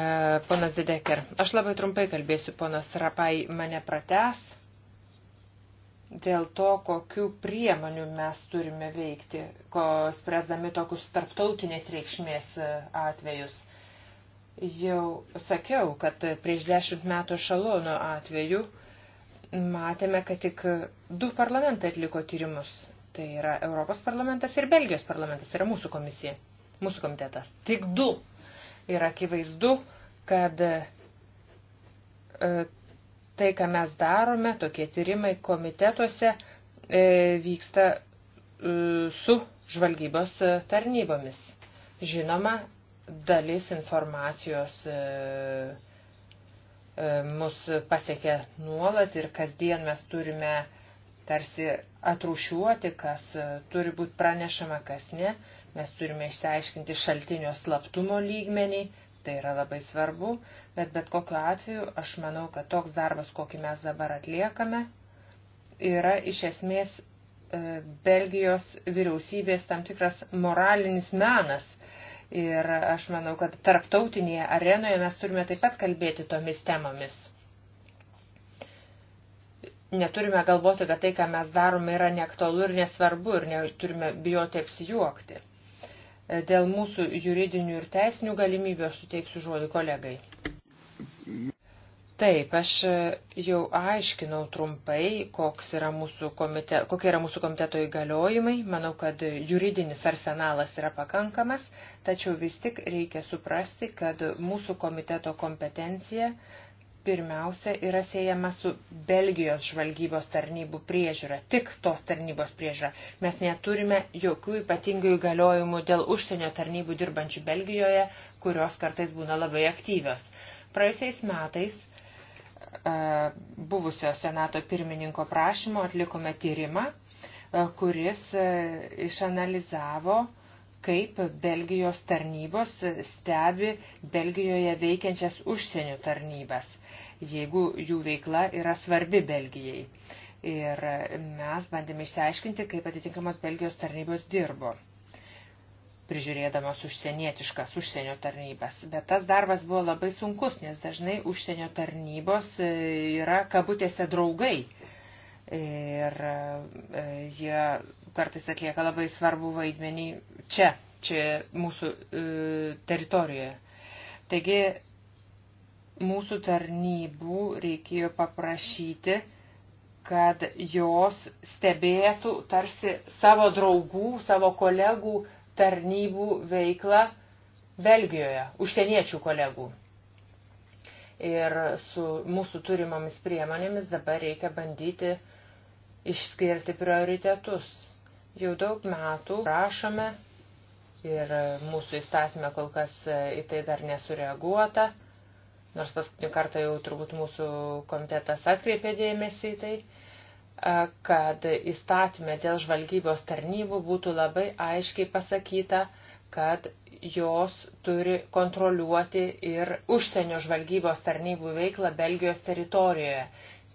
ponas Zideker, aš labai trumpai kalbėsiu, ponas Rapai mane prates dėl to, kokiu priemonių mes turime veikti, ko spręsdami tokius tarptautinės reikšmės e, atvejus. Jau sakiau, kad prieš dešimt metų šalono atveju matėme, kad tik du parlamentai atliko tyrimus. Tai yra Europos parlamentas ir Belgijos parlamentas, tai yra mūsų komisija, mūsų komitetas. Tik du Ir akivaizdu, kad e, tai, ką mes darome, tokie tyrimai komitetuose e, vyksta e, su žvalgybos tarnybomis. Žinoma, dalis informacijos mus pasiekia nuolat ir kasdien mes turime tarsi atrušiuoti, kas turi būti pranešama, kas ne, Mes turime išsiaiškinti šaltinio slaptumo lygmenį, tai yra labai svarbu, bet bet kokiu atveju aš manau, kad toks darbas, kokį mes dabar atliekame, yra iš esmės e, Belgijos vyriausybės tam tikras moralinis menas. Ir aš manau, kad tarptautinėje arenoje mes turime taip pat kalbėti tomis temomis. Neturime galvoti, kad tai, ką mes darome, yra neaktualu ir nesvarbu ir neturime bijoti apsijuokti. E, dėl mūsų juridinių ir teisinių galimybių aš suteiksiu žodį kolegai. Taip, aš e, jau aiškinau trumpai, yra komite, kokie yra mūsų komiteto įgaliojimai. Manau, kad juridinis arsenalas yra pakankamas, tačiau vis tik reikia suprasti, kad mūsų komiteto kompetencija pirmiausia yra siejama su Belgijos žvalgybos tarnybų priežiūra, tik tos tarnybos priežiūra. Mes neturime jokių ypatingų įgaliojimų dėl užsienio tarnybų dirbančių Belgijoje, kurios kartais būna labai aktyvios. Praėjusiais metais e, buvusio senato pirmininko prašymo atlikome tyrimą, e, kuris e, išanalizavo kaip Belgijos tarnybos stebi Belgijoje veikiančias užsienio tarnybas jeigu jų veikla yra svarbi Belgijai. Ir mes bandėme išsiaiškinti, kaip atitinkamos Belgijos tarnybos dirbo prižiūrėdamas užsienietiškas užsienio tarnybas. Bet tas darbas buvo labai sunkus, nes dažnai užsienio tarnybos e, yra kabutėse draugai. Ir e, jie kartais atlieka labai svarbu vaidmenį čia, čia mūsų e, teritorijoje. Taigi mūsų tarnybų reikėjo paprašyti, kad jos stebėtų tarsi savo draugų, savo kolegų tarnybų veiklą Belgijoje, užsieniečių kolegų. Ir su mūsų turimomis priemonėmis dabar reikia bandyti išskirti prioritetus. Jau daug metų rašome ir mūsų įstatymė kol kas į tai dar nesureaguota nors paskutinį kartą jau turbūt mūsų komitetas atkreipė dėmesį į tai, kad įstatymė dėl žvalgybos tarnybų būtų labai aiškiai pasakyta, kad jos turi kontroliuoti ir užsienio žvalgybos tarnybų veiklą Belgijos teritorijoje.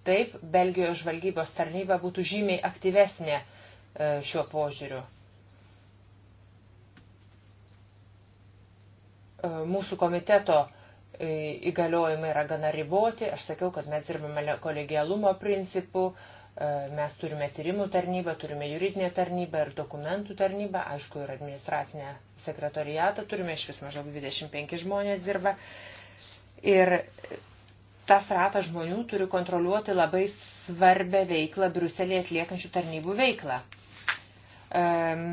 Taip, Belgijos žvalgybos tarnyba būtų žymiai aktyvesnė e, šiuo požiūriu. E, mūsų komiteto uh, E, įgaliojimai yra gana riboti. Aš sakiau, kad mes dirbame kolegialumo principu, e, mes turime tyrimų tarnybą, turime juridinę tarnybą ir dokumentų tarnybą, aišku, ir administracinę sekretoriatą, turime iš vis maždaug 25 žmonės dirba. Ir tas ratas žmonių turi kontroliuoti labai svarbę veiklą Briuselėje atliekančių tarnybų veiklą. Um,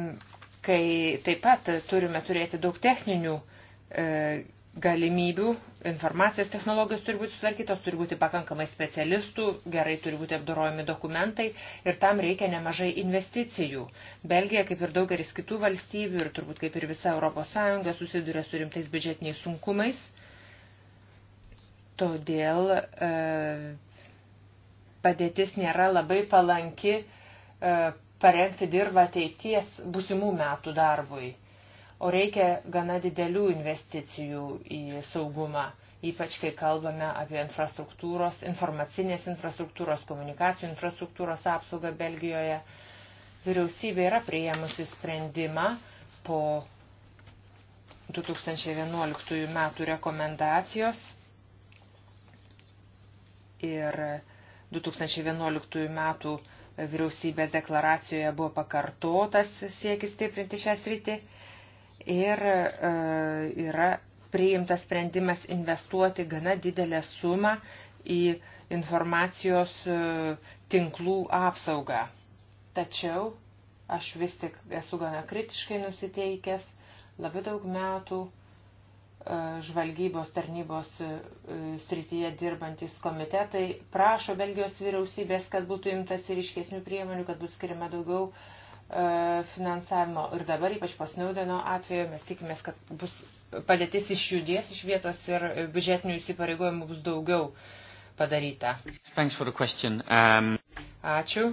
kai taip pat turime turėti daug techninių uh, galimybių, informacijos technologijos turi būti sutvarkytos, turi būti pakankamai specialistų, gerai turi būti apdorojami dokumentai ir tam reikia nemažai investicijų. Belgija, kaip ir daugelis kitų valstybių ir turbūt kaip ir visa ES, susiduria su rimtais biudžetiniais sunkumais. Todėl e, padėtis nėra labai palanki e, parengti dirbą ateities būsimų metų darbui. E, o reikia gana didelių investicijų į saugumą, ypač kai kalbame apie infrastruktūros, informacinės infrastruktūros, komunikacijų infrastruktūros apsaugą Belgijoje. Vyriausybė yra priėmusi sprendimą po 2011 metų rekomendacijos ir 2011 metų vyriausybės deklaracijoje buvo pakartotas siekis stiprinti šią sritį ir e, yra priimtas sprendimas investuoti gana didelę sumą į informacijos e, tinklų apsaugą. Tačiau aš vis tik esu gana kritiškai nusiteikęs, labai daug metų e, žvalgybos tarnybos srityje dirbantis komitetai prašo Belgijos vyriausybės, kad būtų imtas ir iškesnių priemonių, kad būtų skiriama daugiau uh, E, finansavimo. Ir dabar, ypač po Snaudeno atveju, mes tikimės, kad bus padėtis išjudės iš vietos ir biudžetinių įsipareigojimų bus daugiau padaryta. Um... Ačiū.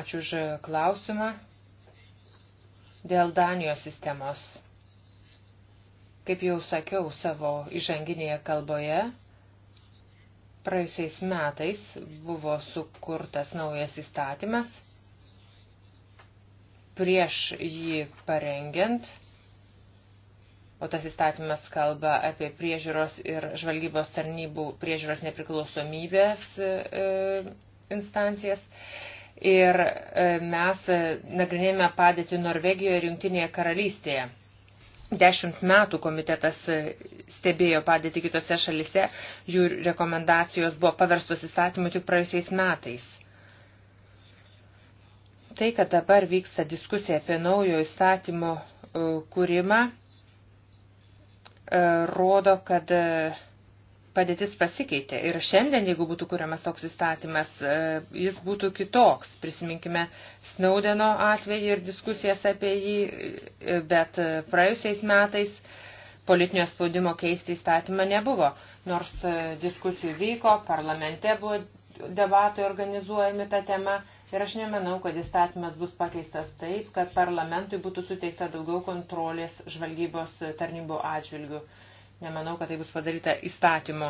Ačiū už klausimą dėl Danijos sistemos. Kaip jau sakiau savo įžanginėje kalboje, praėjusiais metais buvo sukurtas naujas įstatymas – prieš jį parengiant, o tas įstatymas kalba apie priežiūros ir žvalgybos tarnybų priežiūros nepriklausomybės e, instancijas. Ir e, mes e, nagrinėjame padėti Norvegijoje ir Junktinėje karalystėje dešimt metų komitetas stebėjo padėti kitose šalise, jų rekomendacijos buvo paverstos įstatymu tik praėjusiais metais. Tai, kad dabar vyksta diskusija apie naujo įstatymo e, kūrimą, e, rodo, kad e, padėtis pasikeitė. Ir šiandien, jeigu būtų kuriamas toks įstatymas, jis būtų kitoks. Prisiminkime Snaudeno atvejį ir diskusijas apie jį, bet praėjusiais metais politinio spaudimo keisti įstatymą nebuvo. Nors diskusijų vyko, parlamente buvo debatai organizuojami tą temą, Ir aš nemanau, kad įstatymas bus pakeistas taip, kad parlamentui būtų suteikta daugiau kontrolės žvalgybos tarnybų atžvilgių. Nemanau, kad tai bus padaryta įstatymu.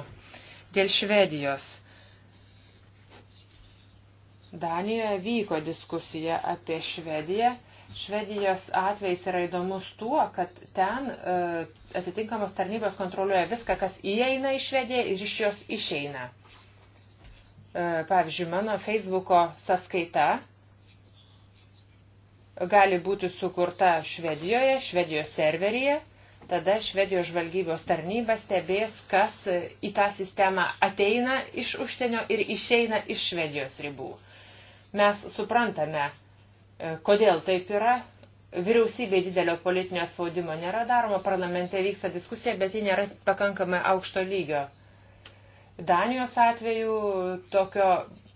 Dėl Švedijos. Danijoje vyko diskusija apie Švediją. Švedijos atvejs yra įdomus tuo, kad ten e, atitinkamos tarnybos kontroliuoja viską, kas įeina į Švediją ir iš jos išeina. E, pavyzdžiui, mano Facebooko sąskaita gali būti sukurta Švedijoje, Švedijos serveryje, tada Švedijos žvalgybos tarnyba stebės, kas į tą sistemą ateina iš užsienio ir išeina iš Švedijos ribų. Mes suprantame, e, kodėl taip yra. Vyriausybė didelio politinio spaudimo nėra daroma, parlamente vyksta diskusija, bet ji nėra pakankamai aukšto lygio. Danijos atveju tokio,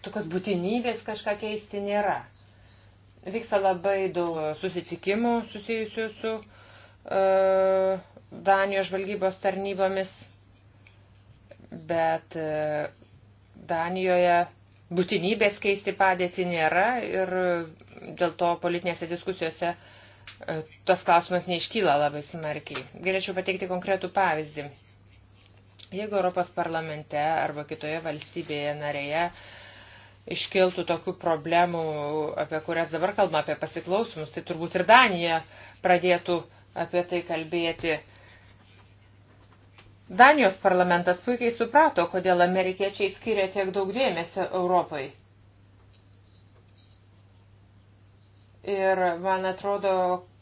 tokios būtinybės kažką keisti nėra. Vyksta labai daug susitikimų susijusių su uh, Danijos žvalgybos tarnybomis, bet uh, Danijoje būtinybės keisti padėtį nėra ir dėl to politinėse diskusijose uh, tas klausimas neiškyla labai smarkiai. Galėčiau pateikti konkretų pavyzdį Jeigu Europos parlamente arba kitoje valstybėje narėje iškiltų tokių problemų, apie kurias dabar kalbame, apie pasiklausimus, tai turbūt ir Danija pradėtų apie tai kalbėti. Danijos parlamentas puikiai suprato, kodėl amerikiečiai skiria tiek daug dėmesio Europai. Ir man atrodo,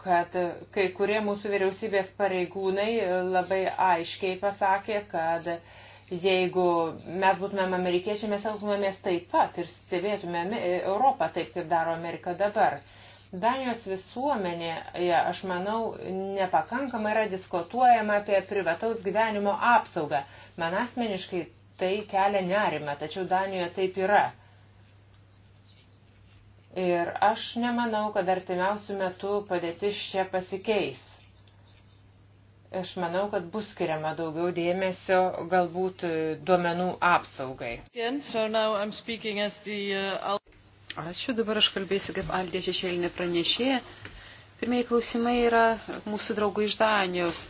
kad kai kurie mūsų vyriausybės pareigūnai labai aiškiai pasakė, kad jeigu mes būtumėm amerikiečiai, mes elgtumėmės taip pat ir stebėtumėm Europą taip, kaip daro Amerika dabar. Danijos visuomenė, aš manau, nepakankamai yra diskutuojama apie privataus gyvenimo apsaugą. Man asmeniškai tai kelia nerima, tačiau Danijoje taip yra. Ir aš nemanau, kad artimiausių metų padėtis čia pasikeis. Aš manau, kad bus skiriama daugiau dėmesio galbūt duomenų apsaugai. Uh, Ačiū, dabar aš kalbėsiu kaip Aldė šešėlinė pranešėja. Pirmieji klausimai yra mūsų draugų iš Danijos.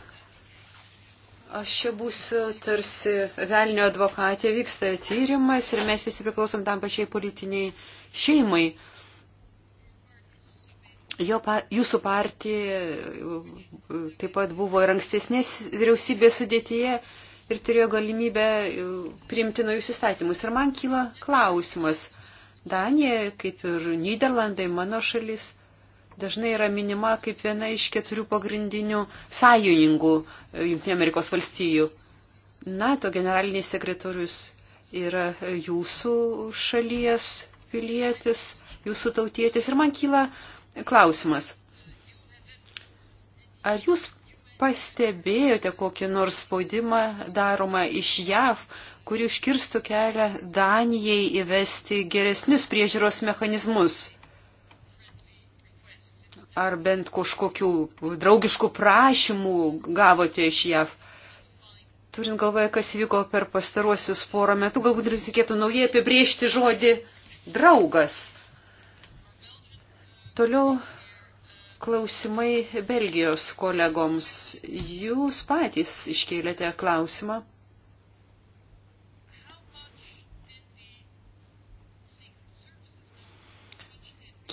Aš čia būsiu tarsi velnio advokatė, vyksta tyrimas ir mes visi priklausom tam pačiai politiniai šeimai. Jo, pa, jūsų partija e, taip pat buvo ir ankstesnės vyriausybės sudėtyje ir turėjo galimybę e, priimti naujus įstatymus. Ir man kyla klausimas. Danija, kaip ir Niderlandai, mano šalis, dažnai yra minima kaip viena iš keturių pagrindinių sąjungų e, Junktinė Amerikos valstijų. NATO generalinis sekretorius yra jūsų šalies pilietis, jūsų tautietis. Ir man kyla uh, klausimas. Ar jūs pastebėjote kokį nors spaudimą daromą iš JAV, kuri užkirstų kelią Danijai įvesti geresnius priežiūros mechanizmus? Ar bent kažkokių draugiškų prašymų gavote iš JAV? Turint galvoje, kas vyko per pastaruosius porą metų, galbūt reikėtų naujai apibriežti žodį draugas. Toliau klausimai Belgijos kolegoms. Jūs patys iškėlėte klausimą.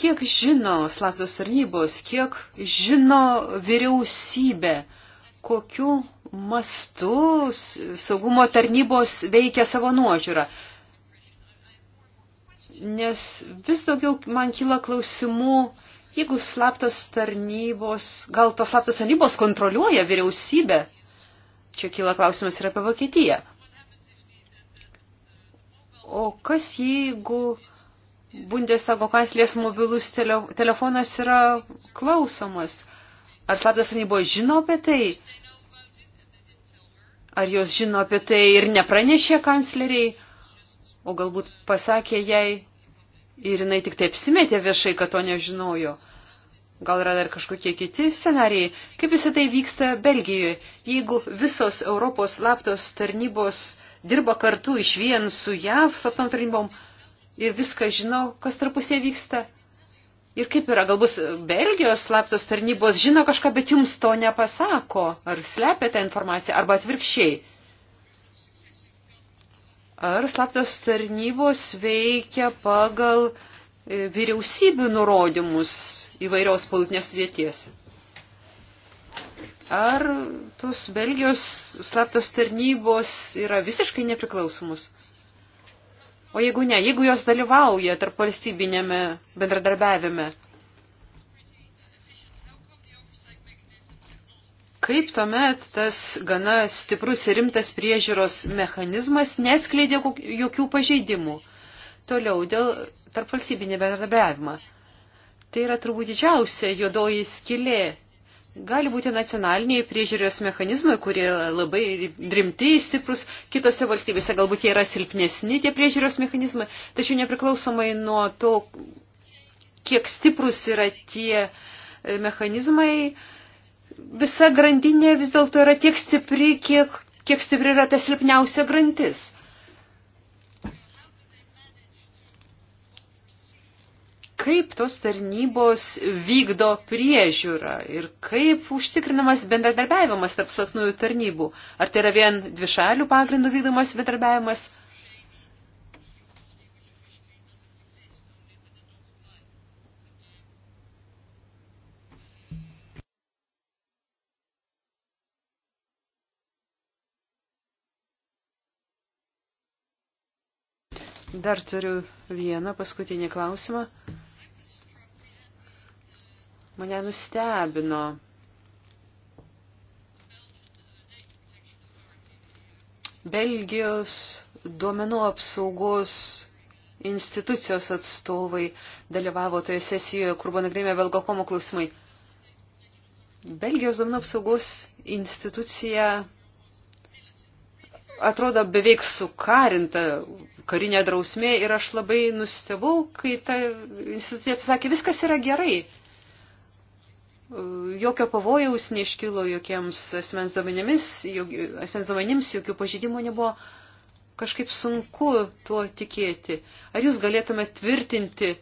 Kiek žino slaptos tarnybos, kiek žino vyriausybė, kokiu mastu saugumo tarnybos veikia savo nuožiūrą? nes vis daugiau man kyla klausimų, jeigu slaptos tarnybos, gal tos slaptos tarnybos kontroliuoja vyriausybę. Čia kyla klausimas ir apie Vokietiją. O kas jeigu Bundestago kanclės mobilus tele, telefonas yra klausomas? Ar slaptas tarnybos žino apie tai? Ar jos žino apie tai ir nepranešė kancleriai? o galbūt pasakė jai ir jinai tik taip apsimetė viešai, kad to nežinojo. Gal yra dar kažkokie kiti scenarijai? Kaip visą tai vyksta Belgijoje, jeigu visos Europos slaptos tarnybos dirba kartu iš vien su JAV slaptom tarnybom ir viską žino, kas tarpusė vyksta? Ir kaip yra, galbūt Belgijos slaptos tarnybos žino kažką, bet jums to nepasako, ar slepia tą informaciją, arba atvirkščiai ar slaptos tarnybos veikia pagal e, vyriausybių nurodymus įvairios politinės sudėties. Ar tos Belgijos slaptos tarnybos yra visiškai nepriklausomus? O jeigu ne, jeigu jos dalyvauja tarp valstybinėme bendradarbiavime, Kaip tuomet tas gana stiprus ir rimtas priežiūros mechanizmas neskleidė jokių pažeidimų? Toliau dėl tarpvalstybinė bendradarbiavimą. Tai yra turbūt didžiausia juodoji skilė. Gali būti nacionaliniai priežiūros mechanizmai, kurie labai rimti, stiprus, kitose valstybėse galbūt jie yra silpnesni, tie priežiūros mechanizmai, tačiau nepriklausomai nuo to, kiek stiprus yra tie e, mechanizmai, visa grandinė vis dėlto yra tiek stipri, kiek, kiek stipri yra ta silpniausia grandis. Kaip tos tarnybos vykdo priežiūrą ir kaip užtikrinamas bendradarbiavimas tarp slapnųjų tarnybų? Ar tai yra vien dvišalių pagrindų vykdomas bendradarbiavimas? Dar turiu vieną paskutinį klausimą. Mane nustebino Belgijos duomenų apsaugos institucijos atstovai dalyvavo toje sesijoje, kur buvo nagrinėjami Belgokomo klausimai. Belgijos duomenų apsaugos institucija atrodo beveik sukarinta karinė drausmė ir aš labai nustebau, kai ta institucija pasakė, viskas yra gerai. Jokio pavojaus neiškilo jokiems asmens duomenimis, jok, asmens duomenims jokių pažydimų nebuvo. Kažkaip sunku tuo tikėti. Ar jūs galėtumėte tvirtinti,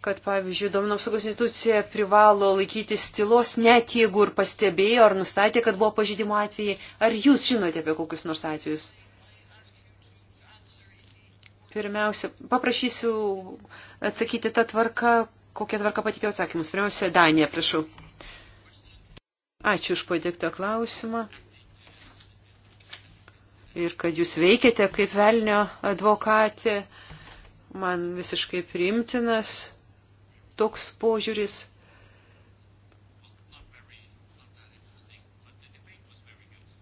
kad, pavyzdžiui, domino apsaugos institucija privalo laikytis tylos, net jeigu ir pastebėjo ar nustatė, kad buvo pažydimo atvejai. Ar jūs žinote apie kokius nors atvejus? Pirmiausia, paprašysiu atsakyti tą tvarką, kokią tvarką patikėjau atsakymus. Pirmiausia, Danija, prašau. Ačiū už padėktą klausimą. Ir kad jūs veikiate kaip velnio advokatė, man visiškai priimtinas toks požiūris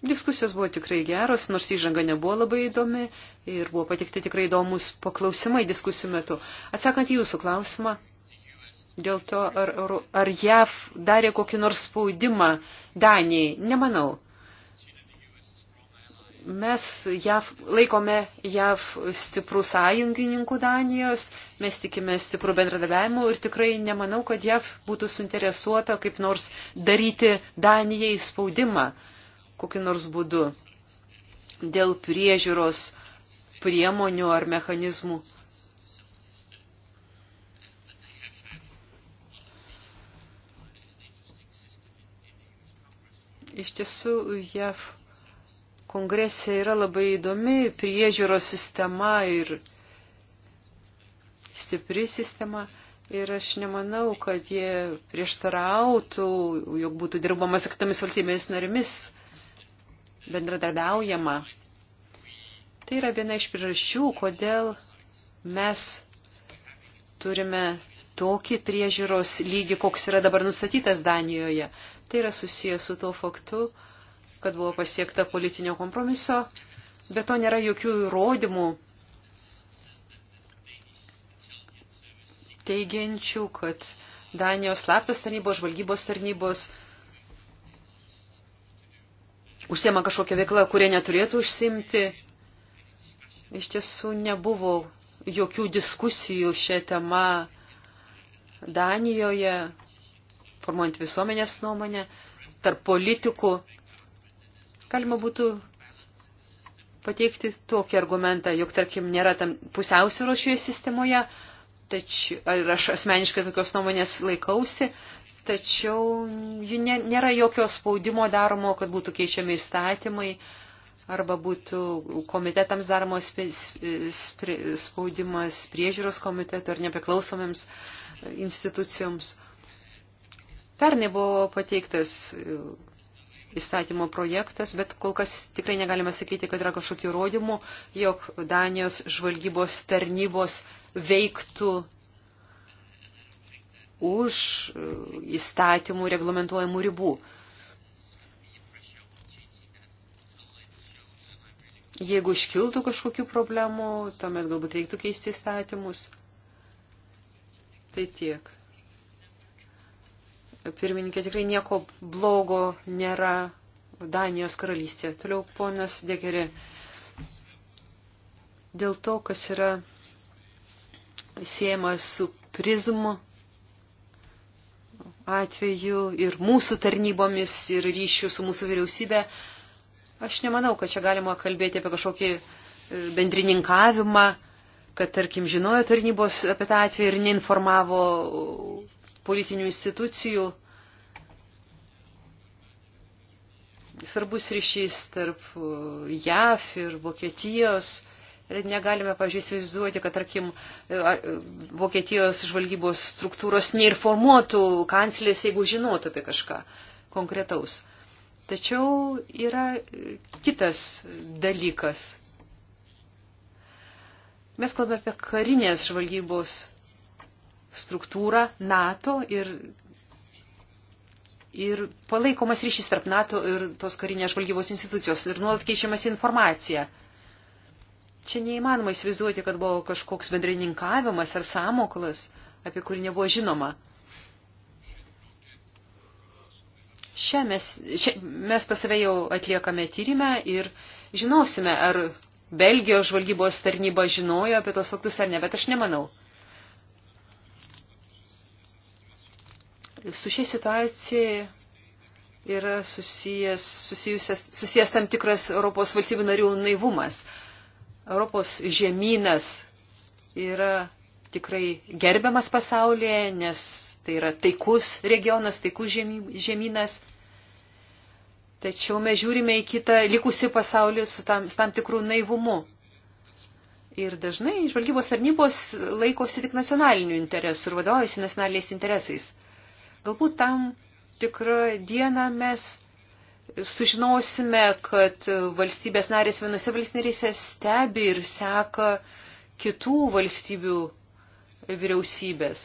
Diskusijos buvo tikrai geros, nors įžanga nebuvo labai įdomi ir buvo patikti tikrai įdomus paklausimai diskusijų metu. Atsakant jūsų klausimą, dėl to, ar, ar JAV darė kokį nors spaudimą Danijai, nemanau. Mes JAV, laikome JAV stiprų sąjungininkų Danijos, mes tikime stiprų bendradarbiavimų ir tikrai nemanau, kad JAV būtų suinteresuota kaip nors daryti Danijai spaudimą kokiu nors būdu dėl priežiūros priemonių ar mechanizmų. Iš tiesų, JAV kongrese yra labai įdomi priežiūros sistema ir stipri sistema. Ir aš nemanau, kad jie prieštarautų, jog būtų dirbama su kitomis valstybėmis narimis, bendradarbiaujama. Tai yra viena iš priežasčių, kodėl mes turime tokį priežiūros lygį, koks yra dabar nustatytas Danijoje. Tai yra susijęs su tuo faktu, kad buvo pasiekta politinio kompromiso, bet to nėra jokių įrodymų teigiančių, kad Danijos slaptos tarnybos, žvalgybos tarnybos užsiema kažkokią veiklą, kurie neturėtų užsimti. Iš tiesų nebuvo jokių diskusijų šią temą Danijoje, formuojant visuomenės nuomonę, tarp politikų Galima būtų pateikti tokį argumentą, jog, tarkim, nėra tam pusiausvyro šioje sistemoje, tačiau, ir aš asmeniškai tokios nuomonės laikausi, tačiau nėra jokio spaudimo daromo, kad būtų keičiami įstatymai arba būtų komitetams daromos spaudimas priežiūros komiteto ar nepriklausomiems institucijoms. Pernai buvo pateiktas įstatymo projektas, bet kol kas tikrai negalime sakyti, kad yra kažkokių įrodymų, jog Danijos žvalgybos tarnybos veiktų už e, įstatymų reglamentuojamų ribų. Jeigu iškiltų kažkokių problemų, tuomet galbūt reiktų keisti įstatymus. Tai tiek. Pirmininkė tikrai nieko blogo nėra Danijos karalystė. Toliau ponas Degeri. Dėl to, kas yra siejama su prizmu atveju ir mūsų tarnybomis ir ryšių su mūsų vyriausybė, aš nemanau, kad čia galima kalbėti apie kažkokį e, bendrininkavimą, kad, tarkim, žinojo tarnybos apie tą atvejį ir neinformavo politinių institucijų svarbus ryšys tarp uh, JAF ir Vokietijos. Ir negalime, pažiūrėjau, įsivaizduoti, kad, tarkim, uh, uh, Vokietijos žvalgybos struktūros neinformuotų kanclės, jeigu žinotų apie kažką konkretaus. Tačiau yra kitas dalykas. Mes kalbame apie karinės žvalgybos struktūrą NATO ir, ir palaikomas ryšys tarp NATO ir tos karinės žvalgybos institucijos ir nuolat keičiamas informacija. Čia neįmanoma įsivaizduoti, kad buvo kažkoks bendrininkavimas ar samoklas, apie kurį nebuvo žinoma. Šią mes, šią mes pas save jau atliekame tyrimę ir žinosime, ar Belgijos žvalgybos tarnyba žinojo apie tos faktus ar ne, bet aš nemanau. Su šia situacija yra susijęs, susijęs, susijęs tam tikras Europos valstybių narių naivumas. Europos žemynas yra tikrai gerbiamas pasaulyje, nes tai yra taikus regionas, taikus žemynas. Tačiau mes žiūrime į kitą likusi pasaulį su tam, su tam tikrų naivumu. Ir dažnai žvalgybos tarnybos laikosi tik nacionalinių interesų ir vadovaujasi nacionaliniais interesais. Galbūt tam tikrą dieną mes sužinosime, kad valstybės narės vienose valstybėse stebi ir seka kitų valstybių vyriausybės.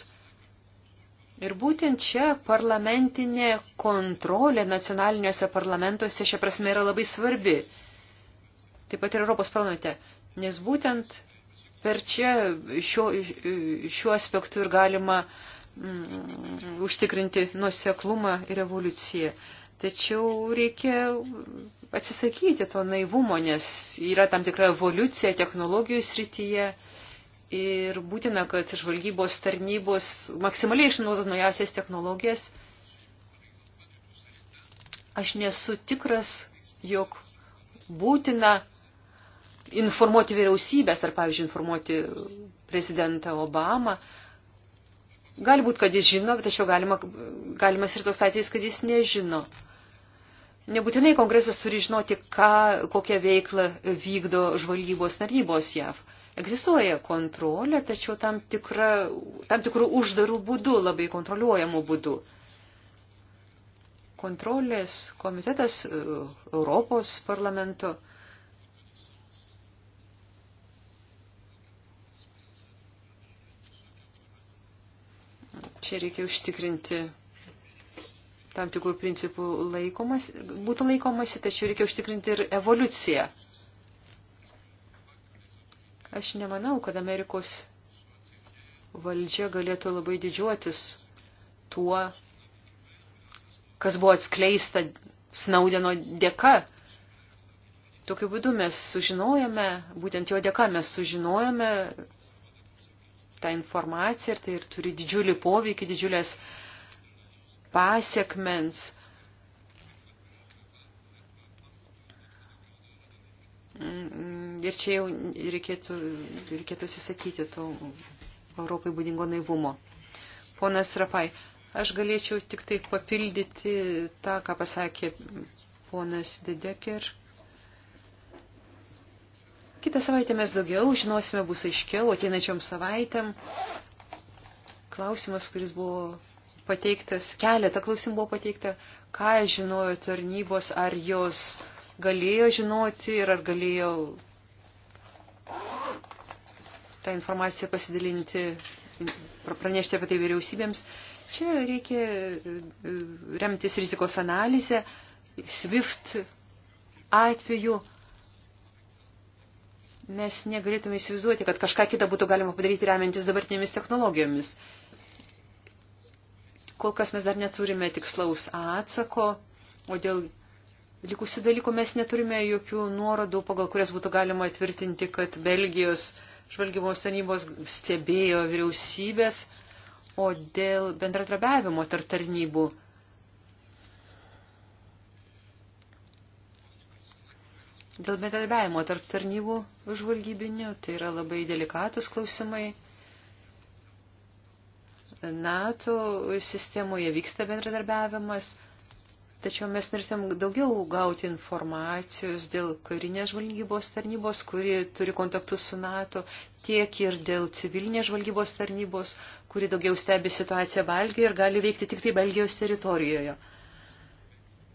Ir būtent čia parlamentinė kontrolė nacionaliniuose parlamentuose šia prasme yra labai svarbi. Taip pat ir Europos parlamente. Nes būtent per čia šiuo, šiuo aspektu ir galima mm, užtikrinti nuseklumą ir evoliuciją. Tačiau reikia atsisakyti to naivumo, nes yra tam tikra evoliucija technologijų srityje ir būtina, kad žvalgybos tarnybos maksimaliai išnaudotų naujausias technologijas. Aš nesu tikras, jog būtina informuoti vyriausybės ar, pavyzdžiui, informuoti prezidentą Obamą Gali būti, kad jis žino, bet tačiau galima, galimas ir toks atvejis, kad jis nežino. Nebūtinai kongresas turi žinoti, ką, kokią veiklą vykdo žvalgybos tarnybos JAV. Egzistuoja kontrolė, tačiau tam, tikra, tam tikrų uždarų būdų, labai kontroliuojamų būdų. Kontrolės komitetas e, Europos parlamento Čia reikia užtikrinti tam tikrų principų laikomas, būtų laikomasi, tačiau reikia užtikrinti ir evoliuciją. Aš nemanau, kad Amerikos valdžia galėtų labai didžiuotis tuo, kas buvo atskleista Snaudeno dėka. Tokiu būdu mes sužinojame, būtent jo dėka mes sužinojame tą informaciją ir tai ir turi didžiulį poveikį, didžiulės pasiekmens. Mm, ir čia jau reikėtų, reikėtų atsisakyti to Europai būdingo naivumo. Ponas Rapai, aš galėčiau tik tai papildyti tą, ką pasakė ponas Dedeker. Kitą savaitę mes daugiau žinosime, bus aiškiau ateinačiom savaitėm. Klausimas, kuris buvo pateiktas, keletą klausimų buvo pateikta, ką žinojo tarnybos, ar jos galėjo žinoti ir ar galėjo tą informaciją pasidalinti, pranešti apie tai vyriausybėms. Čia reikia e, e, remtis rizikos analizę, SWIFT atveju Mes negalėtume įsivaizduoti, kad kažką kitą būtų galima padaryti remiantis dabartinėmis technologijomis. Kol kas mes dar neturime tikslaus atsako, o dėl likusių dalykų mes neturime jokių nuorodų, pagal kurias būtų galima tvirtinti, kad Belgijos žvalgybos tarnybos stebėjo vyriausybės, o dėl bendratrabiavimo tarp tarnybų Dėl bedarbiavimo tarp tarnybų žvalgybinių, tai yra labai delikatus klausimai. NATO sistemoje vyksta bendradarbiavimas, tačiau mes norėtum daugiau gauti informacijos dėl karinės žvalgybos tarnybos, kuri turi kontaktus su NATO, tiek ir dėl civilinės žvalgybos tarnybos, kuri daugiau stebi situaciją Belgijoje ir gali veikti tik tai Belgijos teritorijoje.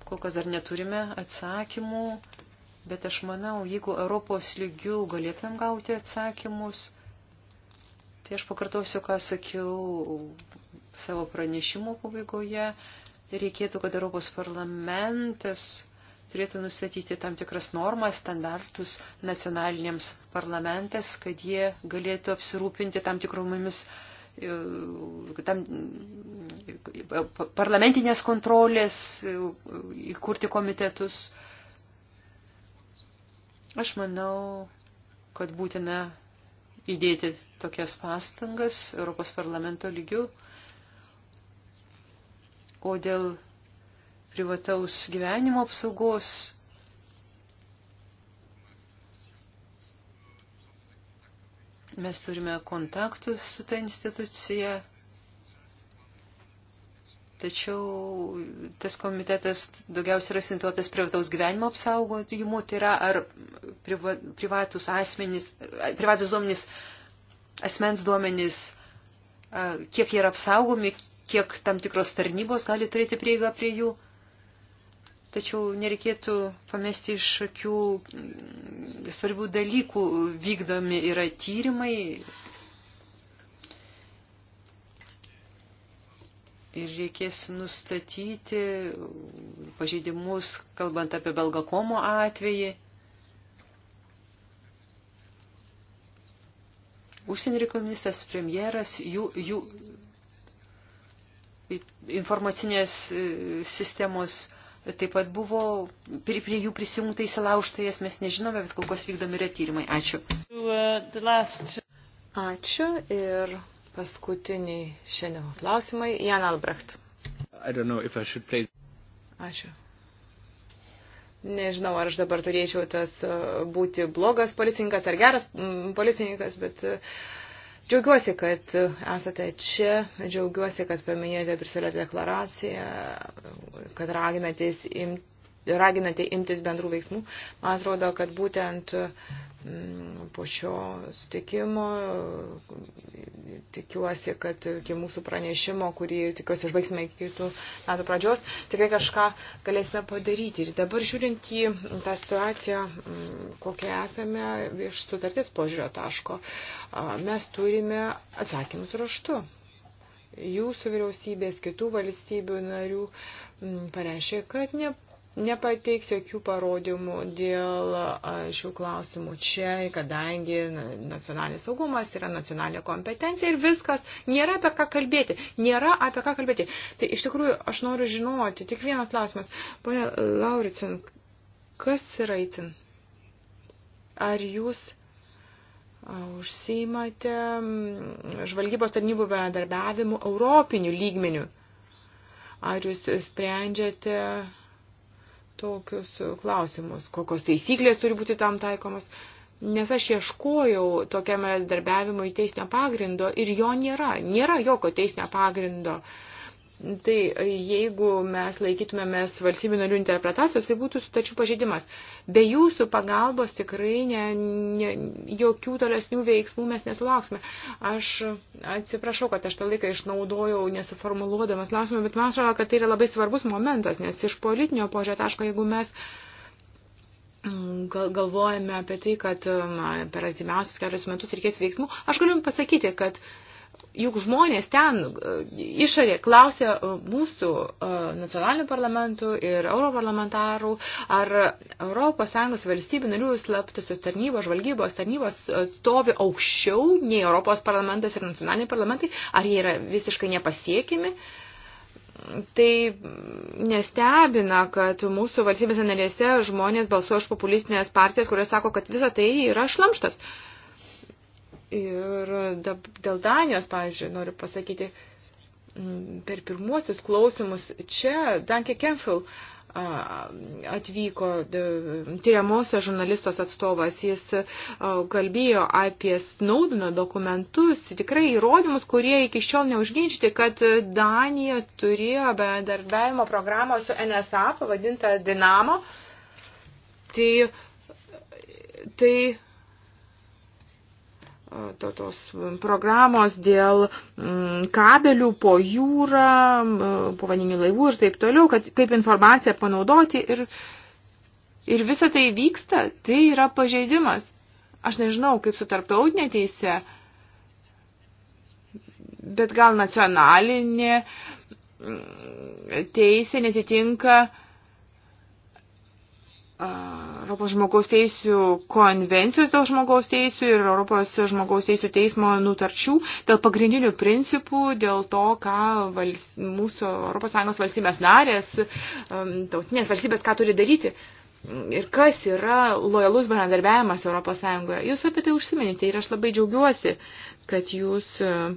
Kol kas dar neturime atsakymų Bet aš manau, jeigu Europos lygių galėtumėm gauti atsakymus, tai aš pakartosiu, ką sakiau savo pranešimo pabaigoje. Reikėtų, kad Europos parlamentas turėtų nustatyti tam tikras normas, standartus nacionaliniams parlamentas, kad jie galėtų apsirūpinti tam tikrumomis e, tam, e, e, parlamentinės kontrolės, įkurti komitetus. Aš manau, kad būtina įdėti tokias pastangas Europos parlamento lygių, o dėl privataus gyvenimo apsaugos mes turime kontaktus su ta institucija, Tačiau tas komitetas daugiausiai yra sintuotas privataus gyvenimo apsaugojimu, tai yra ar priva, privatus, asmenys, privatus duomenys, asmens duomenys, kiek jie yra apsaugomi, kiek tam tikros tarnybos gali turėti prieigą prie jų. Tačiau nereikėtų pamesti iš akių svarbių dalykų, vykdomi yra tyrimai, ir reikės nustatyti pažeidimus, kalbant apie Belgakomo atvejį. Užsienio reikalų ministras, premjeras, jų, jų informacinės e, sistemos taip pat buvo prie, prie jų prisijungta įsilaužtojas, mes nežinome, bet kol kas vykdomi yra tyrimai. Ačiū. Uh, Ačiū ir Paskutiniai šiandienos klausimai. Jan Albrecht. Play... Ačiū. Nežinau, ar aš dabar turėčiau tas e, būti blogas policininkas ar geras policininkas, bet e, džiaugiuosi, kad e, esate čia, džiaugiuosi, kad paminėjote Briuselio deklaraciją, kad raginatės imti raginate imtis bendrų veiksmų. Man atrodo, kad būtent mm, po šio sutikimo tikiuosi, kad iki mūsų pranešimo, kurį tikiuosi užbaigsime iki kitų metų pradžios, tikrai kažką galėsime padaryti. Ir dabar žiūrint į tą situaciją, mm, kokią esame iš sutarties požiūrio taško, mes turime atsakymus raštu jūsų vyriausybės, kitų valstybių narių mm, pareiškė, kad ne, nepateiks jokių parodymų dėl šių klausimų čia, kadangi nacionalinis saugumas yra nacionalinė kompetencija ir viskas, nėra apie ką kalbėti, nėra apie ką kalbėti. Tai iš tikrųjų aš noriu žinoti, tik vienas klausimas, ponė Lauricin, kas yra įtin? Ar jūs užsiimate žvalgybos tarnybų bendarbiavimu europiniu lygmeniu? Ar jūs sprendžiate tokius klausimus, kokios taisyklės turi būti tam taikomos. Nes aš ieškojau tokiame darbiavimui teisinio pagrindo ir jo nėra. Nėra jokio teisinio pagrindo uh, Tai jeigu mes laikytumėmės valstybių narių interpretacijos, tai būtų sutarčių pažeidimas. Be jūsų pagalbos tikrai ne, ne, jokių tolesnių veiksmų mes nesulauksime. Aš atsiprašau, kad aš tą laiką išnaudojau nesuformuluodamas klausimą, bet man atrodo, kad tai yra labai svarbus momentas, nes iš politinio požiūrio taško, jeigu mes galvojame apie tai, kad per artimiausius kelius metus reikės veiksmų, aš galiu pasakyti, kad uh, juk žmonės ten e, išorė klausė e, mūsų e, nacionalinių parlamentų ir europarlamentarų, ar ES valstybių narių slaptusios tarnybos, žvalgybos tarnybos tovi aukščiau nei Europos parlamentas ir nacionaliniai parlamentai, ar jie yra visiškai nepasiekimi. Tai nestebina, kad mūsų valstybėse narėse žmonės balsuoja už populistinės partijas, kurios sako, kad visa tai yra šlamštas. Uh, Ir dėl Danijos, pavyzdžiui, noriu pasakyti, per pirmuosius klausimus čia Dankė Kemfil atvyko tyriamosios žurnalistos atstovas. Jis kalbėjo apie Snaudino dokumentus, tikrai įrodymus, kurie iki šiol neužginčyti, kad Danija turėjo bendarbiavimo programą su NSA, pavadintą Dinamo. Tai, tai to, tos programos dėl mm, kabelių po jūrą, po vaninių laivų ir taip toliau, kad kaip informaciją panaudoti ir, ir visa tai vyksta, tai yra pažeidimas. Aš nežinau, kaip su tarptautinė teise, bet gal nacionalinė mm, teisė netitinka. Uh, Europos žmogaus teisų konvencijos dėl žmogaus teisų ir Europos žmogaus teisų teismo nutarčių dėl pagrindinių principų, dėl to, ką vals, mūsų ES valstybės narės, um, tautinės valstybės, ką turi daryti ir kas yra lojalus bendradarbiavimas ES. Jūs apie tai užsiminėte ir aš labai džiaugiuosi, kad jūs,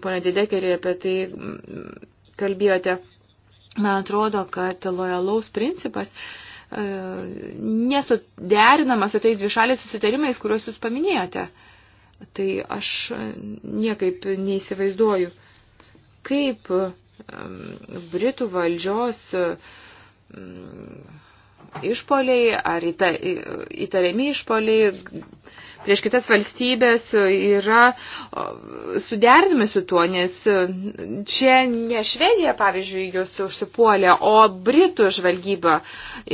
pana Didekerė, apie tai kalbėjote. Man atrodo, kad lojalaus principas E, nesuderinama su tais dvišaliais susitarimais, kuriuos jūs paminėjote. Tai aš niekaip neįsivaizduoju, kaip Britų valdžios išpoliai ar įta, įtariami išpoliai prieš kitas valstybės yra suderinami su tuo, nes čia ne Švedija, pavyzdžiui, jūs užsipuolė, o Britų žvalgyba.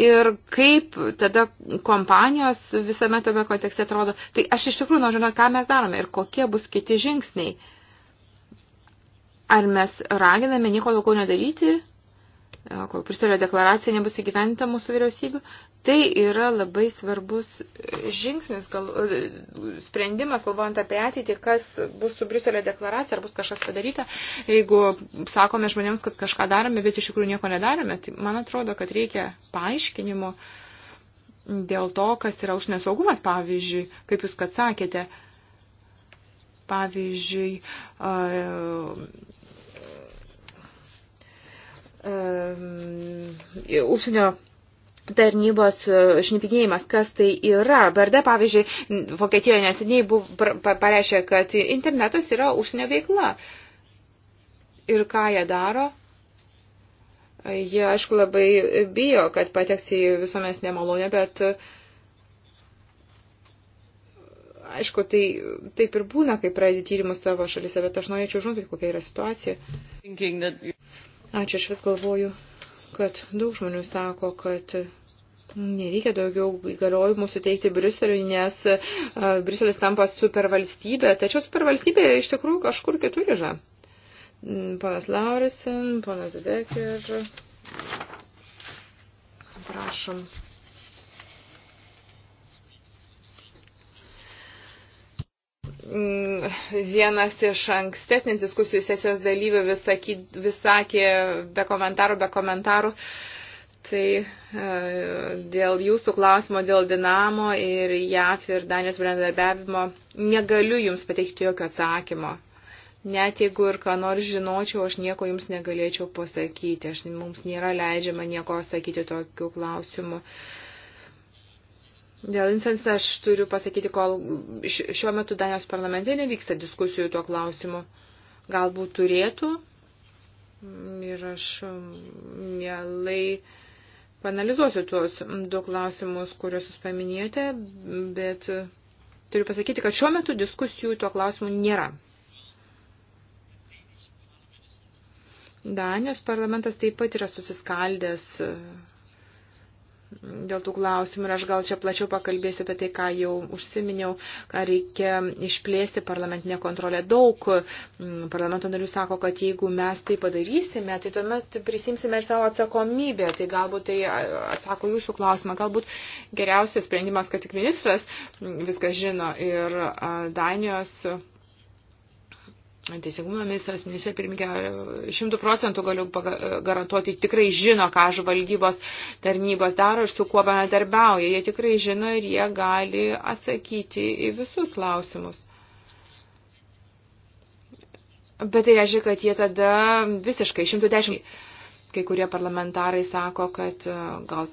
Ir kaip tada kompanijos visame tame kontekste atrodo. Tai aš iš tikrųjų noriu žinoti, ką mes darome ir kokie bus kiti žingsniai. Ar mes raginame nieko daugiau nedaryti, kol Prištolio deklaracija nebus įgyventa mūsų vyriausybių, tai yra labai svarbus žingsnis, gal, sprendimas, kalbant apie ateitį, kas bus su Briuselio deklaracija, ar bus kažkas padaryta, jeigu sakome žmonėms, kad kažką darome, bet iš tikrųjų nieko nedarome, tai man atrodo, kad reikia paaiškinimo dėl to, kas yra už nesaugumas, pavyzdžiui, kaip jūs kad sakėte, pavyzdžiui, uh, užsienio tarnybos e, šnipinėjimas, kas tai yra. Berde, pavyzdžiui, Vokietijoje neseniai pareiškė, kad internetas yra užsienio veikla. Ir ką jie daro? Jie, aišku, labai bijo, kad pateks į visuomės nemalonę, bet aišku, tai taip ir būna, kai pradedi tyrimus savo šalyse, bet aš norėčiau žinoti, kokia yra situacija. Ačiū, aš vis galvoju, kad daug žmonių sako, kad Nereikia daugiau įgaliojimų suteikti Bruseliui, nes Bruselis tampa supervalstybė, tačiau supervalstybė iš tikrųjų kažkur kitur yra. Mm, ponas Laurisin, ponas Dedeker. Prašom. Mm, vienas iš ankstesnės diskusijų sesijos dalyvių visakė, visakė be komentarų, be komentarų. Tai e, dėl jūsų klausimo, dėl Dinamo ir JAF ir Danijos bendradarbiavimo negaliu jums pateikti jokio atsakymo. Net jeigu ir ką nors žinočiau, aš nieko jums negalėčiau pasakyti. Aš, mums nėra leidžiama nieko sakyti tokiu klausimu. Uh, Dėl incens aš turiu pasakyti, kol šiuo metu Danijos parlamente nevyksta diskusijų tuo klausimu. Galbūt turėtų ir aš um, mielai panalizuosiu tuos du klausimus, kuriuos jūs paminėjote, bet turiu pasakyti, kad šiuo metu diskusijų tuo klausimu nėra. Danijos parlamentas taip pat yra susiskaldęs dėl tų klausimų ir aš gal čia plačiau pakalbėsiu apie tai, ką jau užsiminiau, ką reikia išplėsti parlamentinę kontrolę. Daug mm, parlamento narių sako, kad jeigu mes tai padarysime, tai tuomet prisimsime ir savo atsakomybę. Tai galbūt tai atsako jūsų klausimą. Galbūt geriausias sprendimas, kad tik ministras viską žino ir Danijos Teisingumo ministras, ministrė pirmininkė, šimtų procentų galiu garantuoti, tikrai žino, ką žvalgybos tarnybos daro ir su kuo bendradarbiauja. Jie tikrai žino ir jie gali atsakyti į visus klausimus. Bet tai reiškia, kad jie tada visiškai 110 Kai kurie parlamentarai sako, kad e, gal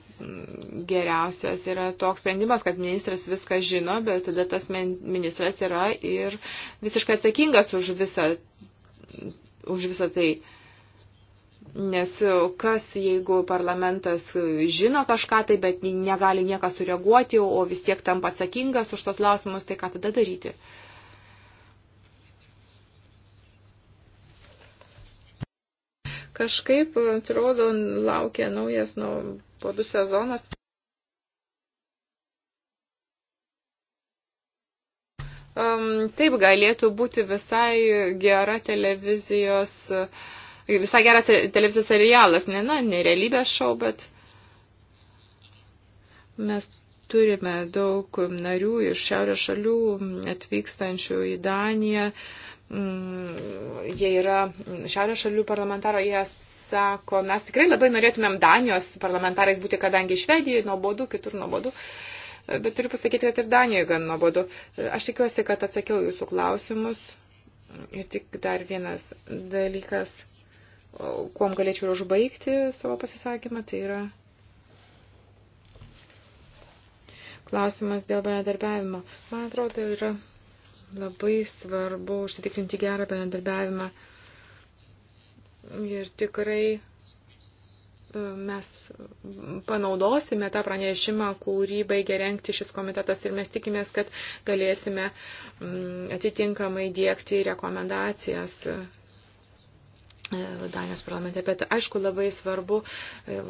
geriausias yra toks sprendimas, kad ministras viską žino, bet tada tas ministras yra ir visiškai atsakingas už visą, už visą tai. Nes kas, jeigu parlamentas žino kažką tai, bet negali niekas sureaguoti, o vis tiek tampa atsakingas už tos klausimus, tai ką tada daryti? Uh, Kažkaip, atrodo, laukia naujas nuo podų sezonas. Um, taip galėtų būti visai gera televizijos, visai geras televizijos serialas, ne, na, ne realybės šau, bet mes turime daug narių iš šiaurės šalių atvykstančių į Daniją. Uh, Mm, jie yra šiaurės šalių parlamentarai, jie sako, mes tikrai labai norėtumėm Danijos parlamentarais būti, kadangi Švedijoje nuobodu, kitur nuobodu. Bet turiu pasakyti, kad ir Danijoje gan nuobodu. Aš tikiuosi, kad atsakiau jūsų klausimus. Ir tik dar vienas dalykas, kuom galėčiau ir užbaigti savo pasisakymą, tai yra klausimas dėl bendradarbiavimo. Man atrodo, yra Labai svarbu užsitikrinti gerą bendradarbiavimą. Ir tikrai e, mes panaudosime tą pranešimą, kurį baigė renkti šis komitetas ir mes tikimės, kad galėsime mm, atitinkamai dėkti rekomendacijas E, Danijos parlamente, bet aišku labai svarbu e,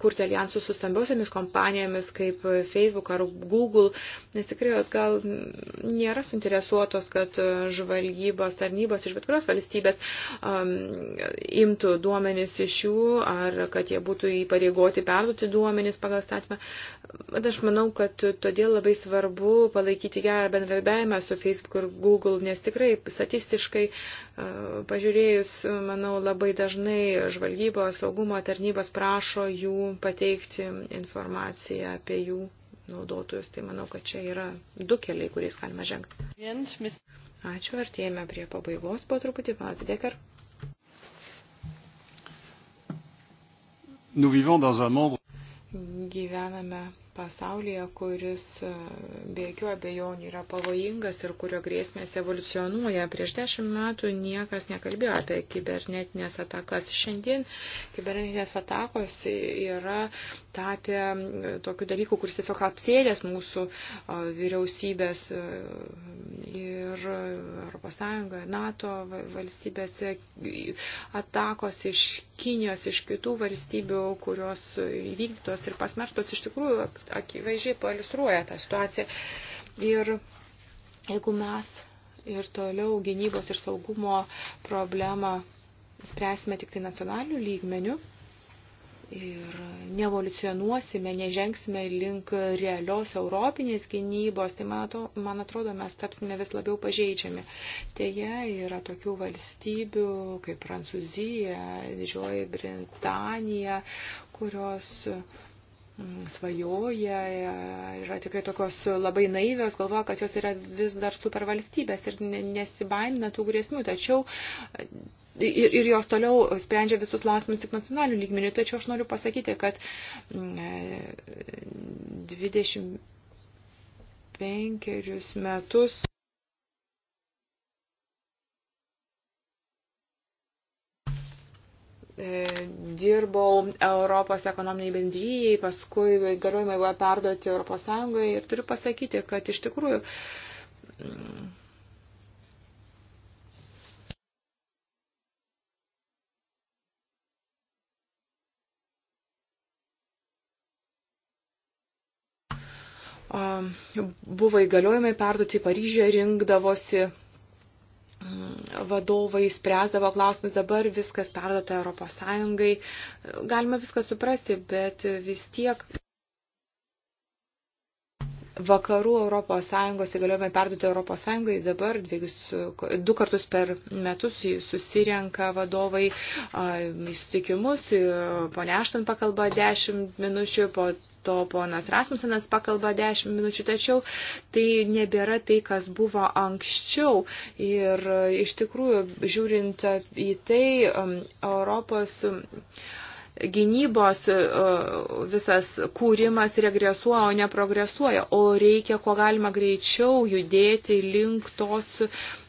kurti alijansus su stambiosiamis kompanijomis kaip Facebook ar Google, nes tikrai jos gal nėra suinteresuotos, kad e, žvalgybos tarnybos iš bet kurios valstybės um, imtų duomenis iš jų ar kad jie būtų įpareigoti perduoti duomenis pagal statymą. Bet aš manau, kad todėl labai svarbu palaikyti gerą bendradarbiavimą su Facebook ir Google, nes tikrai statistiškai uh, pažiūrėjus, manau, labai dažnai žvalgybos saugumo tarnybos prašo jų pateikti informaciją apie jų naudotojus. Tai manau, kad čia yra du keliai, kuriais galima žengti. Ačiū, artėjame prie pabaigos po truputį. Panas Dekar. Gyvename pasaulyje, kuris e, be jokių abejonių yra pavojingas ir kurio grėsmės evoliucionuoja. Prieš dešimt metų niekas nekalbėjo apie kibernetinės atakas. Šiandien kibernetinės atakos yra tapę e, tokių dalykų, kuris tiesiog apsėdęs mūsų e, vyriausybės ir ES, NATO valstybėse atakos iš Kinijos, iš kitų valstybių, kurios įvykdytos ir pasmertos iš tikrųjų akivaizdžiai pailistruoja tą situaciją. Ir jeigu mes ir toliau gynybos ir saugumo problemą spręsime tik tai nacionalių lygmenių ir neevoliucionuosime, nežengsime link realios europinės gynybos, tai man, to, man atrodo, mes tapsime vis labiau pažeidžiami. Teje yra tokių valstybių kaip Prancūzija, Didžioji Britanija, kurios uh, Mm, svajoja, e, yra tikrai tokios labai naivios, galvoja, kad jos yra vis dar supervalstybės ir nesibaimina tų grėsmių. Tačiau e, ir, ir jos toliau sprendžia visus klausimus tik nacionalių lygmenių. Tačiau aš noriu pasakyti, kad 25 mm, e, metus E, dirbau Europos ekonominiai bendryjai, paskui galiojimai buvo perduoti Europos Sąjungoje ir turiu pasakyti, kad iš tikrųjų mm, buvo įgaliojimai perduoti Paryžė rinkdavosi vadovai spręsdavo klausimus, dabar viskas perduota Europos Sąjungai. Galima viską suprasti, bet vis tiek vakarų ES įgaliojimai perduoti ES dabar dviegus, du kartus per metus susirenka vadovai į sutikimus, ponia Aštan pakalba 10 minučių, po to ponas Rasmusenas pakalba 10 minučių, tačiau tai nebėra tai, kas buvo anksčiau. Ir iš tikrųjų, žiūrint į tai, Europos gynybos e, visas kūrimas regresuoja, o ne progresuoja, o reikia kuo galima greičiau judėti link tos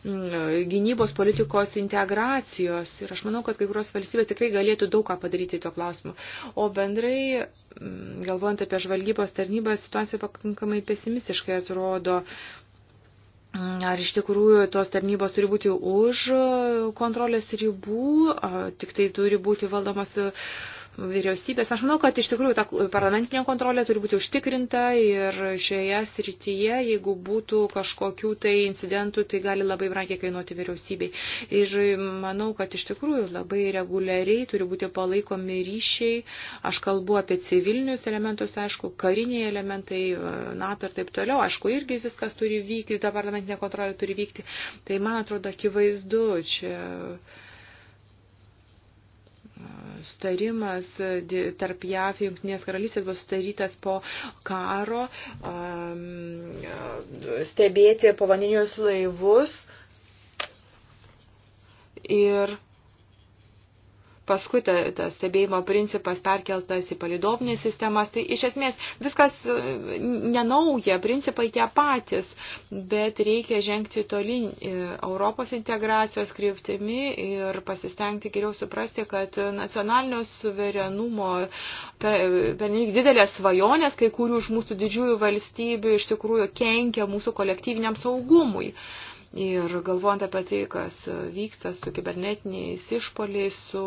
gynybos politikos integracijos. Ir aš manau, kad kai kurios valstybės tikrai galėtų daug ką padaryti tuo klausimu. O bendrai, galvojant apie žvalgybos tarnybą, situacija pakankamai pesimistiškai atrodo. Ar iš tikrųjų tos tarnybos turi būti už kontrolės ribų, tik tai turi būti valdomas vyriausybės. Aš manau, kad iš tikrųjų ta parlamentinė kontrolė turi būti užtikrinta ir šioje srityje, jeigu būtų kažkokių tai incidentų, tai gali labai brangiai kainuoti vyriausybei. Ir manau, kad iš tikrųjų labai reguliariai turi būti palaikomi ryšiai. Aš kalbu apie civilinius elementus, aišku, kariniai elementai, NATO ir taip toliau. Aišku, irgi viskas turi vykti, ta parlamentinė kontrolė turi vykti. Tai man atrodo akivaizdu. Čia sutarimas tarp JAF ir Junktinės karalystės buvo sudarytas po karo stebėti povaninius laivus ir paskui ta, ta stebėjimo principas perkeltas į palidovnės sistemas. Tai iš esmės viskas e, nenauja, principai tie patys, bet reikia žengti tolin e, Europos integracijos kryptimi ir pasistengti geriau suprasti, kad nacionalinio suverenumo per, per didelės svajonės kai kurių iš mūsų didžiųjų valstybių iš tikrųjų kenkia mūsų kolektyviniam saugumui. Uh, Ir galvojant apie tai, kas vyksta su kibernetiniais išpoliais, su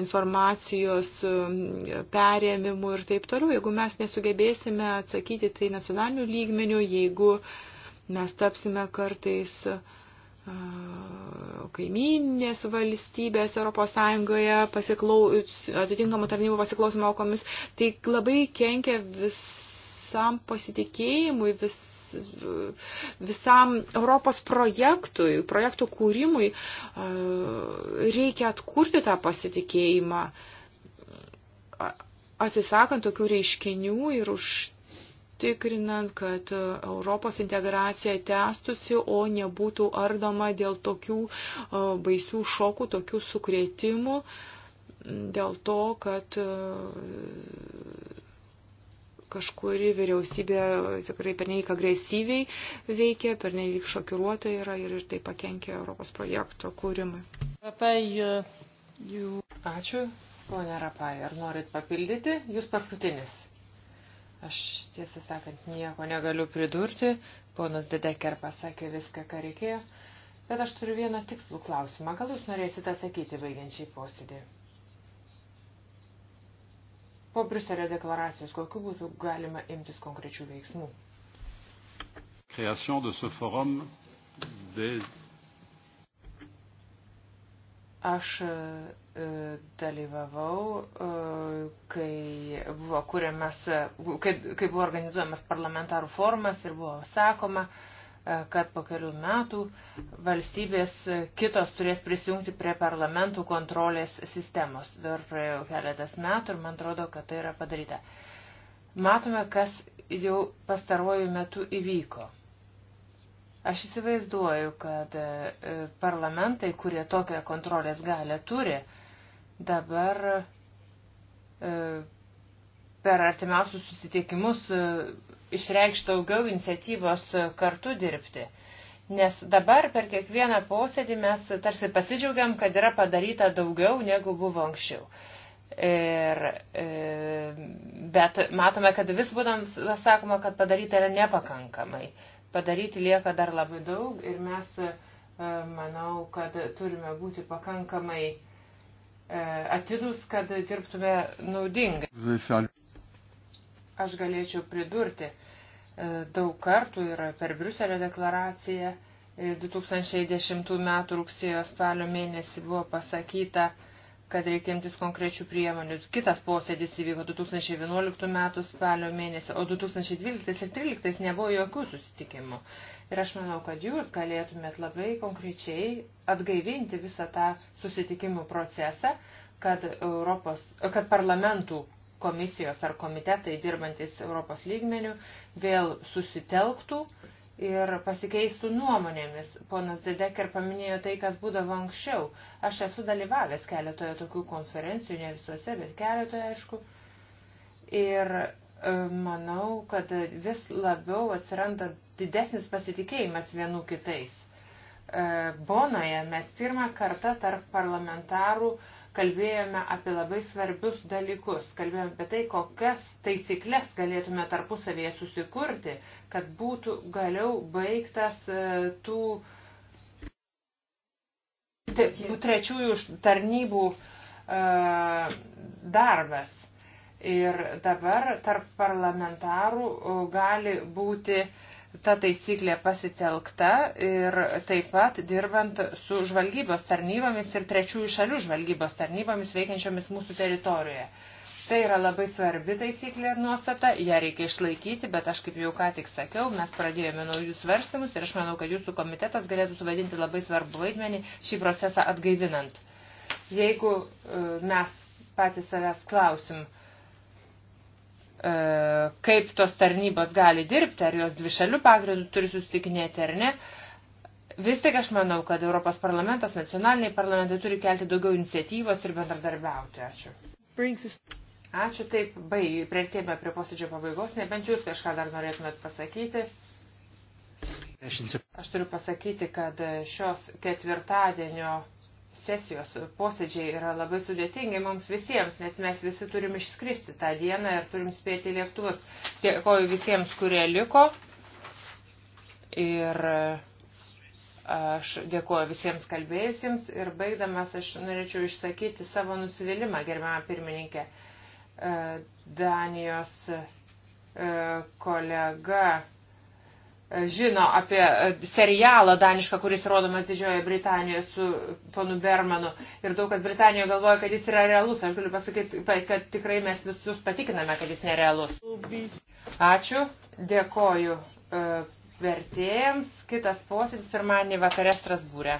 informacijos mm, perėmimu ir taip toliau, jeigu mes nesugebėsime atsakyti tai nacionalinių lygmenių, jeigu mes tapsime kartais kaiminės valstybės ES pasiklau, atitinkamų tarnybų pasiklausimo aukomis, tai labai kenkia visam pasitikėjimui, vis, visam Europos projektui, projektų kūrimui e, reikia atkurti tą pasitikėjimą, atsisakant tokių reiškinių ir už užtikrinant, kad Europos integracija tęstusi, o nebūtų ardoma dėl tokių e, baisių šokų, tokių sukrėtimų, dėl to, kad e, kažkuri vyriausybė tikrai pernelyg agresyviai veikia, pernelyg šokiruota yra ir, ir tai pakenkia Europos projekto kūrimui. E, Ačiū, ponia Rapai. Ar norit papildyti? Jūs paskutinis. Aš tiesą sakant nieko negaliu pridurti. Ponas Dedeker pasakė viską, ką reikėjo. Bet aš turiu vieną tikslų klausimą. Gal jūs norėsite atsakyti baigiančiai posėdį? po Bruselio deklaracijos, kokiu būtų galima imtis konkrečių veiksmų. Des... Aš e, e, dalyvavau, e, kai buvo, kuriamas, kai, kai buvo organizuojamas parlamentarų formas ir buvo sakoma, E, kad po kelių metų valstybės kitos turės prisijungti prie parlamentų kontrolės sistemos. Dar praėjo keletas metų ir man atrodo, kad tai yra padaryta. Matome, kas jau pastaruoju metu įvyko. Aš įsivaizduoju, kad e, parlamentai, kurie tokią kontrolės galę turi, dabar e, per artimiausius susitikimus išreikš daugiau iniciatyvos kartu dirbti. Nes dabar per kiekvieną posėdį mes tarsi pasidžiaugiam, kad yra padaryta daugiau negu buvo anksčiau. Ir, e, bet matome, kad vis būdams sakoma, kad padaryta yra nepakankamai. Padaryti lieka dar labai daug ir mes, e, manau, kad turime būti pakankamai e, atidus, kad dirbtume naudingai aš galėčiau pridurti e, daug kartų ir per Briuselio deklaraciją 2010 e, m. rugsėjo spalio mėnesį buvo pasakyta, kad reikėmtis konkrečių priemonių. Kitas posėdis įvyko 2011 m. spalio mėnesį, o 2012 ir 2013 nebuvo jokių susitikimų. Ir aš manau, kad jūs galėtumėt labai konkrečiai atgaivinti visą tą susitikimų procesą, kad, Europos, kad parlamentų komisijos ar komitetai dirbantis Europos lygmenių vėl susitelktų ir pasikeistų nuomonėmis. Ponas Dedeker paminėjo tai, kas būdavo anksčiau. Aš esu dalyvavęs keletoje tokių konferencijų, ne visose, bet keletoje, aišku. Ir e, manau, kad vis labiau atsiranda didesnis pasitikėjimas vienų kitais. E, Bonoje mes pirmą kartą tarp parlamentarų uh, kalbėjome apie labai svarbius dalykus. Kalbėjome apie tai, kokias taisyklės galėtume tarpusavėje susikurti, kad būtų galiau baigtas e, tai, tų trečiųjų tarnybų e, darbas. Ir dabar tarp parlamentarų e, gali būti uh, ta taisyklė pasitelkta ir taip pat dirbant su žvalgybos tarnybomis ir trečiųjų šalių žvalgybos tarnybomis veikiančiomis mūsų teritorijoje. Tai yra labai svarbi taisyklė ir nuostata, ją reikia išlaikyti, bet aš kaip jau ką tik sakiau, mes pradėjome naujus svarstymus ir aš manau, kad jūsų komitetas galėtų suvaidinti labai svarbu vaidmenį šį procesą atgaivinant. Jeigu e, mes patys savęs klausim, E, kaip tos tarnybos gali dirbti, ar jos dvišalių pagrindų turi susitikinėti ar ne. Vis tik aš manau, kad Europos parlamentas, nacionaliniai parlamentai turi kelti daugiau iniciatyvos ir bendradarbiauti. Ačiū. Ačiū taip, bai, prieartėjame prie posėdžio pabaigos, nebent jūs kažką dar norėtumėt pasakyti. Aš turiu pasakyti, kad šios ketvirtadienio sesijos posėdžiai yra labai sudėtingi mums visiems, nes mes visi turim išskristi tą dieną ir turim spėti lėktuvus. Dėkoju visiems, kurie liko. Ir e, aš dėkoju visiems kalbėjusiems ir baigdamas aš norėčiau išsakyti savo nusivylimą, gerbiamą pirmininkę. E, Danijos e, kolega žino apie e, serialą danišką, kuris rodomas Didžiojoje Britanijoje su ponu Bermanu. Ir daug kas Britanijoje galvoja, kad jis yra realus. Aš galiu pasakyti, kad tikrai mes visus patikiname, kad jis nerealus. Ačiū, dėkoju e, vertėjams. Kitas posėdis pirmadienį vakare Strasbūrė.